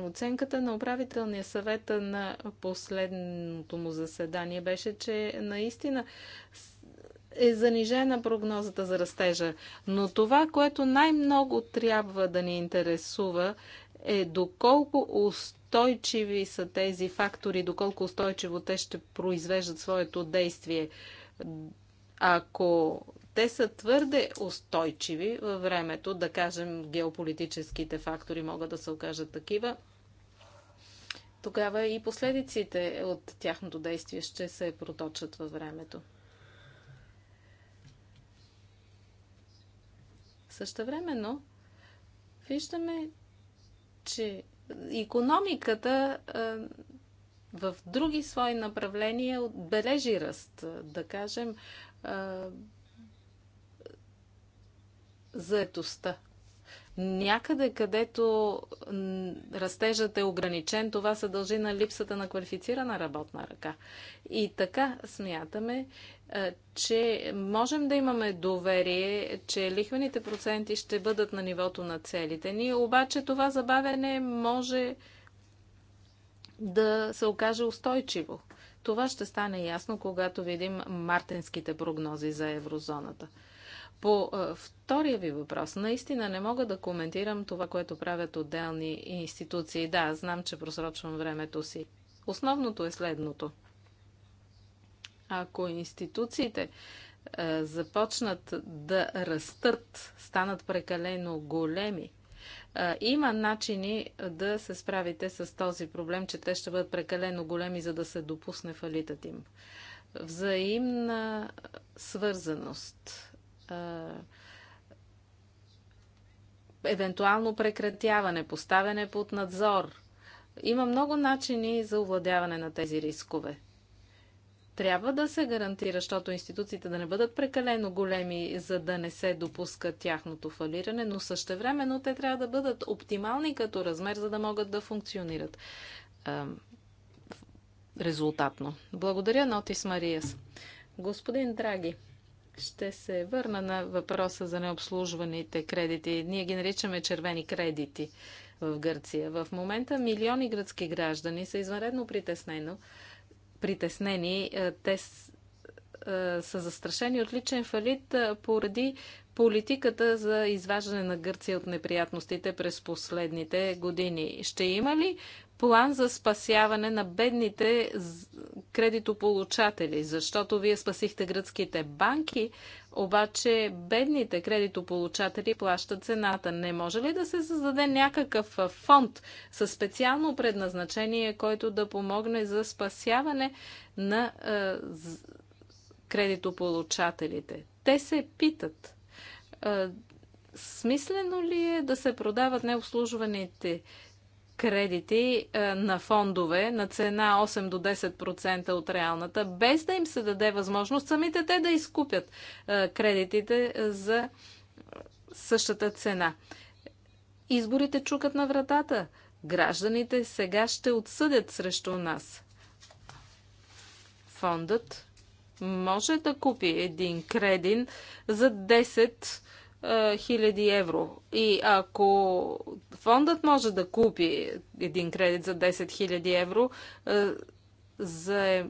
Оценката на управителния съвет на последното му заседание беше, че наистина е занижена прогнозата за растежа. Но това, което най-много трябва да ни интересува, е доколко устойчиво устойчиви са тези фактори, доколко устойчиво те ще произвеждат своето действие. Ако те са твърде устойчиви във времето, да кажем геополитическите фактори могат да се окажат такива, тогава и последиците от тяхното действие ще се проточат във времето. Също времено виждаме, че економиката в други свои направления отбележи ръст. Да кажем, заетостта. Някъде, където растежът е ограничен, това се дължи на липсата на квалифицирана работна ръка. И така смятаме, че можем да имаме доверие, че лихвените проценти ще бъдат на нивото на целите ни, обаче това забавяне може да се окаже устойчиво. Това ще стане ясно, когато видим мартинските прогнози за еврозоната. По втория ви въпрос, наистина не мога да коментирам това, което правят отделни институции. Да, знам, че просрочвам времето си. Основното е следното. Ако институциите а, започнат да растат, станат прекалено големи, има начини да се справите с този проблем, че те ще бъдат прекалено големи, за да се допусне фалитът им. Взаимна свързаност е, евентуално прекратяване, поставяне под надзор. Има много начини за овладяване на тези рискове. Трябва да се гарантира, защото институциите да не бъдат прекалено големи, за да не се допуска тяхното фалиране, но същевременно те трябва да бъдат оптимални като размер, за да могат да функционират резултатно. Благодаря, Нотис Мариас. Господин Драги, ще се върна на въпроса за необслужваните кредити. Ние ги наричаме червени кредити в Гърция. В момента милиони гръцки граждани са извънредно притеснено, притеснени. Е, те е, са застрашени от личен фалит е, поради политиката за изваждане на Гърция от неприятностите през последните години. Ще има ли план за спасяване на бедните кредитополучатели, защото вие спасихте гръцките банки, обаче бедните кредитополучатели плащат цената. Не може ли да се създаде някакъв фонд със специално предназначение, който да помогне за спасяване на е, кредитополучателите? Те се питат. Е, смислено ли е да се продават необслужваните кредити е, на фондове на цена 8 до 10% от реалната, без да им се даде възможност самите те да изкупят е, кредитите за същата цена. Изборите чукат на вратата. Гражданите сега ще отсъдят срещу нас. Фондът може да купи един кредит за 10 хиляди евро. И ако фондът може да купи един кредит за 10 хиляди евро, е, за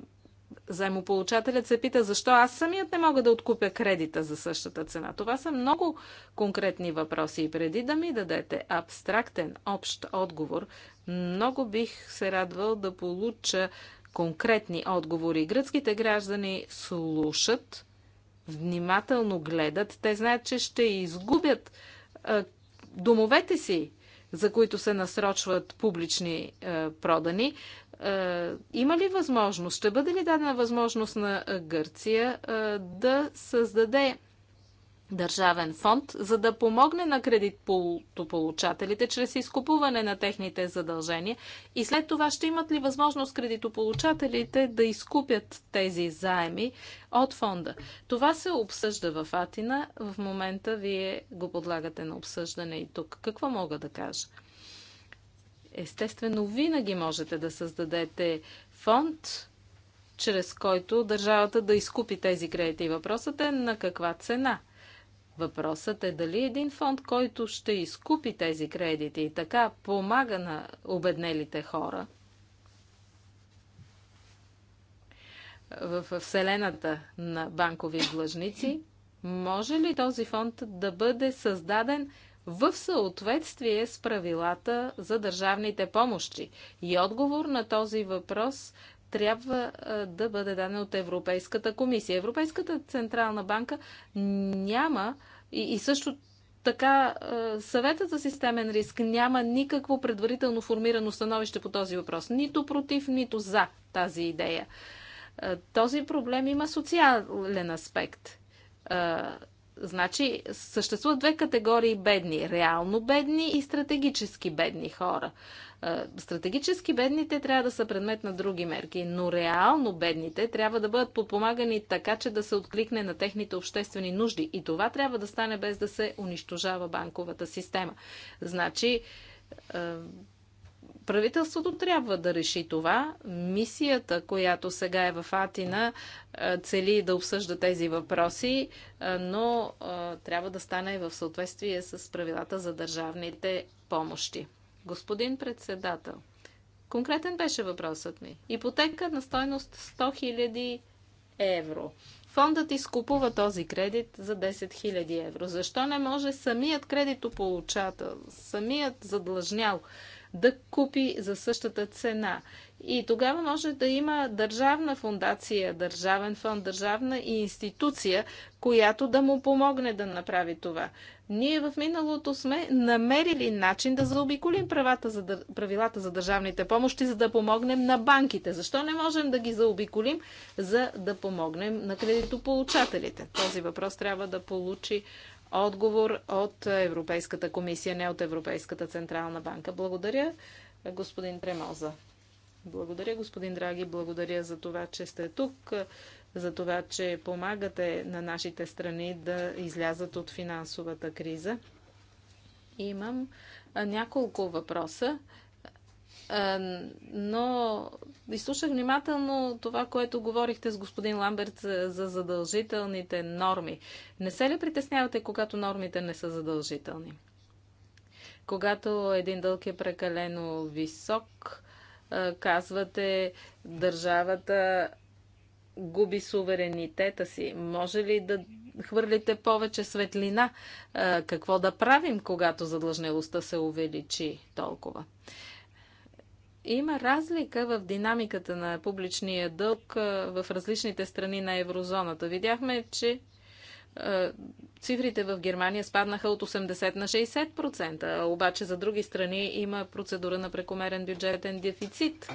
заемополучателят се пита защо аз самият не мога да откупя кредита за същата цена. Това са много конкретни въпроси и преди да ми дадете абстрактен общ отговор, много бих се радвал да получа конкретни отговори. Гръцките граждани слушат внимателно гледат, те знаят, че ще изгубят а, домовете си, за които се насрочват публични а, продани. А, има ли възможност, ще бъде ли дадена възможност на Гърция да създаде държавен фонд, за да помогне на кредитополучателите чрез изкупуване на техните задължения и след това ще имат ли възможност кредитополучателите да изкупят тези заеми от фонда. Това се обсъжда в Атина. В момента вие го подлагате на обсъждане и тук. Какво мога да кажа? Естествено, винаги можете да създадете фонд, чрез който държавата да изкупи тези кредити. Въпросът е на каква цена – Въпросът е дали един фонд, който ще изкупи тези кредити и така помага на обеднелите хора в вселената на банкови длъжници, може ли този фонд да бъде създаден в съответствие с правилата за държавните помощи? И отговор на този въпрос трябва да бъде даден от Европейската комисия. Европейската централна банка няма и, и също така съветът за системен риск няма никакво предварително формирано становище по този въпрос. Нито против, нито за тази идея. Този проблем има социален аспект. Значи, съществуват две категории бедни. Реално бедни и стратегически бедни хора. Стратегически бедните трябва да са предмет на други мерки, но реално бедните трябва да бъдат подпомагани така, че да се откликне на техните обществени нужди. И това трябва да стане без да се унищожава банковата система. Значи, правителството трябва да реши това. Мисията, която сега е в Атина, цели да обсъжда тези въпроси, но трябва да стане в съответствие с правилата за държавните помощи. Господин председател, конкретен беше въпросът ми. Ипотека на стойност 100 000 евро. Фондът изкупува този кредит за 10 000 евро. Защо не може самият кредитополучател, самият задлъжнял, да купи за същата цена. И тогава може да има държавна фундация, държавен фонд, държавна институция, която да му помогне да направи това. Ние в миналото сме намерили начин да заобиколим правата за, правилата за държавните помощи, за да помогнем на банките. Защо не можем да ги заобиколим, за да помогнем на кредитополучателите? Този въпрос трябва да получи отговор от Европейската комисия, не от Европейската централна банка. Благодаря, господин Тремоза. Благодаря, господин Драги. Благодаря за това, че сте тук, за това, че помагате на нашите страни да излязат от финансовата криза. Имам няколко въпроса но изслушах внимателно това, което говорихте с господин Ламберт е, за задължителните норми. Не се ли притеснявате, когато нормите не са задължителни? Когато един дълг е прекалено висок, е, казвате, държавата губи суверенитета си. Може ли да хвърлите повече светлина? Е, какво да правим, когато задлъжнелостта се увеличи толкова? Има разлика в динамиката на публичния дълг в различните страни на еврозоната. Видяхме, че цифрите в Германия спаднаха от 80 на 60%, обаче за други страни има процедура на прекомерен бюджетен дефицит.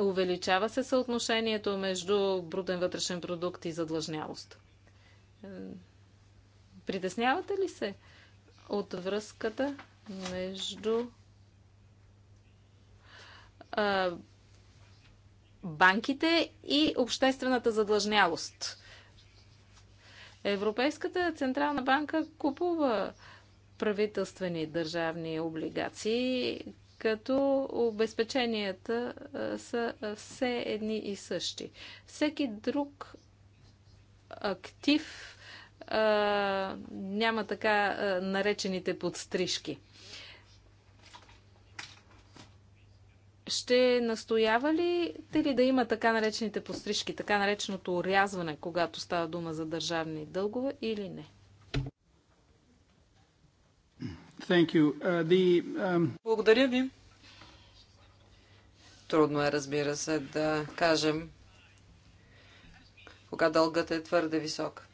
Увеличава се съотношението между бруден вътрешен продукт и задлъжнялост. Притеснявате ли се от връзката между а, банките и обществената задлъжнялост. Европейската Централна банка купува правителствени държавни облигации, като обезпеченията са все едни и същи. Всеки друг актив няма така наречените подстрижки. Ще настоява ли те ли да има така наречените пострижки, така нареченото урязване, когато става дума за държавни дългове или не? Thank you. Uh, the, um... Благодаря ви. Трудно е, разбира се, да кажем кога дългът е твърде висок.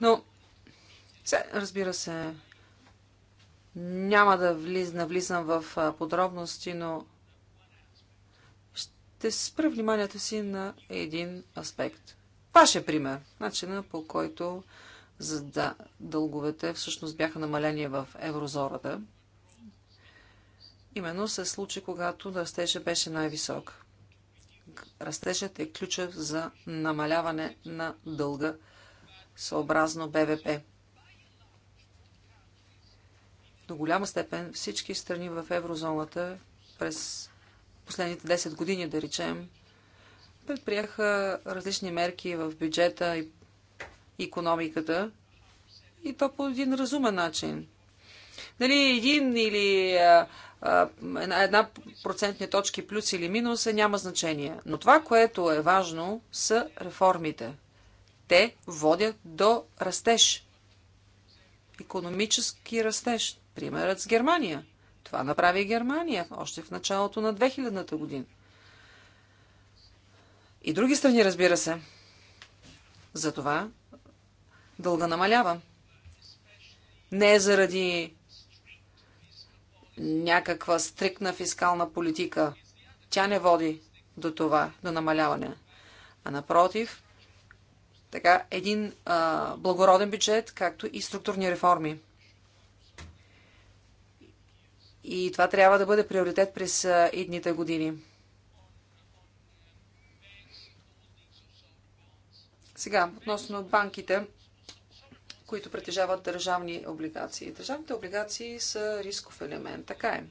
Но, разбира се, няма да влиз, навлизам в подробности, но ще спра вниманието си на един аспект. Ваше пример. Начина по който за да, дълговете всъщност бяха намалени в еврозората. Именно се случи, когато растежът беше най-висок. Растежът е ключът за намаляване на дълга съобразно БВП до голяма степен всички страни в еврозоната през последните 10 години, да речем, предприеха различни мерки в бюджета и економиката и то по един разумен начин. Нали един или а, а, една, процентни точки плюс или минус е няма значение. Но това, което е важно, са реформите. Те водят до растеж. Економически растеж. Примерът с Германия. Това направи Германия още в началото на 2000-та година. И други страни, разбира се. Затова дълга намалява. Не е заради някаква стрикна фискална политика. Тя не води до това, до намаляване. А напротив, така, един а, благороден бюджет, както и структурни реформи. И това трябва да бъде приоритет през идните години. Сега, относно банките, които притежават държавни облигации. Държавните облигации са рисков елемент, така е.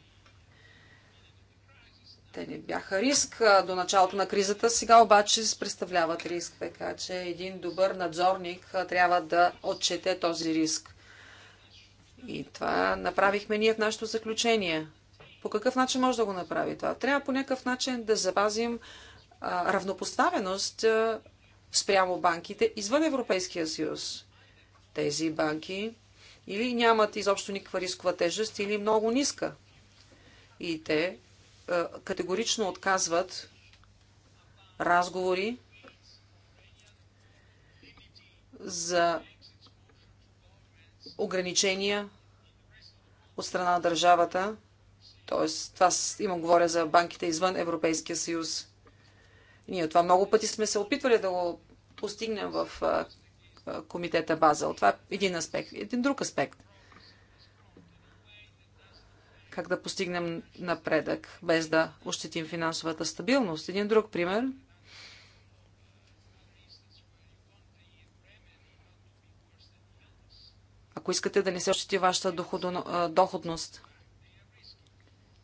Те не бяха риск до началото на кризата, сега обаче представляват риск, така че един добър надзорник трябва да отчете този риск. И това направихме ние в нашето заключение. По какъв начин може да го направи това? Трябва по някакъв начин да запазим равнопоставеност а, спрямо банките извън Европейския съюз. Тези банки или нямат изобщо никаква рискова тежест, или много ниска. И те а, категорично отказват разговори за ограничения от страна на държавата. Тоест, това има говоря за банките извън Европейския съюз. Ние това много пъти сме се опитвали да го постигнем в комитета база. Това е един аспект. Един друг аспект. Как да постигнем напредък, без да ощетим финансовата стабилност. Един друг пример – ако искате да не се ощети вашата доходност.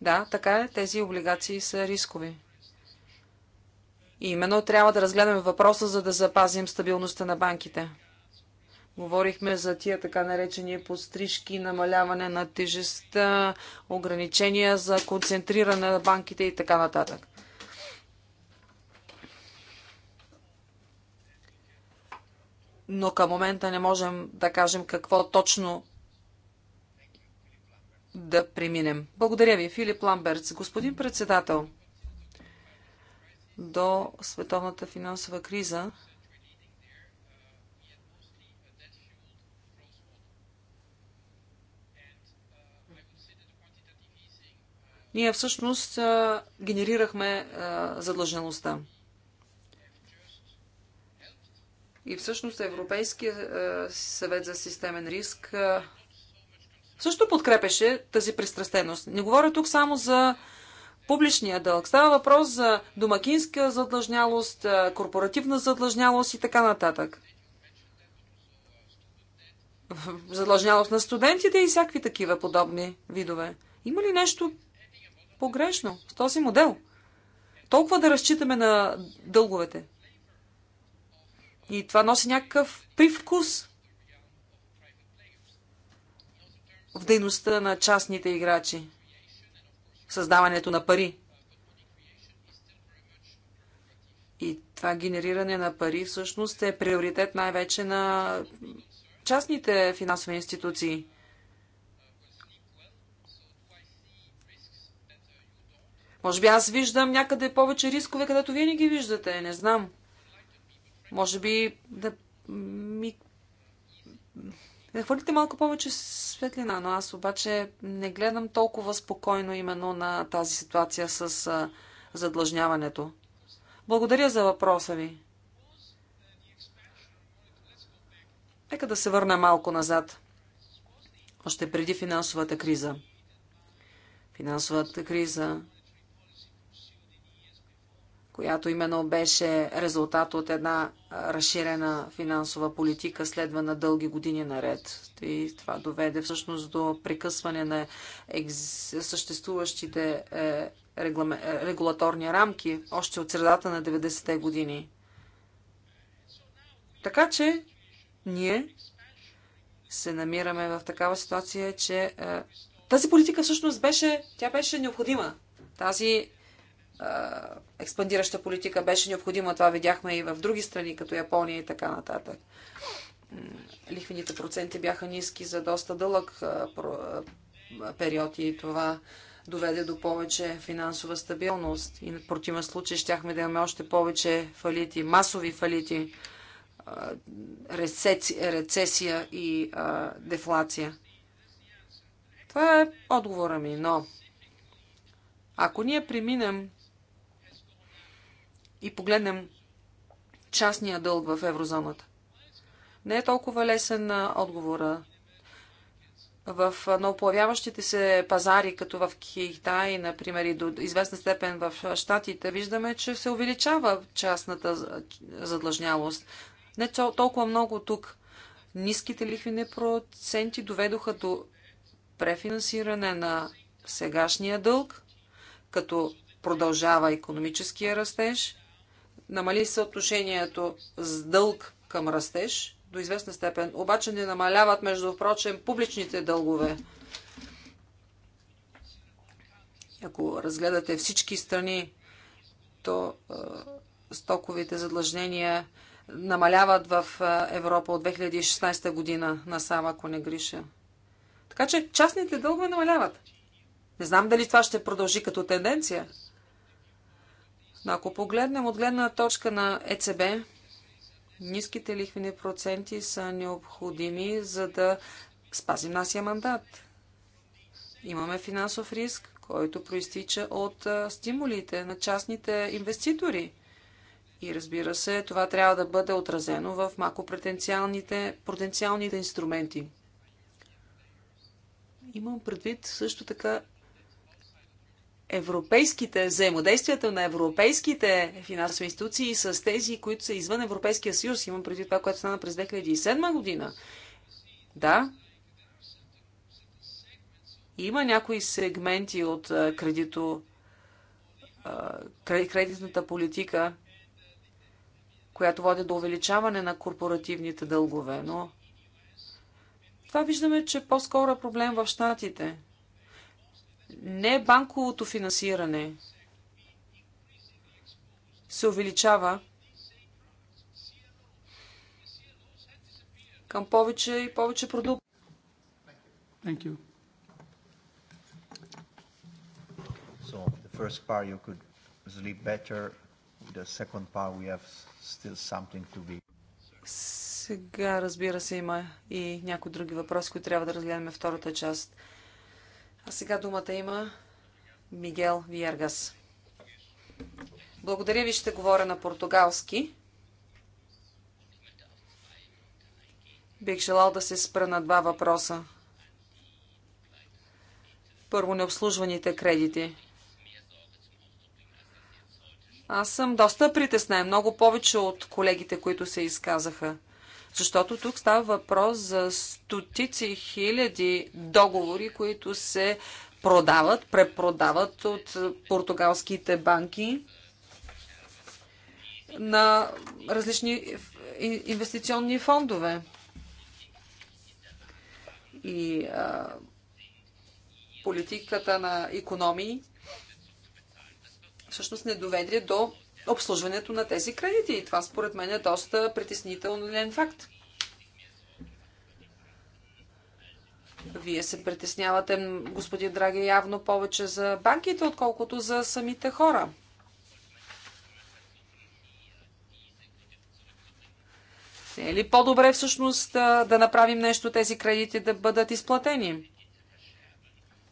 Да, така е, тези облигации са рискови. И именно трябва да разгледаме въпроса, за да запазим стабилността на банките. Говорихме за тия така наречени пострижки, намаляване на тежестта, ограничения за концентриране на банките и така нататък. но към момента не можем да кажем какво точно да преминем. Благодаря ви, Филип Ламберц. Господин председател, до световната финансова криза ние всъщност генерирахме задлъжнялостта. И всъщност Европейския е, съвет за системен риск е, също подкрепеше тази пристрастеност. Не говоря тук само за публичния дълг. Става въпрос за домакинска задлъжнялост, е, корпоративна задлъжнялост и така нататък. Задлъжнялост на студентите и всякакви такива подобни видове. Има ли нещо погрешно с този модел? Толкова да разчитаме на дълговете. И това носи някакъв привкус в дейността на частните играчи. Създаването на пари. И това генериране на пари всъщност е приоритет най-вече на частните финансови институции. Може би аз виждам някъде повече рискове, където вие не ги виждате, не знам. Може би да ми... Да хвърлите малко повече светлина, но аз обаче не гледам толкова спокойно именно на тази ситуация с задлъжняването. Благодаря за въпроса ви. Нека да се върна малко назад. Още преди финансовата криза. Финансовата криза която именно беше резултат от една разширена финансова политика, следвана дълги години наред. И това доведе всъщност до прекъсване на екз... съществуващите е, реглам... Е, регулаторни рамки още от средата на 90-те години. Така че ние се намираме в такава ситуация, че е, тази политика всъщност беше, тя беше необходима. Тази експандираща политика беше необходима. Това видяхме и в други страни, като Япония и така нататък. Лихвените проценти бяха ниски за доста дълъг период и това доведе до повече финансова стабилност. И в противен случай щяхме да имаме още повече фалити, масови фалити, рецесия и дефлация. Това е отговора ми, но ако ние преминем и погледнем частния дълг в еврозоната. Не е толкова лесен отговора. В новоплавяващите се пазари, като в Китай, например, и до известна степен в Штатите, виждаме, че се увеличава частната задлъжнялост. Не толкова много тук. Ниските лихвени проценти доведоха до префинансиране на сегашния дълг, като продължава економическия растеж – намали съотношението с дълг към растеж до известна степен, обаче не намаляват, между прочим, публичните дългове. Ако разгледате всички страни, то е, стоковите задлъжнения намаляват в Европа от 2016 година насам, ако не греша. Така че частните дългове намаляват. Не знам дали това ще продължи като тенденция. Но ако погледнем от гледна точка на ЕЦБ, ниските лихвени проценти са необходими, за да спазим нашия мандат. Имаме финансов риск, който проистича от стимулите на частните инвеститори. И разбира се, това трябва да бъде отразено в макропотенциалните инструменти. Имам предвид също така европейските взаимодействията на европейските финансови институции с тези, които са извън Европейския съюз. Имам преди това, което стана през 2007 година. Да. Има някои сегменти от кредито, кредитната политика, която води до увеличаване на корпоративните дългове, но това виждаме, че по-скоро е проблем в Штатите – не банковото финансиране се увеличава към повече и повече продукти. Thank you. So the first part you could sleep better. The second part we have still something to be. Сега, разбира се, има и някои други въпроси, които трябва да разгледаме втората част. А сега думата има Мигел Виергас. Благодаря ви, ще говоря на португалски. Бих желал да се спра на два въпроса. Първо, необслужваните кредити. Аз съм доста притеснен, много повече от колегите, които се изказаха. Защото тук става въпрос за стотици хиляди договори, които се продават, препродават от португалските банки на различни инвестиционни фондове. И а, политиката на економии всъщност не доведе до обслужването на тези кредити. И това според мен е доста притеснителен факт. Вие се притеснявате, господин Драги, явно повече за банките, отколкото за самите хора. Не е ли по-добре всъщност да направим нещо, тези кредити да бъдат изплатени?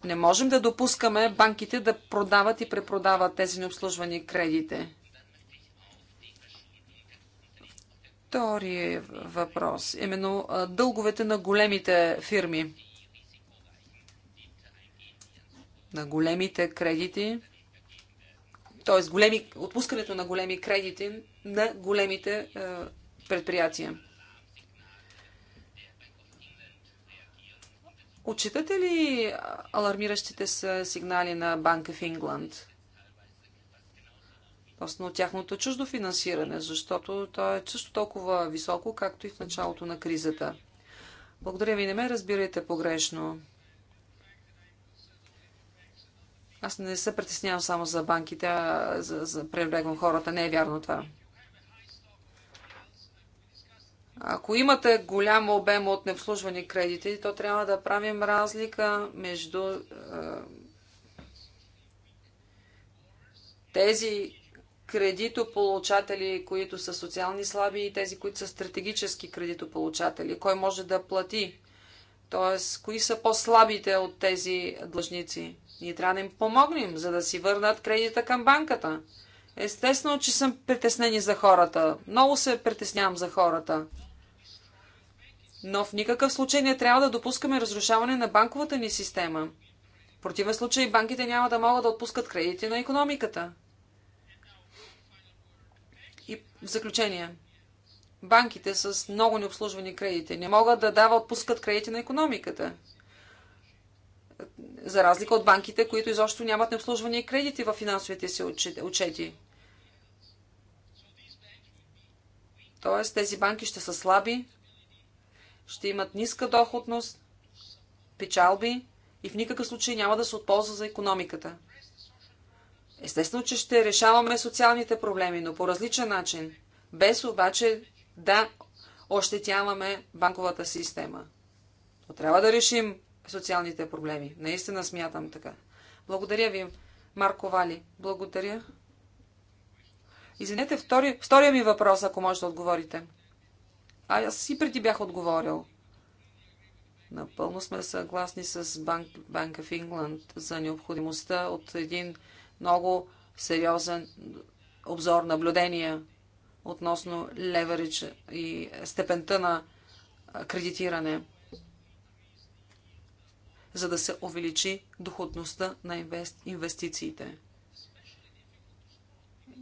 Не можем да допускаме банките да продават и препродават тези необслужвани кредити. Втори въпрос, именно дълговете на големите фирми, на големите кредити, т.е. Големи, отпускането на големи кредити на големите е, предприятия. Отчитате ли алармиращите са сигнали на Банка в Ингланд? относно тяхното чуждо финансиране, защото то е също толкова високо, както и в началото на кризата. Благодаря ви, не ме разбирайте погрешно. Аз не се притеснявам само за банките, а за, за пренебрегвам хората. Не е вярно това. Ако имате голям обем от необслужвани кредити, то трябва да правим разлика между е, тези кредитополучатели, които са социални слаби и тези, които са стратегически кредитополучатели? Кой може да плати? Тоест, кои са по-слабите от тези длъжници? Ние трябва да им помогнем, за да си върнат кредита към банката. Естествено, че съм притеснени за хората. Много се притеснявам за хората. Но в никакъв случай не трябва да допускаме разрушаване на банковата ни система. В противен случай банките няма да могат да отпускат кредити на економиката. И в заключение, банките с много необслужвани кредити не могат да дава отпускат кредити на економиката. За разлика от банките, които изобщо нямат необслужвани кредити в финансовите си отчети. Тоест, тези банки ще са слаби, ще имат ниска доходност, печалби и в никакъв случай няма да се отползва за економиката. Естествено, че ще решаваме социалните проблеми, но по различен начин, без обаче да ощетяваме банковата система. Но трябва да решим социалните проблеми. Наистина смятам така. Благодаря ви, Марко Вали. Благодаря. Извинете, втори, втория ми въпрос, ако може да отговорите. А аз и преди бях отговорил. Напълно сме съгласни с Банк, Банка в Ингланд за необходимостта от един много сериозен обзор, наблюдения относно леверидж и степента на кредитиране, за да се увеличи доходността на инвестициите.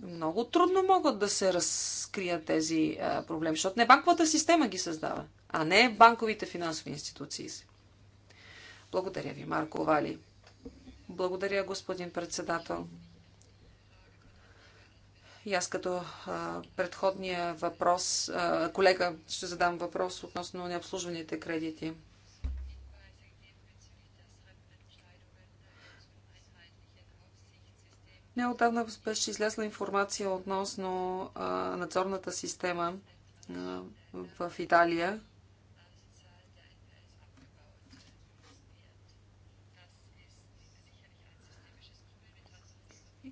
Много трудно могат да се разкрият тези проблеми, защото не банковата система ги създава, а не банковите финансови институции. Благодаря ви, Марко Вали. Благодаря, господин председател. И аз като а, предходния въпрос, а, колега, ще задам въпрос относно необслужваните кредити. отдавна беше излезла информация относно а, надзорната система а, в Италия,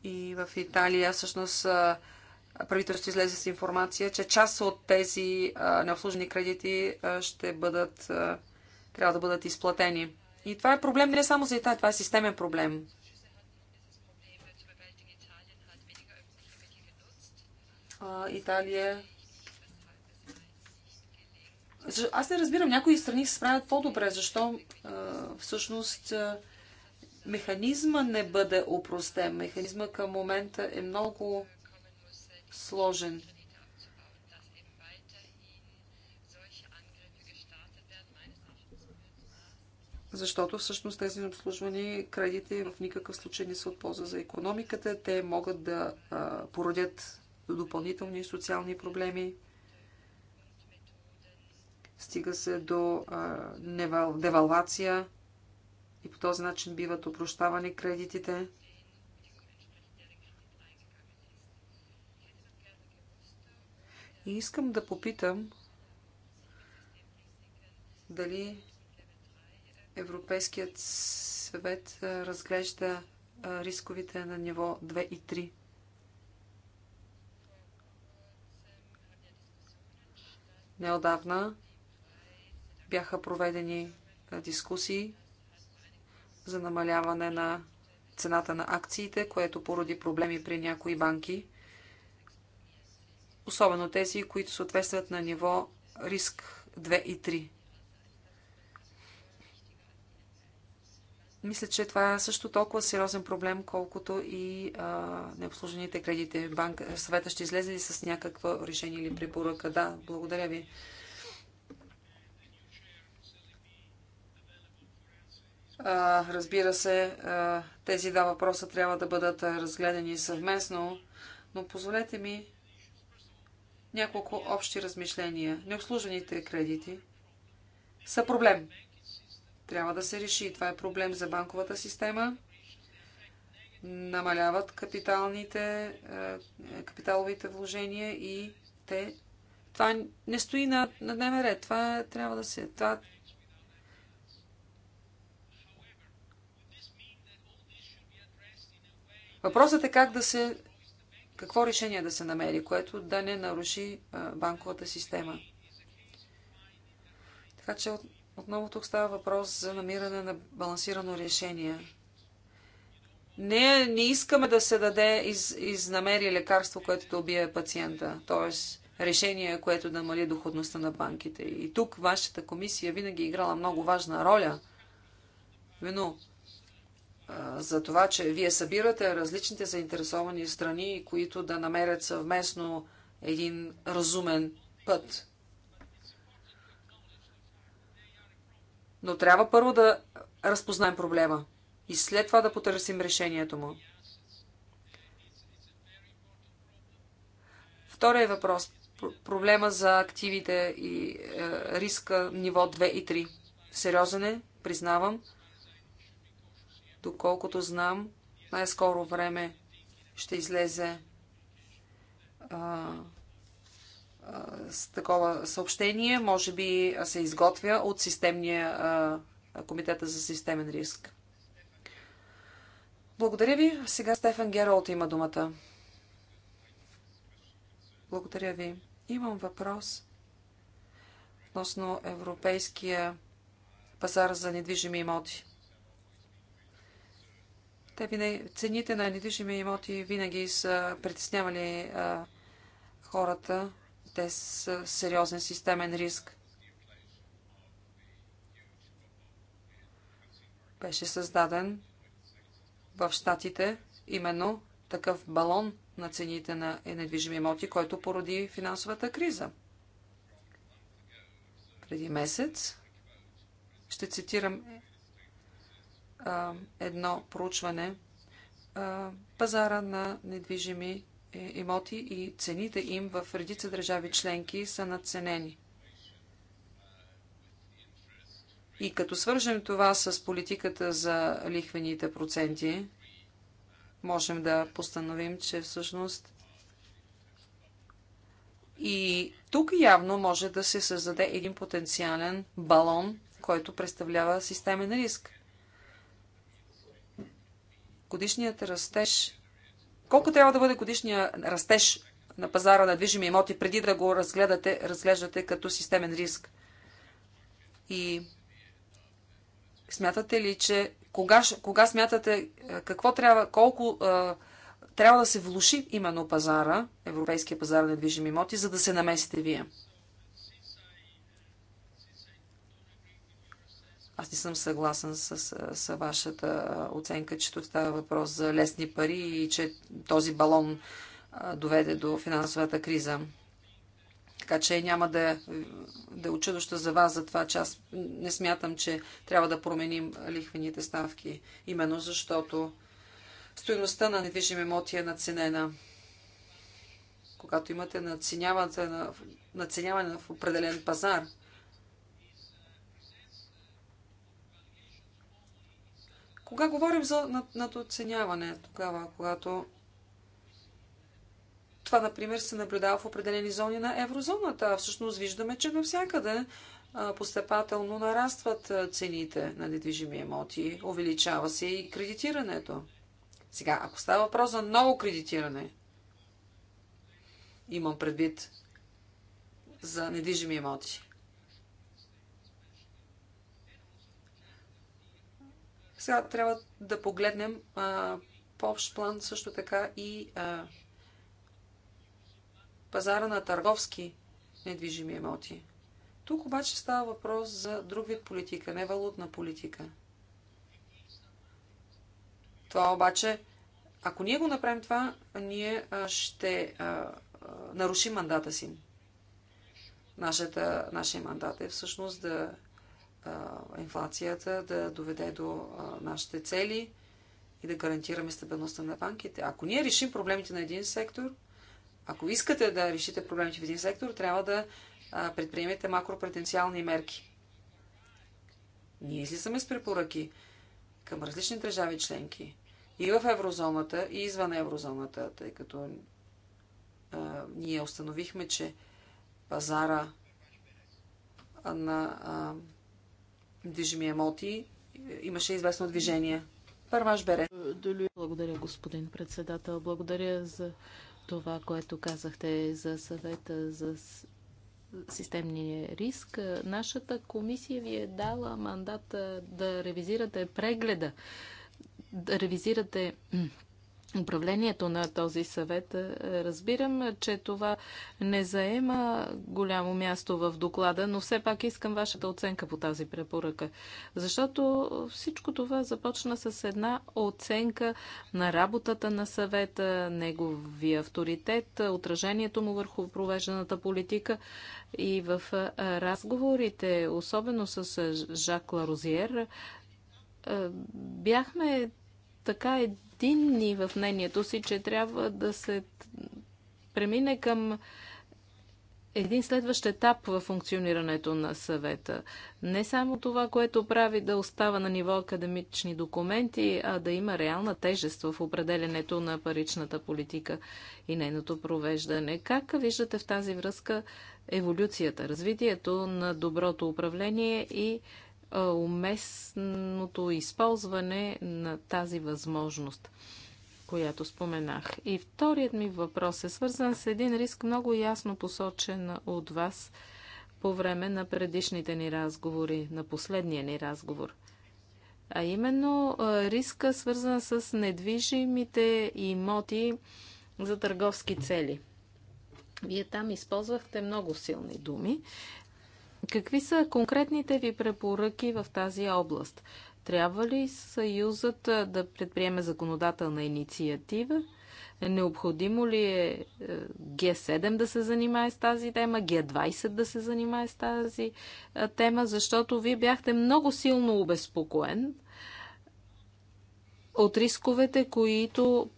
И в Италия всъщност правителството излезе с информация, че част от тези необслужени кредити ще бъдат, трябва да бъдат изплатени. И това е проблем не само за Италия, това е системен проблем. Италия. Аз не разбирам, някои страни се справят по-добре, защо всъщност механизма не бъде упростен. Механизма към момента е много сложен. Защото всъщност тези обслужвани кредити в никакъв случай не са от полза за економиката. Те могат да породят допълнителни социални проблеми. Стига се до девалвация и по този начин биват опрощавани кредитите. И искам да попитам дали Европейският съвет разглежда рисковите на ниво 2 и 3. Неодавна бяха проведени дискусии за намаляване на цената на акциите, което породи проблеми при някои банки, особено тези, които съответстват на ниво риск 2 и 3. Мисля, че това е също толкова сериозен проблем, колкото и а, необслужените кредити. Банк, съвета ще излезе ли с някакво решение или препоръка? Да, благодаря ви. Разбира се, тези два въпроса трябва да бъдат разгледани съвместно, но позволете ми няколко общи размишления. Необслужените кредити са проблем. Трябва да се реши. Това е проблем за банковата система. Намаляват капиталните, капиталовите вложения и те. Това не стои на, на дневен ред. Това трябва да се. Това Въпросът е как да се. какво решение да се намери, което да не наруши банковата система. Така че отново тук става въпрос за намиране на балансирано решение. Не, не искаме да се даде из, изнамери лекарство, което да убие пациента, т.е. решение, което да намали доходността на банките. И тук вашата комисия винаги е играла много важна роля. Но за това, че вие събирате различните заинтересовани страни, които да намерят съвместно един разумен път. Но трябва първо да разпознаем проблема и след това да потърсим решението му. Втория въпрос. Проблема за активите и е, риска ниво 2 и 3. Сериозен е, признавам. Доколкото знам, най-скоро време ще излезе а, а, с такова съобщение. Може би се изготвя от системния а, комитета за системен риск. Благодаря ви. Сега Стефан Гералт има думата. Благодаря ви. Имам въпрос относно европейския пазар за недвижими имоти. Те винаги, цените на недвижими имоти винаги са притеснявали а, хората. Те са сериозен системен риск. Беше създаден в Штатите именно такъв балон на цените на е, недвижими имоти, който породи финансовата криза. Преди месец ще цитирам едно проучване пазара на недвижими е, имоти и цените им в редица държави членки са надценени. И като свържем това с политиката за лихвените проценти, можем да постановим, че всъщност и тук явно може да се създаде един потенциален балон, който представлява системен риск годишният растеж. Колко трябва да бъде годишният растеж на пазара на движими имоти, преди да го разгледате, разглеждате като системен риск? И смятате ли, че кога, кога смятате, какво трябва, колко трябва да се влуши именно пазара, европейския пазар на движими имоти, за да се намесите вие? Аз не съм съгласен с, с вашата оценка, че тук става въпрос за лесни пари и че този балон доведе до финансовата криза. Така че няма да, да е очудващо за вас за това, че аз не смятам, че трябва да променим лихвените ставки. Именно защото стоеността на недвижим имоти е наценена. Когато имате наценяване, наценяване в определен пазар – Кога говорим за над, надоценяване, тогава, когато това, например, се наблюдава в определени зони на еврозоната, всъщност виждаме, че навсякъде постепателно нарастват цените на недвижими имоти, увеличава се и кредитирането. Сега, ако става въпрос за ново кредитиране, имам предвид за недвижими имоти, Сега трябва да погледнем а, по общ план също така и а, пазара на търговски недвижими имоти. Тук обаче става въпрос за друг вид политика, не валутна политика. Това обаче, ако ние го направим това, ние ще а, а, нарушим мандата си. Нашата, нашия мандат е всъщност да инфлацията да доведе до нашите цели и да гарантираме стабилността на банките. Ако ние решим проблемите на един сектор, ако искате да решите проблемите в един сектор, трябва да предприемете макропотенциални мерки. Ние излизаме с препоръки към различни държави членки и в еврозоната, и извън еврозоната, тъй като а, ние установихме, че пазара на а, движими емоти е, имаше известно движение. Първаш Бере. Благодаря, господин председател. Благодаря за това, което казахте за съвета за системния риск. Нашата комисия ви е дала мандат да ревизирате прегледа, да ревизирате управлението на този съвет. Е, разбирам, че това не заема голямо място в доклада, но все пак искам вашата оценка по тази препоръка. Защото всичко това започна с една оценка на работата на съвета, неговия авторитет, отражението му върху провежданата политика и в е, разговорите, особено с е, Жак Ларозиер, бяхме така единни в мнението си, че трябва да се премине към един следващ етап в функционирането на съвета. Не само това, което прави да остава на ниво академични документи, а да има реална тежест в определенето на паричната политика и нейното провеждане. Как виждате в тази връзка еволюцията, развитието на доброто управление и уместното използване на тази възможност, която споменах. И вторият ми въпрос е свързан с един риск, много ясно посочен от вас по време на предишните ни разговори, на последния ни разговор. А именно риска, свързан с недвижимите имоти за търговски цели. Вие там използвахте много силни думи. Какви са конкретните ви препоръки в тази област? Трябва ли Съюзът да предприеме законодателна инициатива? Необходимо ли е, е Г7 да се занимае с тази тема, Г20 да се занимае с тази тема, защото вие бяхте много силно обезпокоен от рисковете, които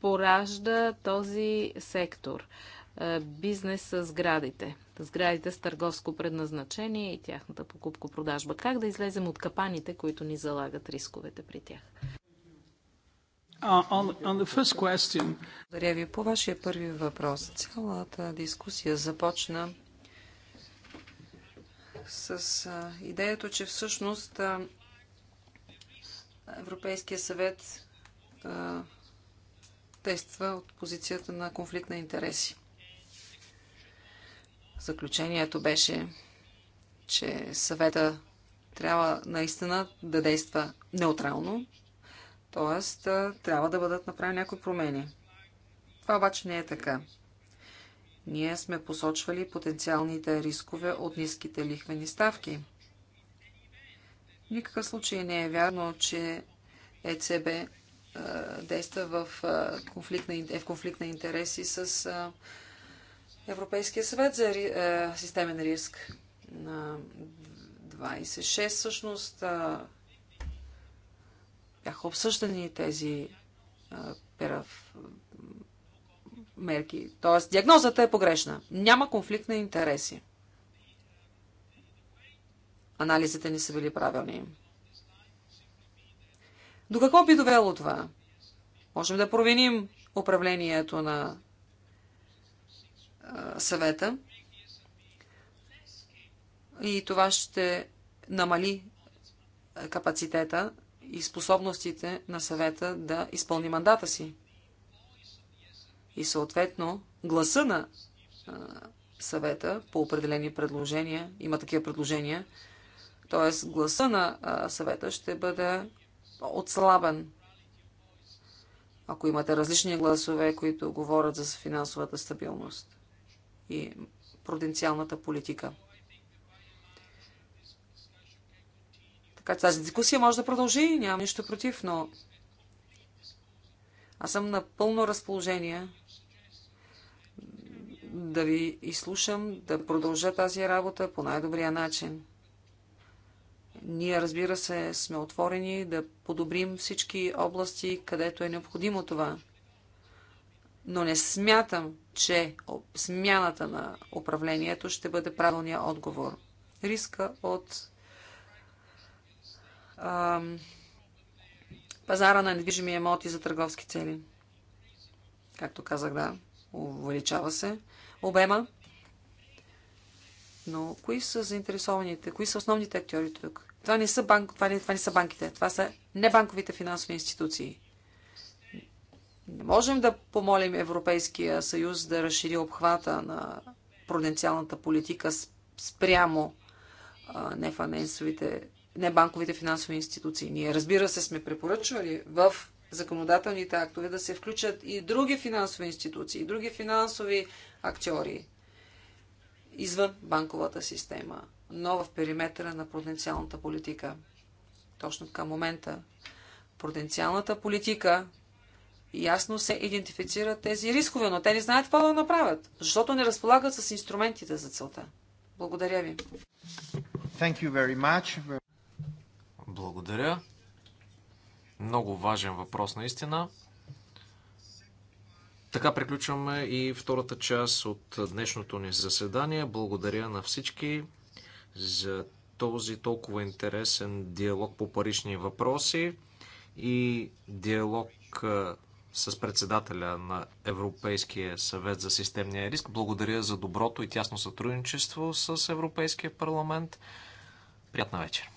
поражда този сектор. Е, бизнес с сградите. Сградите с търговско предназначение и тяхната покупко-продажба. Как да излезем от капаните, които ни залагат рисковете при тях? Благодаря ви. По вашия първи въпрос, цялата дискусия започна с а, идеята, че всъщност а, Европейския съвет а, тества от позицията на конфликт на интереси. Заключението беше, че съвета трябва наистина да действа неутрално, т.е. трябва да бъдат направени някои промени. Това обаче не е така. Ние сме посочвали потенциалните рискове от ниските лихвени ставки. никакъв случай не е вярно, че ЕЦБ действа в, конфликт на, е в конфликт на интереси с Европейския съвет за е, системен риск на 26 всъщност а, е, бяха обсъждани тези а, е, перав, мерки. Тоест, диагнозата е погрешна. Няма конфликт на интереси. Анализите не са били правилни. До какво би довело това? Можем да провиним управлението на съвета. И това ще намали капацитета и способностите на съвета да изпълни мандата си. И съответно, гласа на съвета по определени предложения, има такива предложения, т.е. гласа на съвета ще бъде отслабен. Ако имате различни гласове, които говорят за финансовата стабилност и проденциалната политика. Така че тази дискусия може да продължи, нямам нищо против, но аз съм на пълно разположение да ви изслушам, да продължа тази работа по най-добрия начин. Ние, разбира се, сме отворени да подобрим всички области, където е необходимо това но не смятам, че смяната на управлението ще бъде правилният отговор. Риска от ам, пазара на недвижими емоти за търговски цели. Както казах, да, увеличава се обема. Но кои са заинтересованите? Кои са основните актьори тук? Това не са, банк, това не, това не са банките. Това са небанковите финансови институции. Не можем да помолим Европейския съюз да разшири обхвата на пруденциалната политика спрямо небанковите финансови институции. Ние, разбира се, сме препоръчвали в законодателните актове да се включат и други финансови институции, и други финансови актьори извън банковата система, но в периметъра на пруденциалната политика. Точно към момента пруденциалната политика ясно се идентифицират тези рискове, но те не знаят какво да направят, защото не разполагат с инструментите за целта. Благодаря ви. Thank you very much. Благодаря. Много важен въпрос наистина. Така приключваме и втората част от днешното ни заседание. Благодаря на всички за този толкова интересен диалог по парични въпроси и диалог с председателя на Европейския съвет за системния риск. Благодаря за доброто и тясно сътрудничество с Европейския парламент. Приятна вечер!